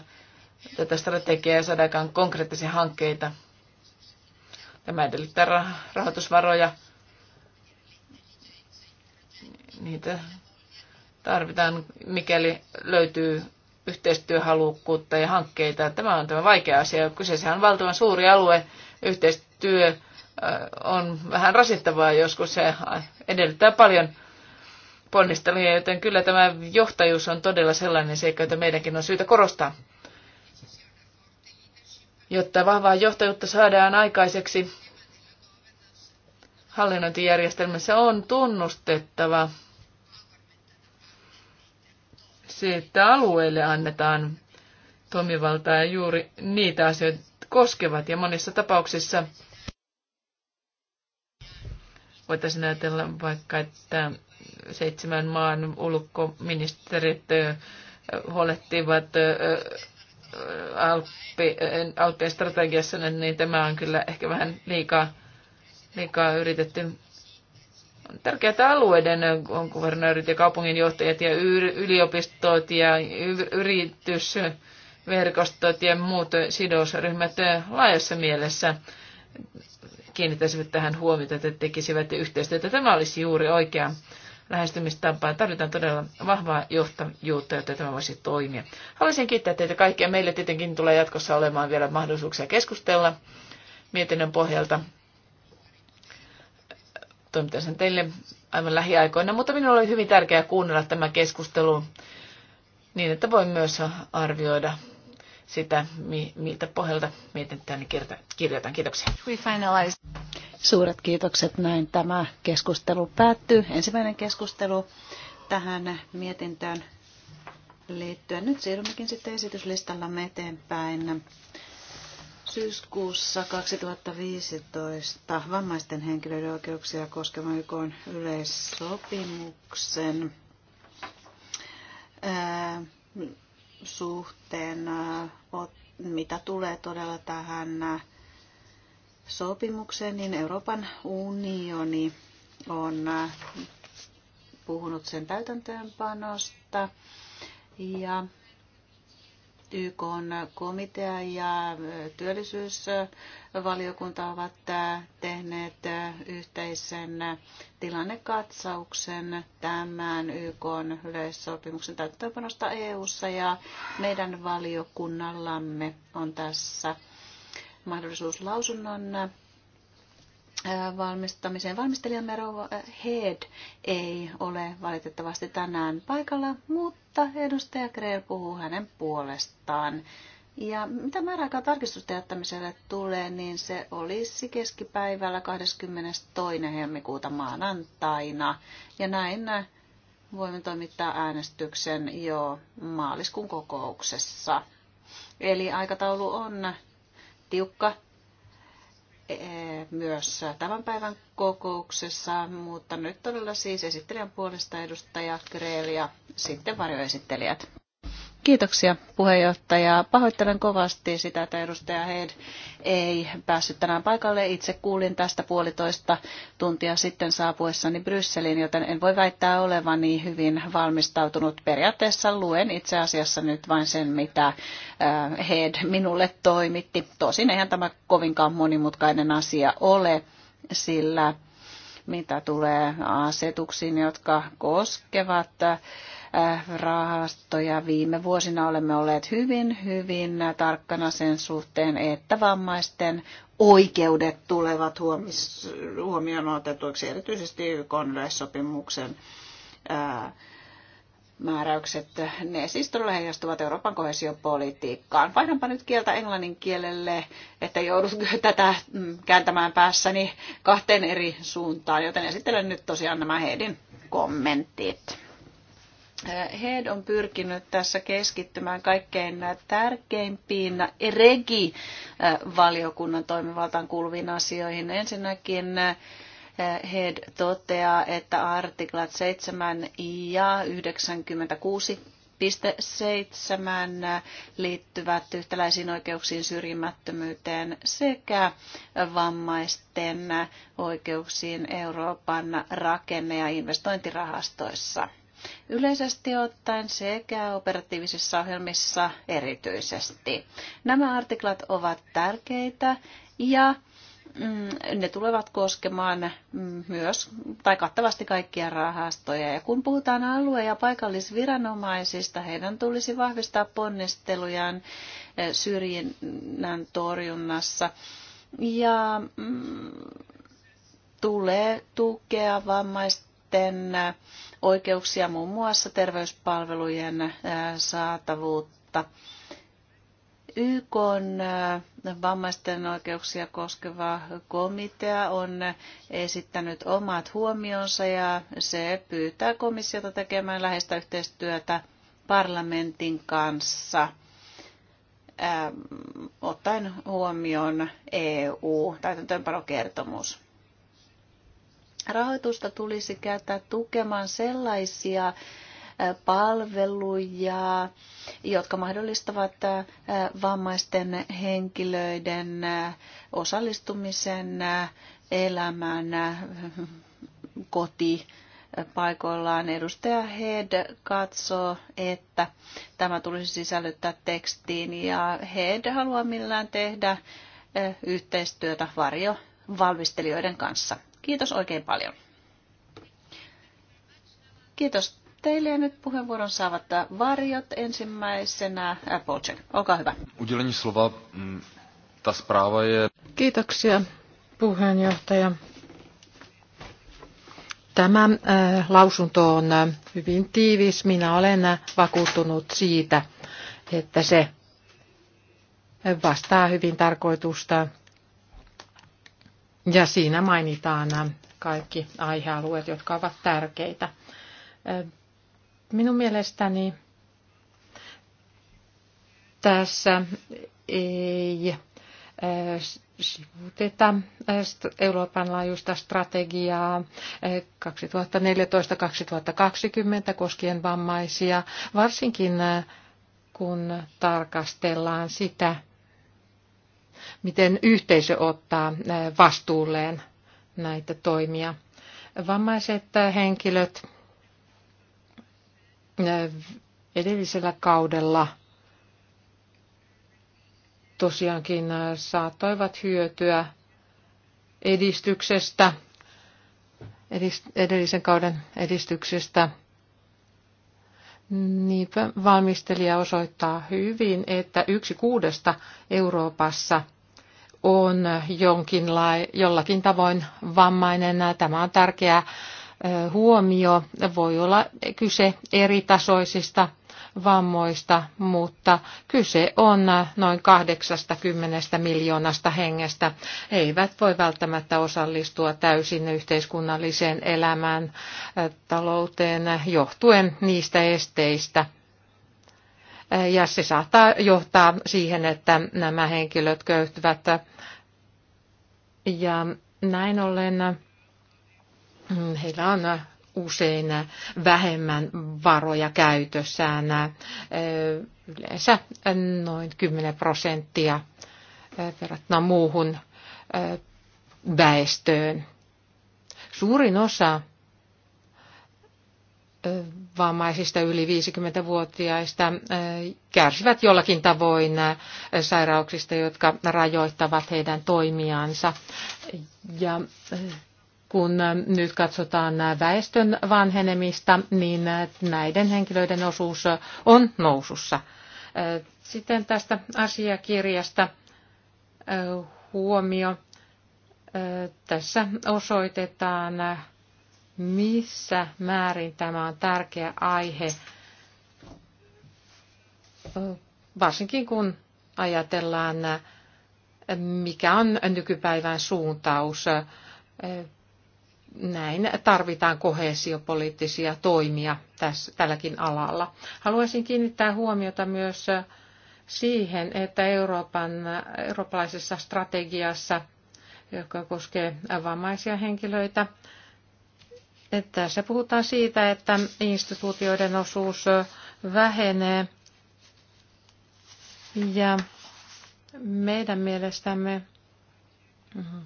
tätä strategiaa ja saada aikaan konkreettisia hankkeita. Tämä edellyttää rahoitusvaroja. Niitä tarvitaan, mikäli löytyy yhteistyöhalukkuutta ja hankkeita. Tämä on tämä vaikea asia. Kyseessä on valtavan suuri alue. Yhteistyö on vähän rasittavaa joskus. Se edellyttää paljon ponnisteluja, joten kyllä tämä johtajuus on todella sellainen seikka, jota meidänkin on syytä korostaa. Jotta vahvaa johtajuutta saadaan aikaiseksi, hallinnointijärjestelmässä on tunnustettava se, että alueelle annetaan toimivaltaa ja juuri niitä asioita koskevat. Ja monissa tapauksissa voitaisiin ajatella vaikka, että seitsemän maan ulkoministerit huolehtivat Alppi, Alppien strategiassa, niin tämä on kyllä ehkä vähän liikaa, liikaa yritetty on tärkeää, että alueiden kuvernöörit ja kaupunginjohtajat ja yliopistot ja yritysverkostot ja muut sidosryhmät eh, laajassa mielessä kiinnittäisivät tähän huomiota, että tekisivät yhteistyötä. Tämä olisi juuri oikea lähestymistapaa. Tarvitaan todella vahvaa johtajuutta, jotta tämä voisi toimia. Haluaisin kiittää teitä kaikkia. Meille tietenkin tulee jatkossa olemaan vielä mahdollisuuksia keskustella mietinnön pohjalta toimitan sen teille aivan lähiaikoina, mutta minulle oli hyvin tärkeää kuunnella tämä keskustelu niin, että voin myös arvioida sitä, miltä pohjalta mietintäni kirjoitan. Kiitoksia. We Suuret kiitokset. Näin tämä keskustelu päättyy. Ensimmäinen keskustelu tähän mietintöön liittyen. Nyt siirrymmekin sitten esityslistallamme eteenpäin Syyskuussa 2015 vammaisten henkilöiden oikeuksia koskevan YK yleissopimuksen ää, suhteen, ää, mitä tulee todella tähän ää, sopimukseen, niin Euroopan unioni on ää, puhunut sen täytäntöönpanosta ja YK komitea ja työllisyysvaliokunta ovat tehneet yhteisen tilannekatsauksen tämän YK yleissopimuksen täyttöönpanosta EU-ssa ja meidän valiokunnallamme on tässä mahdollisuus lausunnon valmistamiseen. Valmistelijamme Rova Head ei ole valitettavasti tänään paikalla, mutta edustaja Greel puhuu hänen puolestaan. Ja mitä määräaikaa tarkistusten jättämiselle tulee, niin se olisi keskipäivällä 22. helmikuuta maanantaina. Ja näin voimme toimittaa äänestyksen jo maaliskuun kokouksessa. Eli aikataulu on tiukka myös tämän päivän kokouksessa, mutta nyt todella siis esittelijän puolesta edustaja Kreel ja sitten varjoesittelijät. Kiitoksia puheenjohtaja. Pahoittelen kovasti sitä, että edustaja Head ei päässyt tänään paikalle. Itse kuulin tästä puolitoista tuntia sitten saapuessani Brysseliin, joten en voi väittää olevani hyvin valmistautunut. Periaatteessa luen itse asiassa nyt vain sen, mitä äh, Head minulle toimitti. Tosin eihän tämä kovinkaan monimutkainen asia ole, sillä mitä tulee asetuksiin, jotka koskevat äh, rahastoja. Viime vuosina olemme olleet hyvin, hyvin tarkkana sen suhteen, että vammaisten oikeudet tulevat huomioon otetuiksi, erityisesti YK yleissopimuksen määräykset, ne siis todella heijastuvat Euroopan kohesiopolitiikkaan. Vaihdanpa nyt kieltä englannin kielelle, että joudut tätä mm, kääntämään päässäni kahteen eri suuntaan, joten esittelen nyt tosiaan nämä Heidin kommentit. Äh, Head on pyrkinyt tässä keskittymään kaikkein tärkeimpiin regi-valiokunnan toimivaltaan kuuluviin asioihin. Ensinnäkin äh, Head toteaa, että artiklat 7 ja 96 seitsemän liittyvät yhtäläisiin oikeuksiin syrjimättömyyteen sekä vammaisten oikeuksiin Euroopan rakenne- ja investointirahastoissa. Yleisesti ottaen sekä operatiivisissa ohjelmissa erityisesti. Nämä artiklat ovat tärkeitä ja mm, ne tulevat koskemaan mm, myös tai kattavasti kaikkia rahastoja. Ja kun puhutaan alue- ja paikallisviranomaisista, heidän tulisi vahvistaa ponnistelujaan eh, syrjinnän torjunnassa. Ja mm, tulee tukea vammaisten eh, oikeuksia, muun muassa terveyspalvelujen äh, saatavuutta. YK on äh, vammaisten oikeuksia koskeva komitea on esittänyt omat huomionsa ja se pyytää komissiota tekemään läheistä yhteistyötä parlamentin kanssa ähm, ottaen huomioon EU-täytäntöönpanokertomus. Rahoitusta tulisi käyttää tukemaan sellaisia palveluja, jotka mahdollistavat vammaisten henkilöiden osallistumisen elämään koti paikoillaan. Edustaja Head katsoo, että tämä tulisi sisällyttää tekstiin ja Head haluaa millään tehdä yhteistyötä varjo valmistelijoiden kanssa. Kiitos oikein paljon. Kiitos teille ja nyt puheenvuoron saavat varjot ensimmäisenä. Äh, Polček, olkaa hyvä. Udělení slova. Mm, ta je... Kiitoksia puheenjohtaja. Tämä äh, lausunto on äh, hyvin tiivis. Minä olen äh, vakuuttunut siitä, että se äh, vastaa hyvin tarkoitusta ja siinä mainitaan kaikki aihealueet, jotka ovat tärkeitä. Minun mielestäni tässä ei sivuteta Euroopan laajuista strategiaa 2014-2020 koskien vammaisia, varsinkin kun tarkastellaan sitä, miten yhteisö ottaa vastuulleen näitä toimia. Vammaiset henkilöt edellisellä kaudella tosiaankin saattoivat hyötyä edistyksestä, edellisen kauden edistyksestä. Niinpä valmistelija osoittaa hyvin, että yksi kuudesta Euroopassa – on jonkinlai, jollakin tavoin vammainen. Tämä on tärkeä huomio. Voi olla kyse eri tasoisista vammoista, mutta kyse on noin 80 miljoonasta hengestä. He eivät voi välttämättä osallistua täysin yhteiskunnalliseen elämään, talouteen, johtuen niistä esteistä, Äh, ja se saattaa johtaa siihen, että nämä henkilöt köyhtyvät. Ja näin ollen mm, heillä on usein vähemmän varoja käytössään, äh, yleensä noin 10 prosenttia äh, verrattuna muuhun väestöön. Suurin osa vammaisista yli 50-vuotiaista kärsivät jollakin tavoin sairauksista, jotka rajoittavat heidän toimiaansa. Ja kun nyt katsotaan väestön vanhenemista, niin näiden henkilöiden osuus on nousussa. Sitten tästä asiakirjasta huomio. Tässä osoitetaan missä määrin tämä on tärkeä aihe, varsinkin kun ajatellaan, mikä on nykypäivän suuntaus. Näin tarvitaan kohesiopoliittisia toimia tässä, tälläkin alalla. Haluaisin kiinnittää huomiota myös siihen, että Euroopan, eurooppalaisessa strategiassa, joka koskee vammaisia henkilöitä, tässä puhutaan siitä, että instituutioiden osuus vähenee ja meidän mielestämme mm-hmm,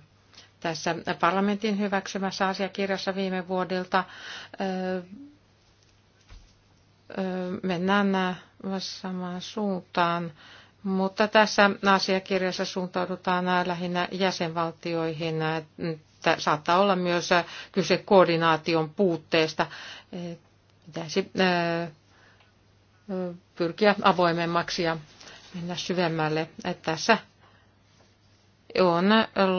tässä parlamentin hyväksymässä asiakirjassa viime vuodelta mennään samaan suuntaan, mutta tässä asiakirjassa suuntaudutaan lähinnä jäsenvaltioihin saattaa olla myös äh, kyse koordinaation puutteesta. Äh, pitäisi äh, pyrkiä avoimemmaksi ja mennä syvemmälle. Tässä on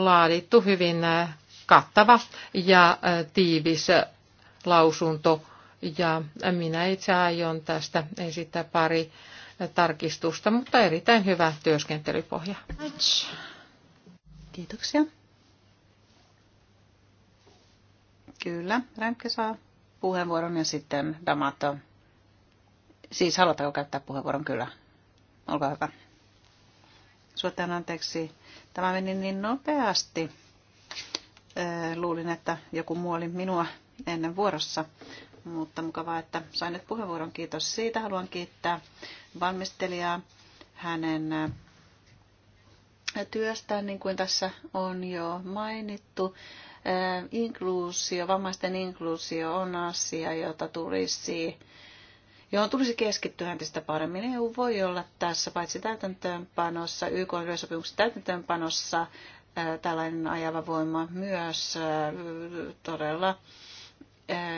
laadittu hyvin kattava ja tiivis lausunto ja minä itse aion tästä esittää pari tarkistusta, mutta erittäin hyvä työskentelypohja. Kiitoksia. Kyllä, Ränkkä saa puheenvuoron ja sitten Damato. Siis haluatteko käyttää puheenvuoron? Kyllä. Olkaa hyvä. Suotan anteeksi. Tämä meni niin nopeasti. Luulin, että joku muu oli minua ennen vuorossa, mutta mukavaa, että sain nyt puheenvuoron. Kiitos siitä. Haluan kiittää valmistelijaa hänen työstään, niin kuin tässä on jo mainittu. Inkluusio, vammaisten inkluusio on asia, jota tulisi, johon tulisi keskittyä entistä paremmin. EU voi olla tässä paitsi täytäntöönpanossa, YK yleissopimuksen täytäntöönpanossa tällainen ajava voima myös todella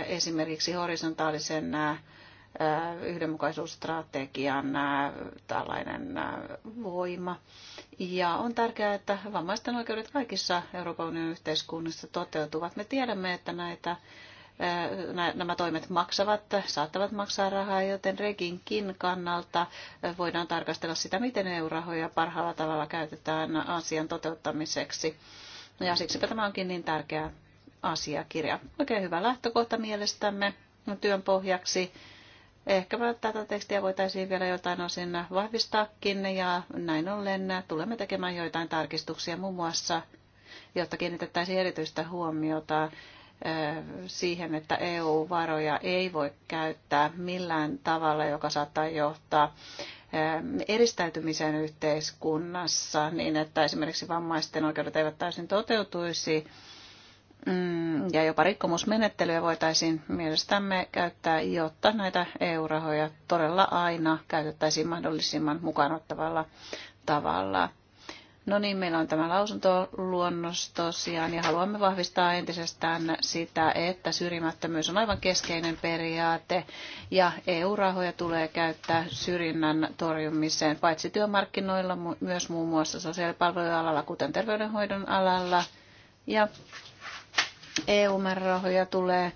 esimerkiksi horisontaalisen yhdenmukaisuusstrategian tällainen voima. Ja on tärkeää, että vammaisten oikeudet kaikissa Euroopan unionin yhteiskunnissa toteutuvat. Me tiedämme, että näitä, nämä toimet maksavat, saattavat maksaa rahaa, joten Reginkin kannalta voidaan tarkastella sitä, miten EU-rahoja parhaalla tavalla käytetään asian toteuttamiseksi. Ja siksipä tämä onkin niin tärkeä asiakirja. Oikein hyvä lähtökohta mielestämme työn pohjaksi Ehkäpä tätä tekstiä voitaisiin vielä jotain osin vahvistaakin ja näin ollen tulemme tekemään joitain tarkistuksia muun muassa, jotta kiinnitettäisiin erityistä huomiota eh, siihen, että EU-varoja ei voi käyttää millään tavalla, joka saattaa johtaa eh, eristäytymiseen yhteiskunnassa niin, että esimerkiksi vammaisten oikeudet eivät täysin toteutuisi Mm, ja jopa rikkomusmenettelyä voitaisiin mielestämme käyttää, jotta näitä EU-rahoja todella aina käytettäisiin mahdollisimman mukaanottavalla tavalla. No niin, meillä on tämä lausuntoluonnos tosiaan ja haluamme vahvistaa entisestään sitä, että syrjimättömyys on aivan keskeinen periaate ja EU-rahoja tulee käyttää syrjinnän torjumiseen paitsi työmarkkinoilla myös muun muassa sosiaalipalvelujen alalla, kuten terveydenhoidon alalla ja EU-määrärahoja tulee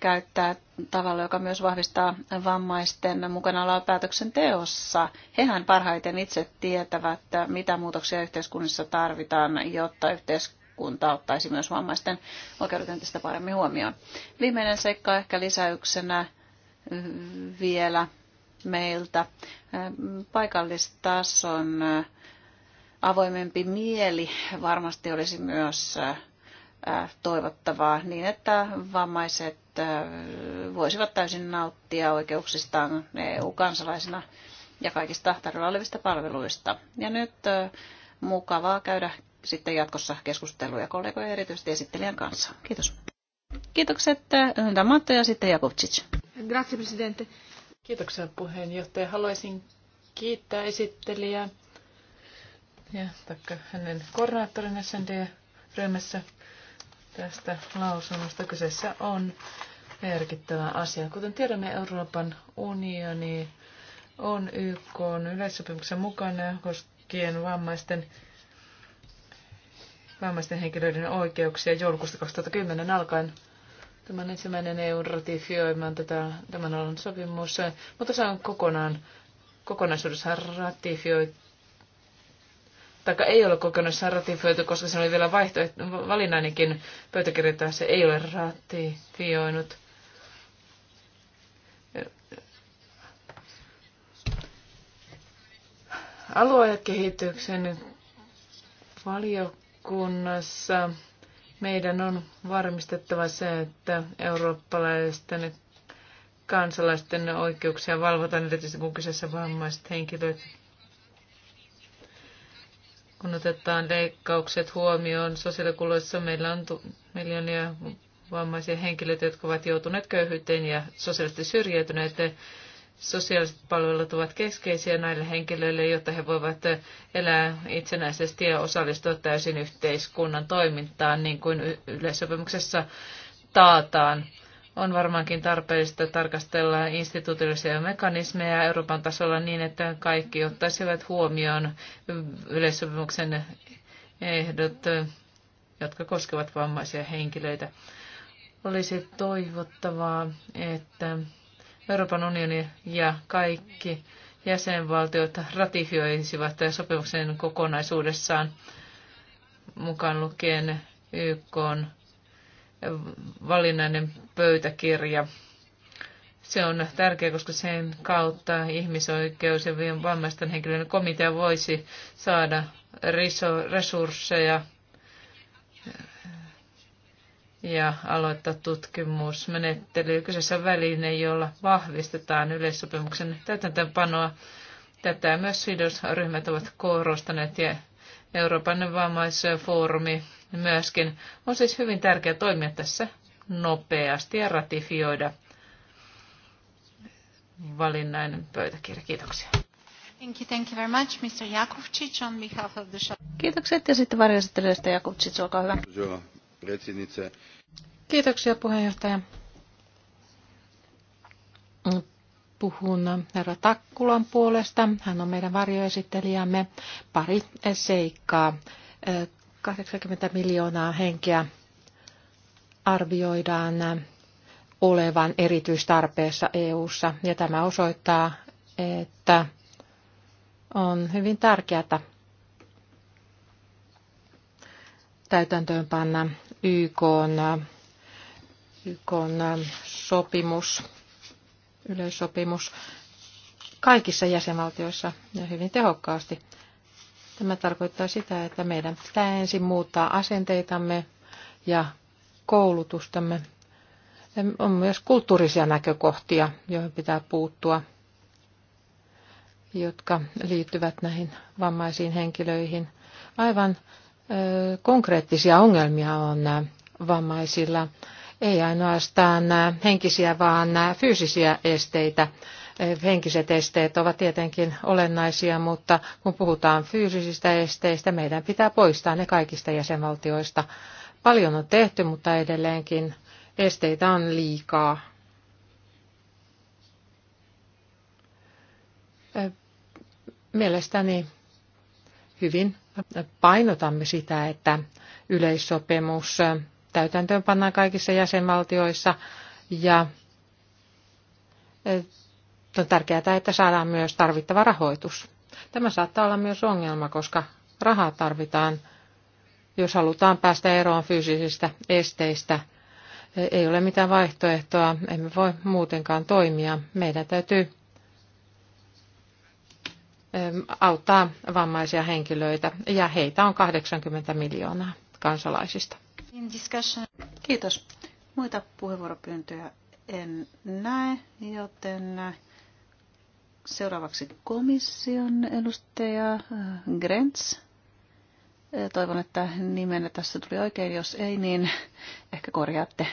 käyttää tavalla, joka myös vahvistaa vammaisten mukana olevaa päätöksenteossa. Hehän parhaiten itse tietävät, mitä muutoksia yhteiskunnissa tarvitaan, jotta yhteiskunta ottaisi myös vammaisten oikeudet entistä paremmin huomioon. Viimeinen seikka ehkä lisäyksenä vielä meiltä paikallistason avoimempi mieli varmasti olisi myös toivottavaa niin, että vammaiset voisivat täysin nauttia oikeuksistaan EU-kansalaisina ja kaikista tarjolla olevista palveluista. Ja nyt mukavaa käydä sitten jatkossa keskusteluja kollegojen erityisesti esittelijän kanssa. Kiitos. Kiitokset Damato ja sitten Jakovcic. Grazie, presidente. Kiitoksia puheenjohtaja. Haluaisin kiittää esittelijää ja hänen koordinaattorin SND-ryhmässä tästä lausunnosta. Kyseessä on merkittävä asia. Kuten tiedämme, Euroopan unioni on YK on yleissopimuksen mukana koskien vammaisten, vammaisten henkilöiden oikeuksia joulukuusta 2010 alkaen. Tämä on ensimmäinen EU ratifioimaan tätä, tämän alan sopimus, mutta se on kokonaan, kokonaisuudessaan ratifioitu tai ei ole kokonaisessaan ratifioitu, koska se oli vielä vaihtoehto, valinnainenkin pöytäkirja, se ei ole ratifioinut. Aluekehityksen valiokunnassa meidän on varmistettava se, että eurooppalaisten kansalaisten oikeuksia valvotaan, erityisesti kun kyseessä vammaiset henkilöt kun otetaan leikkaukset huomioon sosiaalikuluissa, meillä on miljoonia vammaisia henkilöitä, jotka ovat joutuneet köyhyyteen ja sosiaalisesti syrjäytyneet. Sosiaaliset palvelut ovat keskeisiä näille henkilöille, jotta he voivat elää itsenäisesti ja osallistua täysin yhteiskunnan toimintaan, niin kuin yleissopimuksessa taataan on varmaankin tarpeellista tarkastella instituutiollisia mekanismeja Euroopan tasolla niin, että kaikki ottaisivat huomioon yleissopimuksen ehdot, jotka koskevat vammaisia henkilöitä. Olisi toivottavaa, että Euroopan unioni ja kaikki jäsenvaltiot ratifioisivat sopimuksen kokonaisuudessaan mukaan lukien YK on valinnainen pöytäkirja. Se on tärkeä, koska sen kautta ihmisoikeus ja vammaisten henkilöiden komitea voisi saada resursseja ja aloittaa tutkimusmenettely. Kyseessä on väline, jolla vahvistetaan yleissopimuksen täytäntöönpanoa. Tätä myös sidosryhmät ovat korostaneet ja Euroopan vammaisfoorumi myöskin. On siis hyvin tärkeää toimia tässä nopeasti ja ratifioida valinnainen pöytäkirja. Kiitoksia. Thank you, thank you very much, Mr. Jakovčić, on behalf of the show. Kiitokset ja sitten varjoesittelystä Jakovčić, olkaa hyvä. Kiitoksia puheenjohtaja puhun herra Takkulan puolesta. Hän on meidän varjoesittelijämme. Pari seikkaa. 80 miljoonaa henkeä arvioidaan olevan erityistarpeessa EU:ssa ja tämä osoittaa, että on hyvin tärkeää täytäntöönpanna YK, on, YK on sopimus yleissopimus kaikissa jäsenvaltioissa ja hyvin tehokkaasti. Tämä tarkoittaa sitä, että meidän pitää ensin muuttaa asenteitamme ja koulutustamme. On myös kulttuurisia näkökohtia, joihin pitää puuttua, jotka liittyvät näihin vammaisiin henkilöihin. Aivan konkreettisia ongelmia on nämä vammaisilla ei ainoastaan äh, henkisiä, vaan äh, fyysisiä esteitä. Äh, henkiset esteet ovat tietenkin olennaisia, mutta kun puhutaan fyysisistä esteistä, meidän pitää poistaa ne kaikista jäsenvaltioista. Paljon on tehty, mutta edelleenkin esteitä on liikaa. Mielestäni hyvin painotamme sitä, että yleissopimus täytäntöön pannaan kaikissa jäsenvaltioissa ja eh, on tärkeää, että saadaan myös tarvittava rahoitus. Tämä saattaa olla myös ongelma, koska rahaa tarvitaan, jos halutaan päästä eroon fyysisistä esteistä. Eh, ei ole mitään vaihtoehtoa, emme voi muutenkaan toimia. Meidän täytyy auttaa vammaisia henkilöitä, ja heitä on 80 miljoonaa kansalaisista. Kiitos. Muita puheenvuoropyyntöjä en näe, joten äh, seuraavaksi komission edustaja äh, Grenz. Äh, toivon, että nimenne tässä tuli oikein. Jos ei, niin ehkä korjaatte.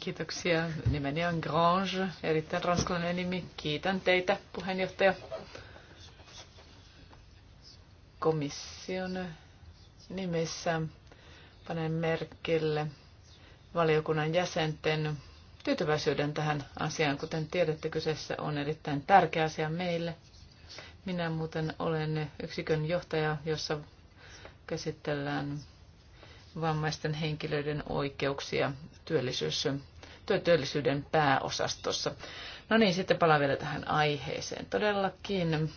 Kiitoksia. Nimeni on Grange, erittäin ranskalainen nimi. Kiitän teitä, puheenjohtaja. Komission nimissä panen merkille valiokunnan jäsenten tyytyväisyyden tähän asiaan. Kuten tiedätte, kyseessä on erittäin tärkeä asia meille. Minä muuten olen yksikön johtaja, jossa käsitellään vammaisten henkilöiden oikeuksia työllisyys, työllisyyden pääosastossa. No niin, sitten palaan vielä tähän aiheeseen. Todellakin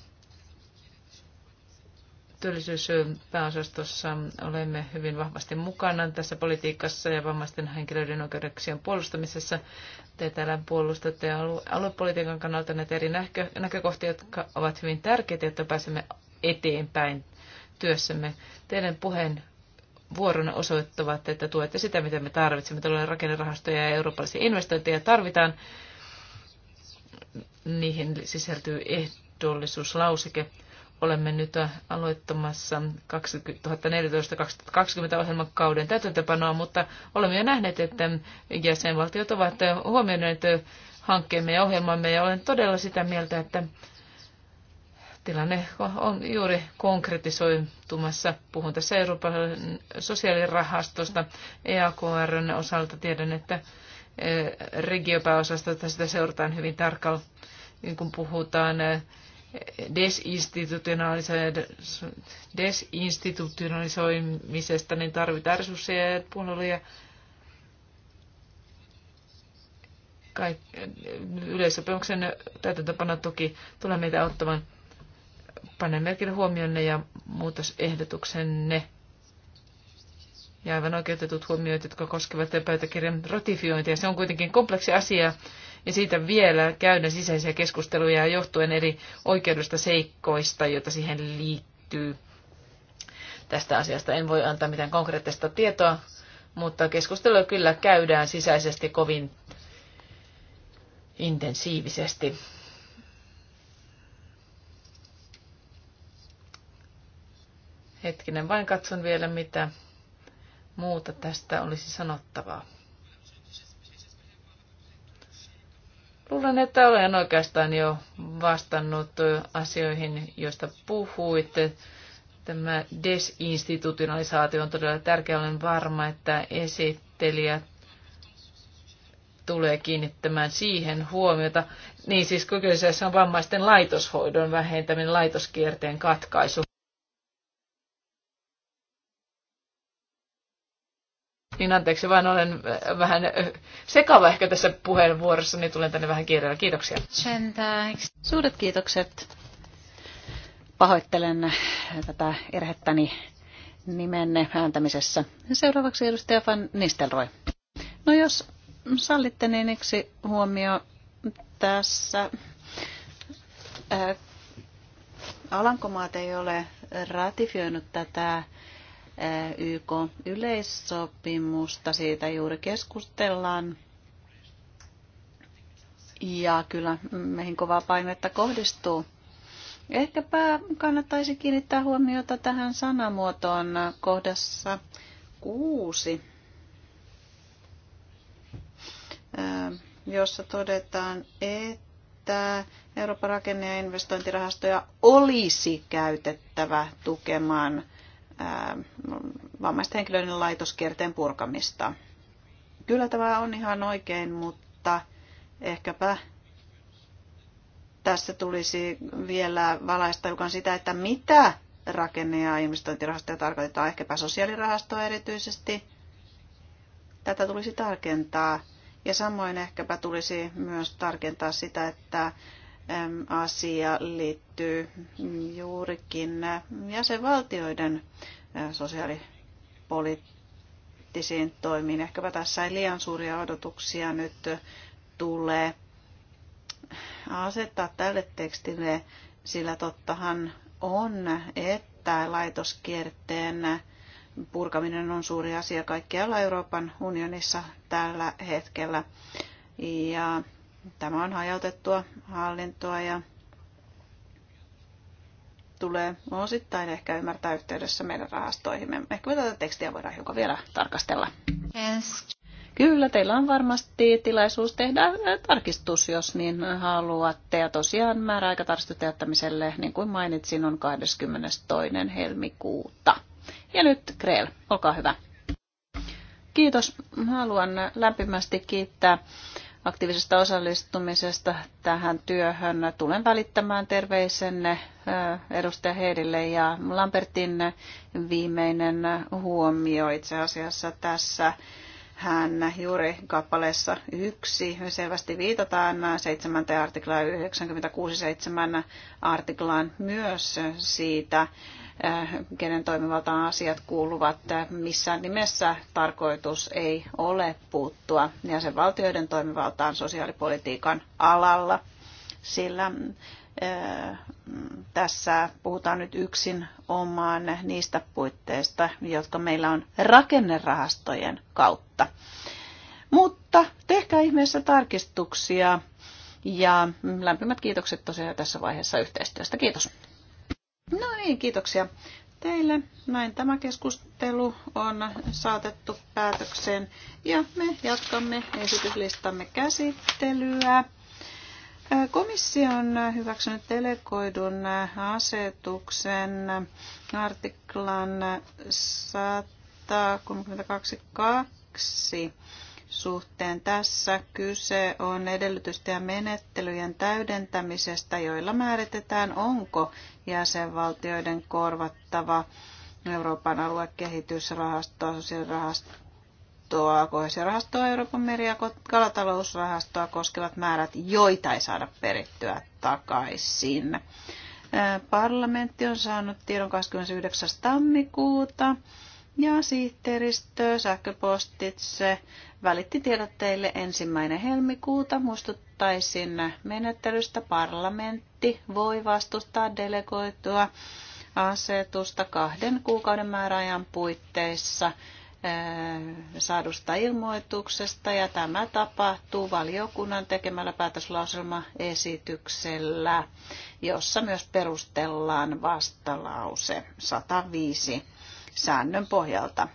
työllisyyspääosastossa olemme hyvin vahvasti mukana tässä politiikassa ja vammaisten henkilöiden oikeuksien puolustamisessa. Te täällä puolustatte aluepolitiikan kannalta näitä eri näkö, näkökohtia, jotka ovat hyvin tärkeitä, että pääsemme eteenpäin työssämme. Teidän puheen vuoron osoittavat, että tuette sitä, mitä me tarvitsemme. Tällainen rakennerahastoja ja eurooppalaisia investointeja tarvitaan. Niihin sisältyy ehdollisuuslauseke olemme nyt aloittamassa 2014-2020 ohjelmakauden täytäntöpanoa, mutta olemme jo nähneet, että jäsenvaltiot ovat huomioineet hankkeemme ja ohjelmamme ja olen todella sitä mieltä, että tilanne on juuri konkretisoitumassa. Puhun tässä Euroopan sosiaalirahastosta EAKRn osalta. Tiedän, että eh, regiopääosasta sitä seurataan hyvin tarkalla, kun puhutaan eh, desinstitutionalisoimisesta, niin tarvitaan resursseja puolella ja kaik, yleissopimuksen täytäntöpano toki tulee meitä auttamaan. Panen merkille huomionne ja muutosehdotuksenne ja aivan oikeutetut huomiot, jotka koskevat pöytäkirjan ratifiointia. Se on kuitenkin kompleksi asia ja siitä vielä käydään sisäisiä keskusteluja johtuen eri oikeudesta seikkoista, joita siihen liittyy. Tästä asiasta en voi antaa mitään konkreettista tietoa, mutta keskustelua kyllä käydään sisäisesti kovin intensiivisesti. Hetkinen, vain katson vielä mitä muuta tästä olisi sanottavaa. Luulen, että olen oikeastaan jo vastannut asioihin, joista puhuitte. Tämä desinstitutionalisaatio on todella tärkeä. Olen varma, että esittelijät tulee kiinnittämään siihen huomiota. Niin siis kyseessä on vammaisten laitoshoidon vähentäminen, laitoskierteen katkaisu. Niin anteeksi, vaan olen vähän sekava ehkä tässä puheenvuorossa, niin tulen tänne vähän kiireellä. Kiitoksia. Suuret kiitokset. Pahoittelen tätä erhettäni nimenne ääntämisessä. Seuraavaksi edustaja Van Nistelrooy. No jos sallitte, niin yksi huomio tässä. Alankomaat ei ole ratifioinut tätä Eh, YK-yleissopimusta. Siitä juuri keskustellaan. Ja kyllä meihin kovaa painetta kohdistuu. Ehkäpä kannattaisi kiinnittää huomiota tähän sanamuotoon kohdassa kuusi, eh, jossa todetaan, että Euroopan rakenne- ja investointirahastoja olisi käytettävä tukemaan – vammaisten henkilöiden laitoskierteen purkamista. Kyllä tämä on ihan oikein, mutta ehkäpä tässä tulisi vielä valaista hiukan sitä, että mitä rakenne- ja investointirahastoja tarkoitetaan, ehkäpä sosiaalirahastoa erityisesti. Tätä tulisi tarkentaa. Ja samoin ehkäpä tulisi myös tarkentaa sitä, että asia liittyy juurikin jäsenvaltioiden sosiaalipoliittisiin toimiin. Ehkäpä tässä ei liian suuria odotuksia nyt tulee asettaa tälle tekstille, sillä tottahan on, että laitoskierteen purkaminen on suuri asia kaikkialla Euroopan unionissa tällä hetkellä. Ja Tämä on hajautettua hallintoa ja tulee osittain ehkä ymmärtää yhteydessä meidän Me Ehkä me tätä tekstiä voidaan hiukan vielä tarkastella. Yes. Kyllä, teillä on varmasti tilaisuus tehdä äh, tarkistus, jos niin haluatte. Ja tosiaan määräaika tarkistusteattamiselle, niin kuin mainitsin, on 22. helmikuuta. Ja nyt Kreel, olkaa hyvä. Kiitos. Haluan lämpimästi kiittää aktiivisesta osallistumisesta tähän työhön. Tulen välittämään terveisenne edustaja Heidille ja Lambertin viimeinen huomio itse asiassa tässä. Hän juuri kappaleessa yksi selvästi viitataan 7. artiklaan 96.7 artiklaan myös siitä, Äh, kenen toimivaltaan asiat kuuluvat. Äh, Missään nimessä tarkoitus ei ole puuttua jäsenvaltioiden toimivaltaan sosiaalipolitiikan alalla, sillä äh, tässä puhutaan nyt yksin omaan niistä puitteista, jotka meillä on rakennerahastojen kautta. Mutta tehkää ihmeessä tarkistuksia ja lämpimät kiitokset tosiaan tässä vaiheessa yhteistyöstä. Kiitos. No niin, kiitoksia teille. Näin tämä keskustelu on saatettu päätökseen ja me jatkamme esityslistamme käsittelyä. Komissio on hyväksynyt delegoidun asetuksen artiklan 132.2 suhteen. Tässä kyse on edellytysten ja menettelyjen täydentämisestä, joilla määritetään, onko jäsenvaltioiden korvattava Euroopan aluekehitysrahastoa, sosiaalirahastoa, kohesiorahastoa, Euroopan meri- ja kalatalousrahastoa koskevat määrät, joita ei saada perittyä takaisin. Parlamentti on saanut tiedon 29. tammikuuta ja sihteeristö sähköpostitse välitti tiedotteille ensimmäinen helmikuuta. Muistuttaisin menettelystä parlamentti voi vastustaa delegoitua asetusta kahden kuukauden määräajan puitteissa eh, saadusta ilmoituksesta ja tämä tapahtuu valiokunnan tekemällä päätöslauselmaesityksellä, jossa myös perustellaan vastalause 105 säännön pohjalta.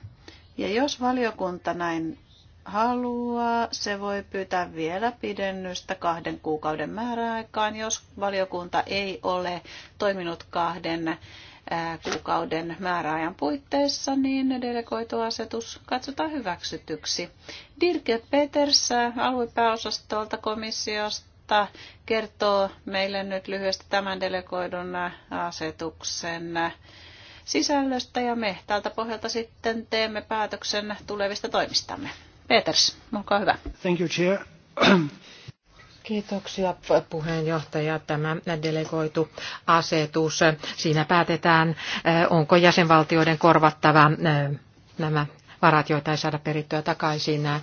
Ja jos valiokunta näin haluaa, se voi pyytää vielä pidennystä kahden kuukauden määräaikaan, jos valiokunta ei ole toiminut kahden kuukauden määräajan puitteissa, niin delegoitu asetus katsotaan hyväksytyksi. Dirke Peters aluepääosastolta komissiosta kertoo meille nyt lyhyesti tämän delegoidun asetuksen sisällöstä ja me tältä pohjalta sitten teemme päätöksen tulevista toimistamme. Peters, olkaa hyvä. Thank you, Chair. Kiitoksia puheenjohtaja. Tämä delegoitu asetus, siinä päätetään, eh, onko jäsenvaltioiden korvattava eh, nämä varat, joita ei saada perittyä takaisin. Eh,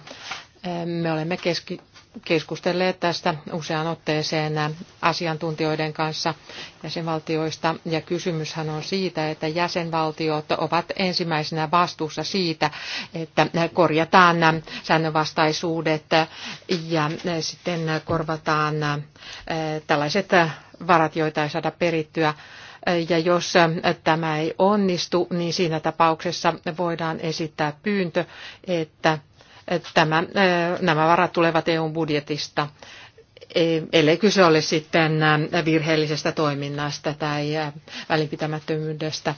me olemme keski- keskustelleet tästä useaan otteeseen asiantuntijoiden kanssa jäsenvaltioista. Ja kysymyshän on siitä, että jäsenvaltiot ovat ensimmäisenä vastuussa siitä, että korjataan säännönvastaisuudet ja sitten korvataan tällaiset varat, joita ei saada perittyä. Ja jos tämä ei onnistu, niin siinä tapauksessa voidaan esittää pyyntö, että Tämä, eh, nämä varat tulevat eu budjetista, e, ellei kyse ole sitten eh, virheellisestä toiminnasta tai eh, välinpitämättömyydestä.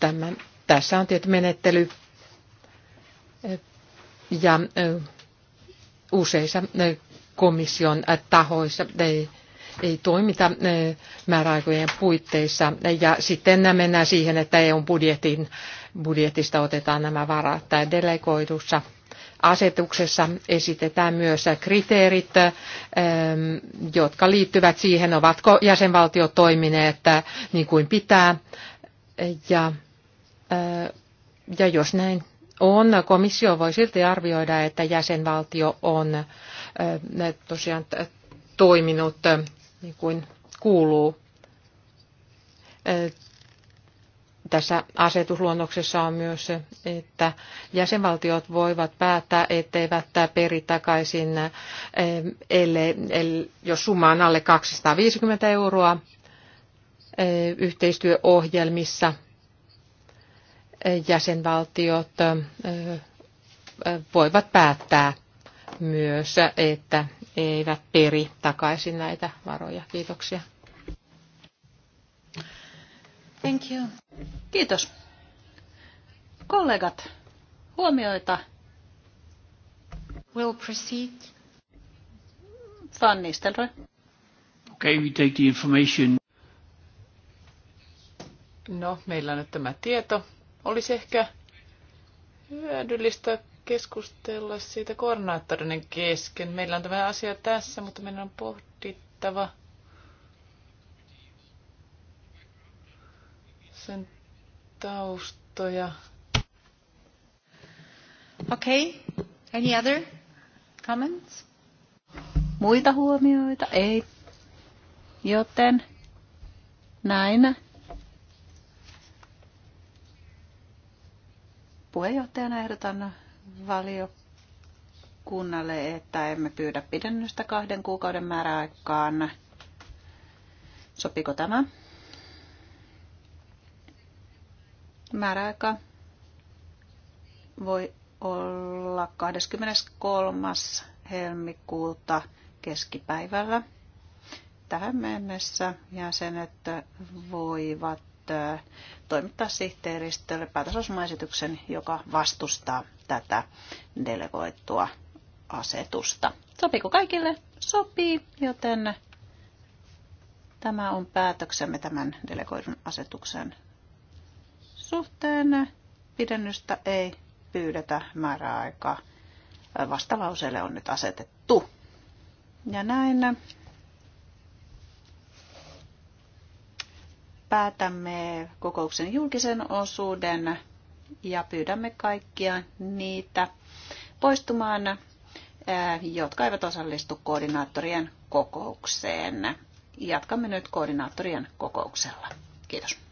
Tämä, tässä on tietty menettely ja useissa komission tahoissa ei, ei toimita määräaikojen puitteissa. Ja sitten mennään siihen, että eu budjetin, budjetista otetaan nämä varat delegoidussa Asetuksessa esitetään myös kriteerit, ähm, jotka liittyvät siihen, ovatko jäsenvaltiot toimineet äh, niin kuin pitää. Ja, äh, ja jos näin on, komissio voi silti arvioida, että jäsenvaltio on äh, tosiaan toiminut niin kuin kuuluu tässä asetusluonnoksessa on myös se, että jäsenvaltiot voivat päättää, etteivät peri takaisin, ellei, ellei, jos summa on alle 250 euroa eh, yhteistyöohjelmissa. Jäsenvaltiot eh, voivat päättää myös, että eivät peri takaisin näitä varoja. Kiitoksia. Thank you. Kiitos. Kollegat, huomioita. We'll proceed. Fanny Stelroy. Okay, we take the information. No, meillä on nyt tämä tieto. Olisi ehkä hyödyllistä keskustella siitä koordinaattorinen kesken. Meillä on tämä asia tässä, mutta meidän on pohdittava sen taustoja. Okay. Any other comments? Muita huomioita? Ei. Joten näin. Puheenjohtajana ehdotan valiokunnalle, että emme pyydä pidennystä kahden kuukauden määräaikaan. Sopiko tämä? määräaika voi olla 23. helmikuuta keskipäivällä. Tähän mennessä jäsenet voivat eh, toimittaa sihteeristölle päätösosmaesityksen, joka vastustaa tätä delegoitua asetusta. Sopiiko kaikille? Sopii, joten tämä on päätöksemme tämän delegoidun asetuksen suhteen pidennystä ei pyydetä määräaikaa. Vastalauseelle on nyt asetettu. Ja näin päätämme kokouksen julkisen osuuden ja pyydämme kaikkia niitä poistumaan, eh, jotka eivät osallistu koordinaattorien kokoukseen. Jatkamme nyt koordinaattorien kokouksella. Kiitos.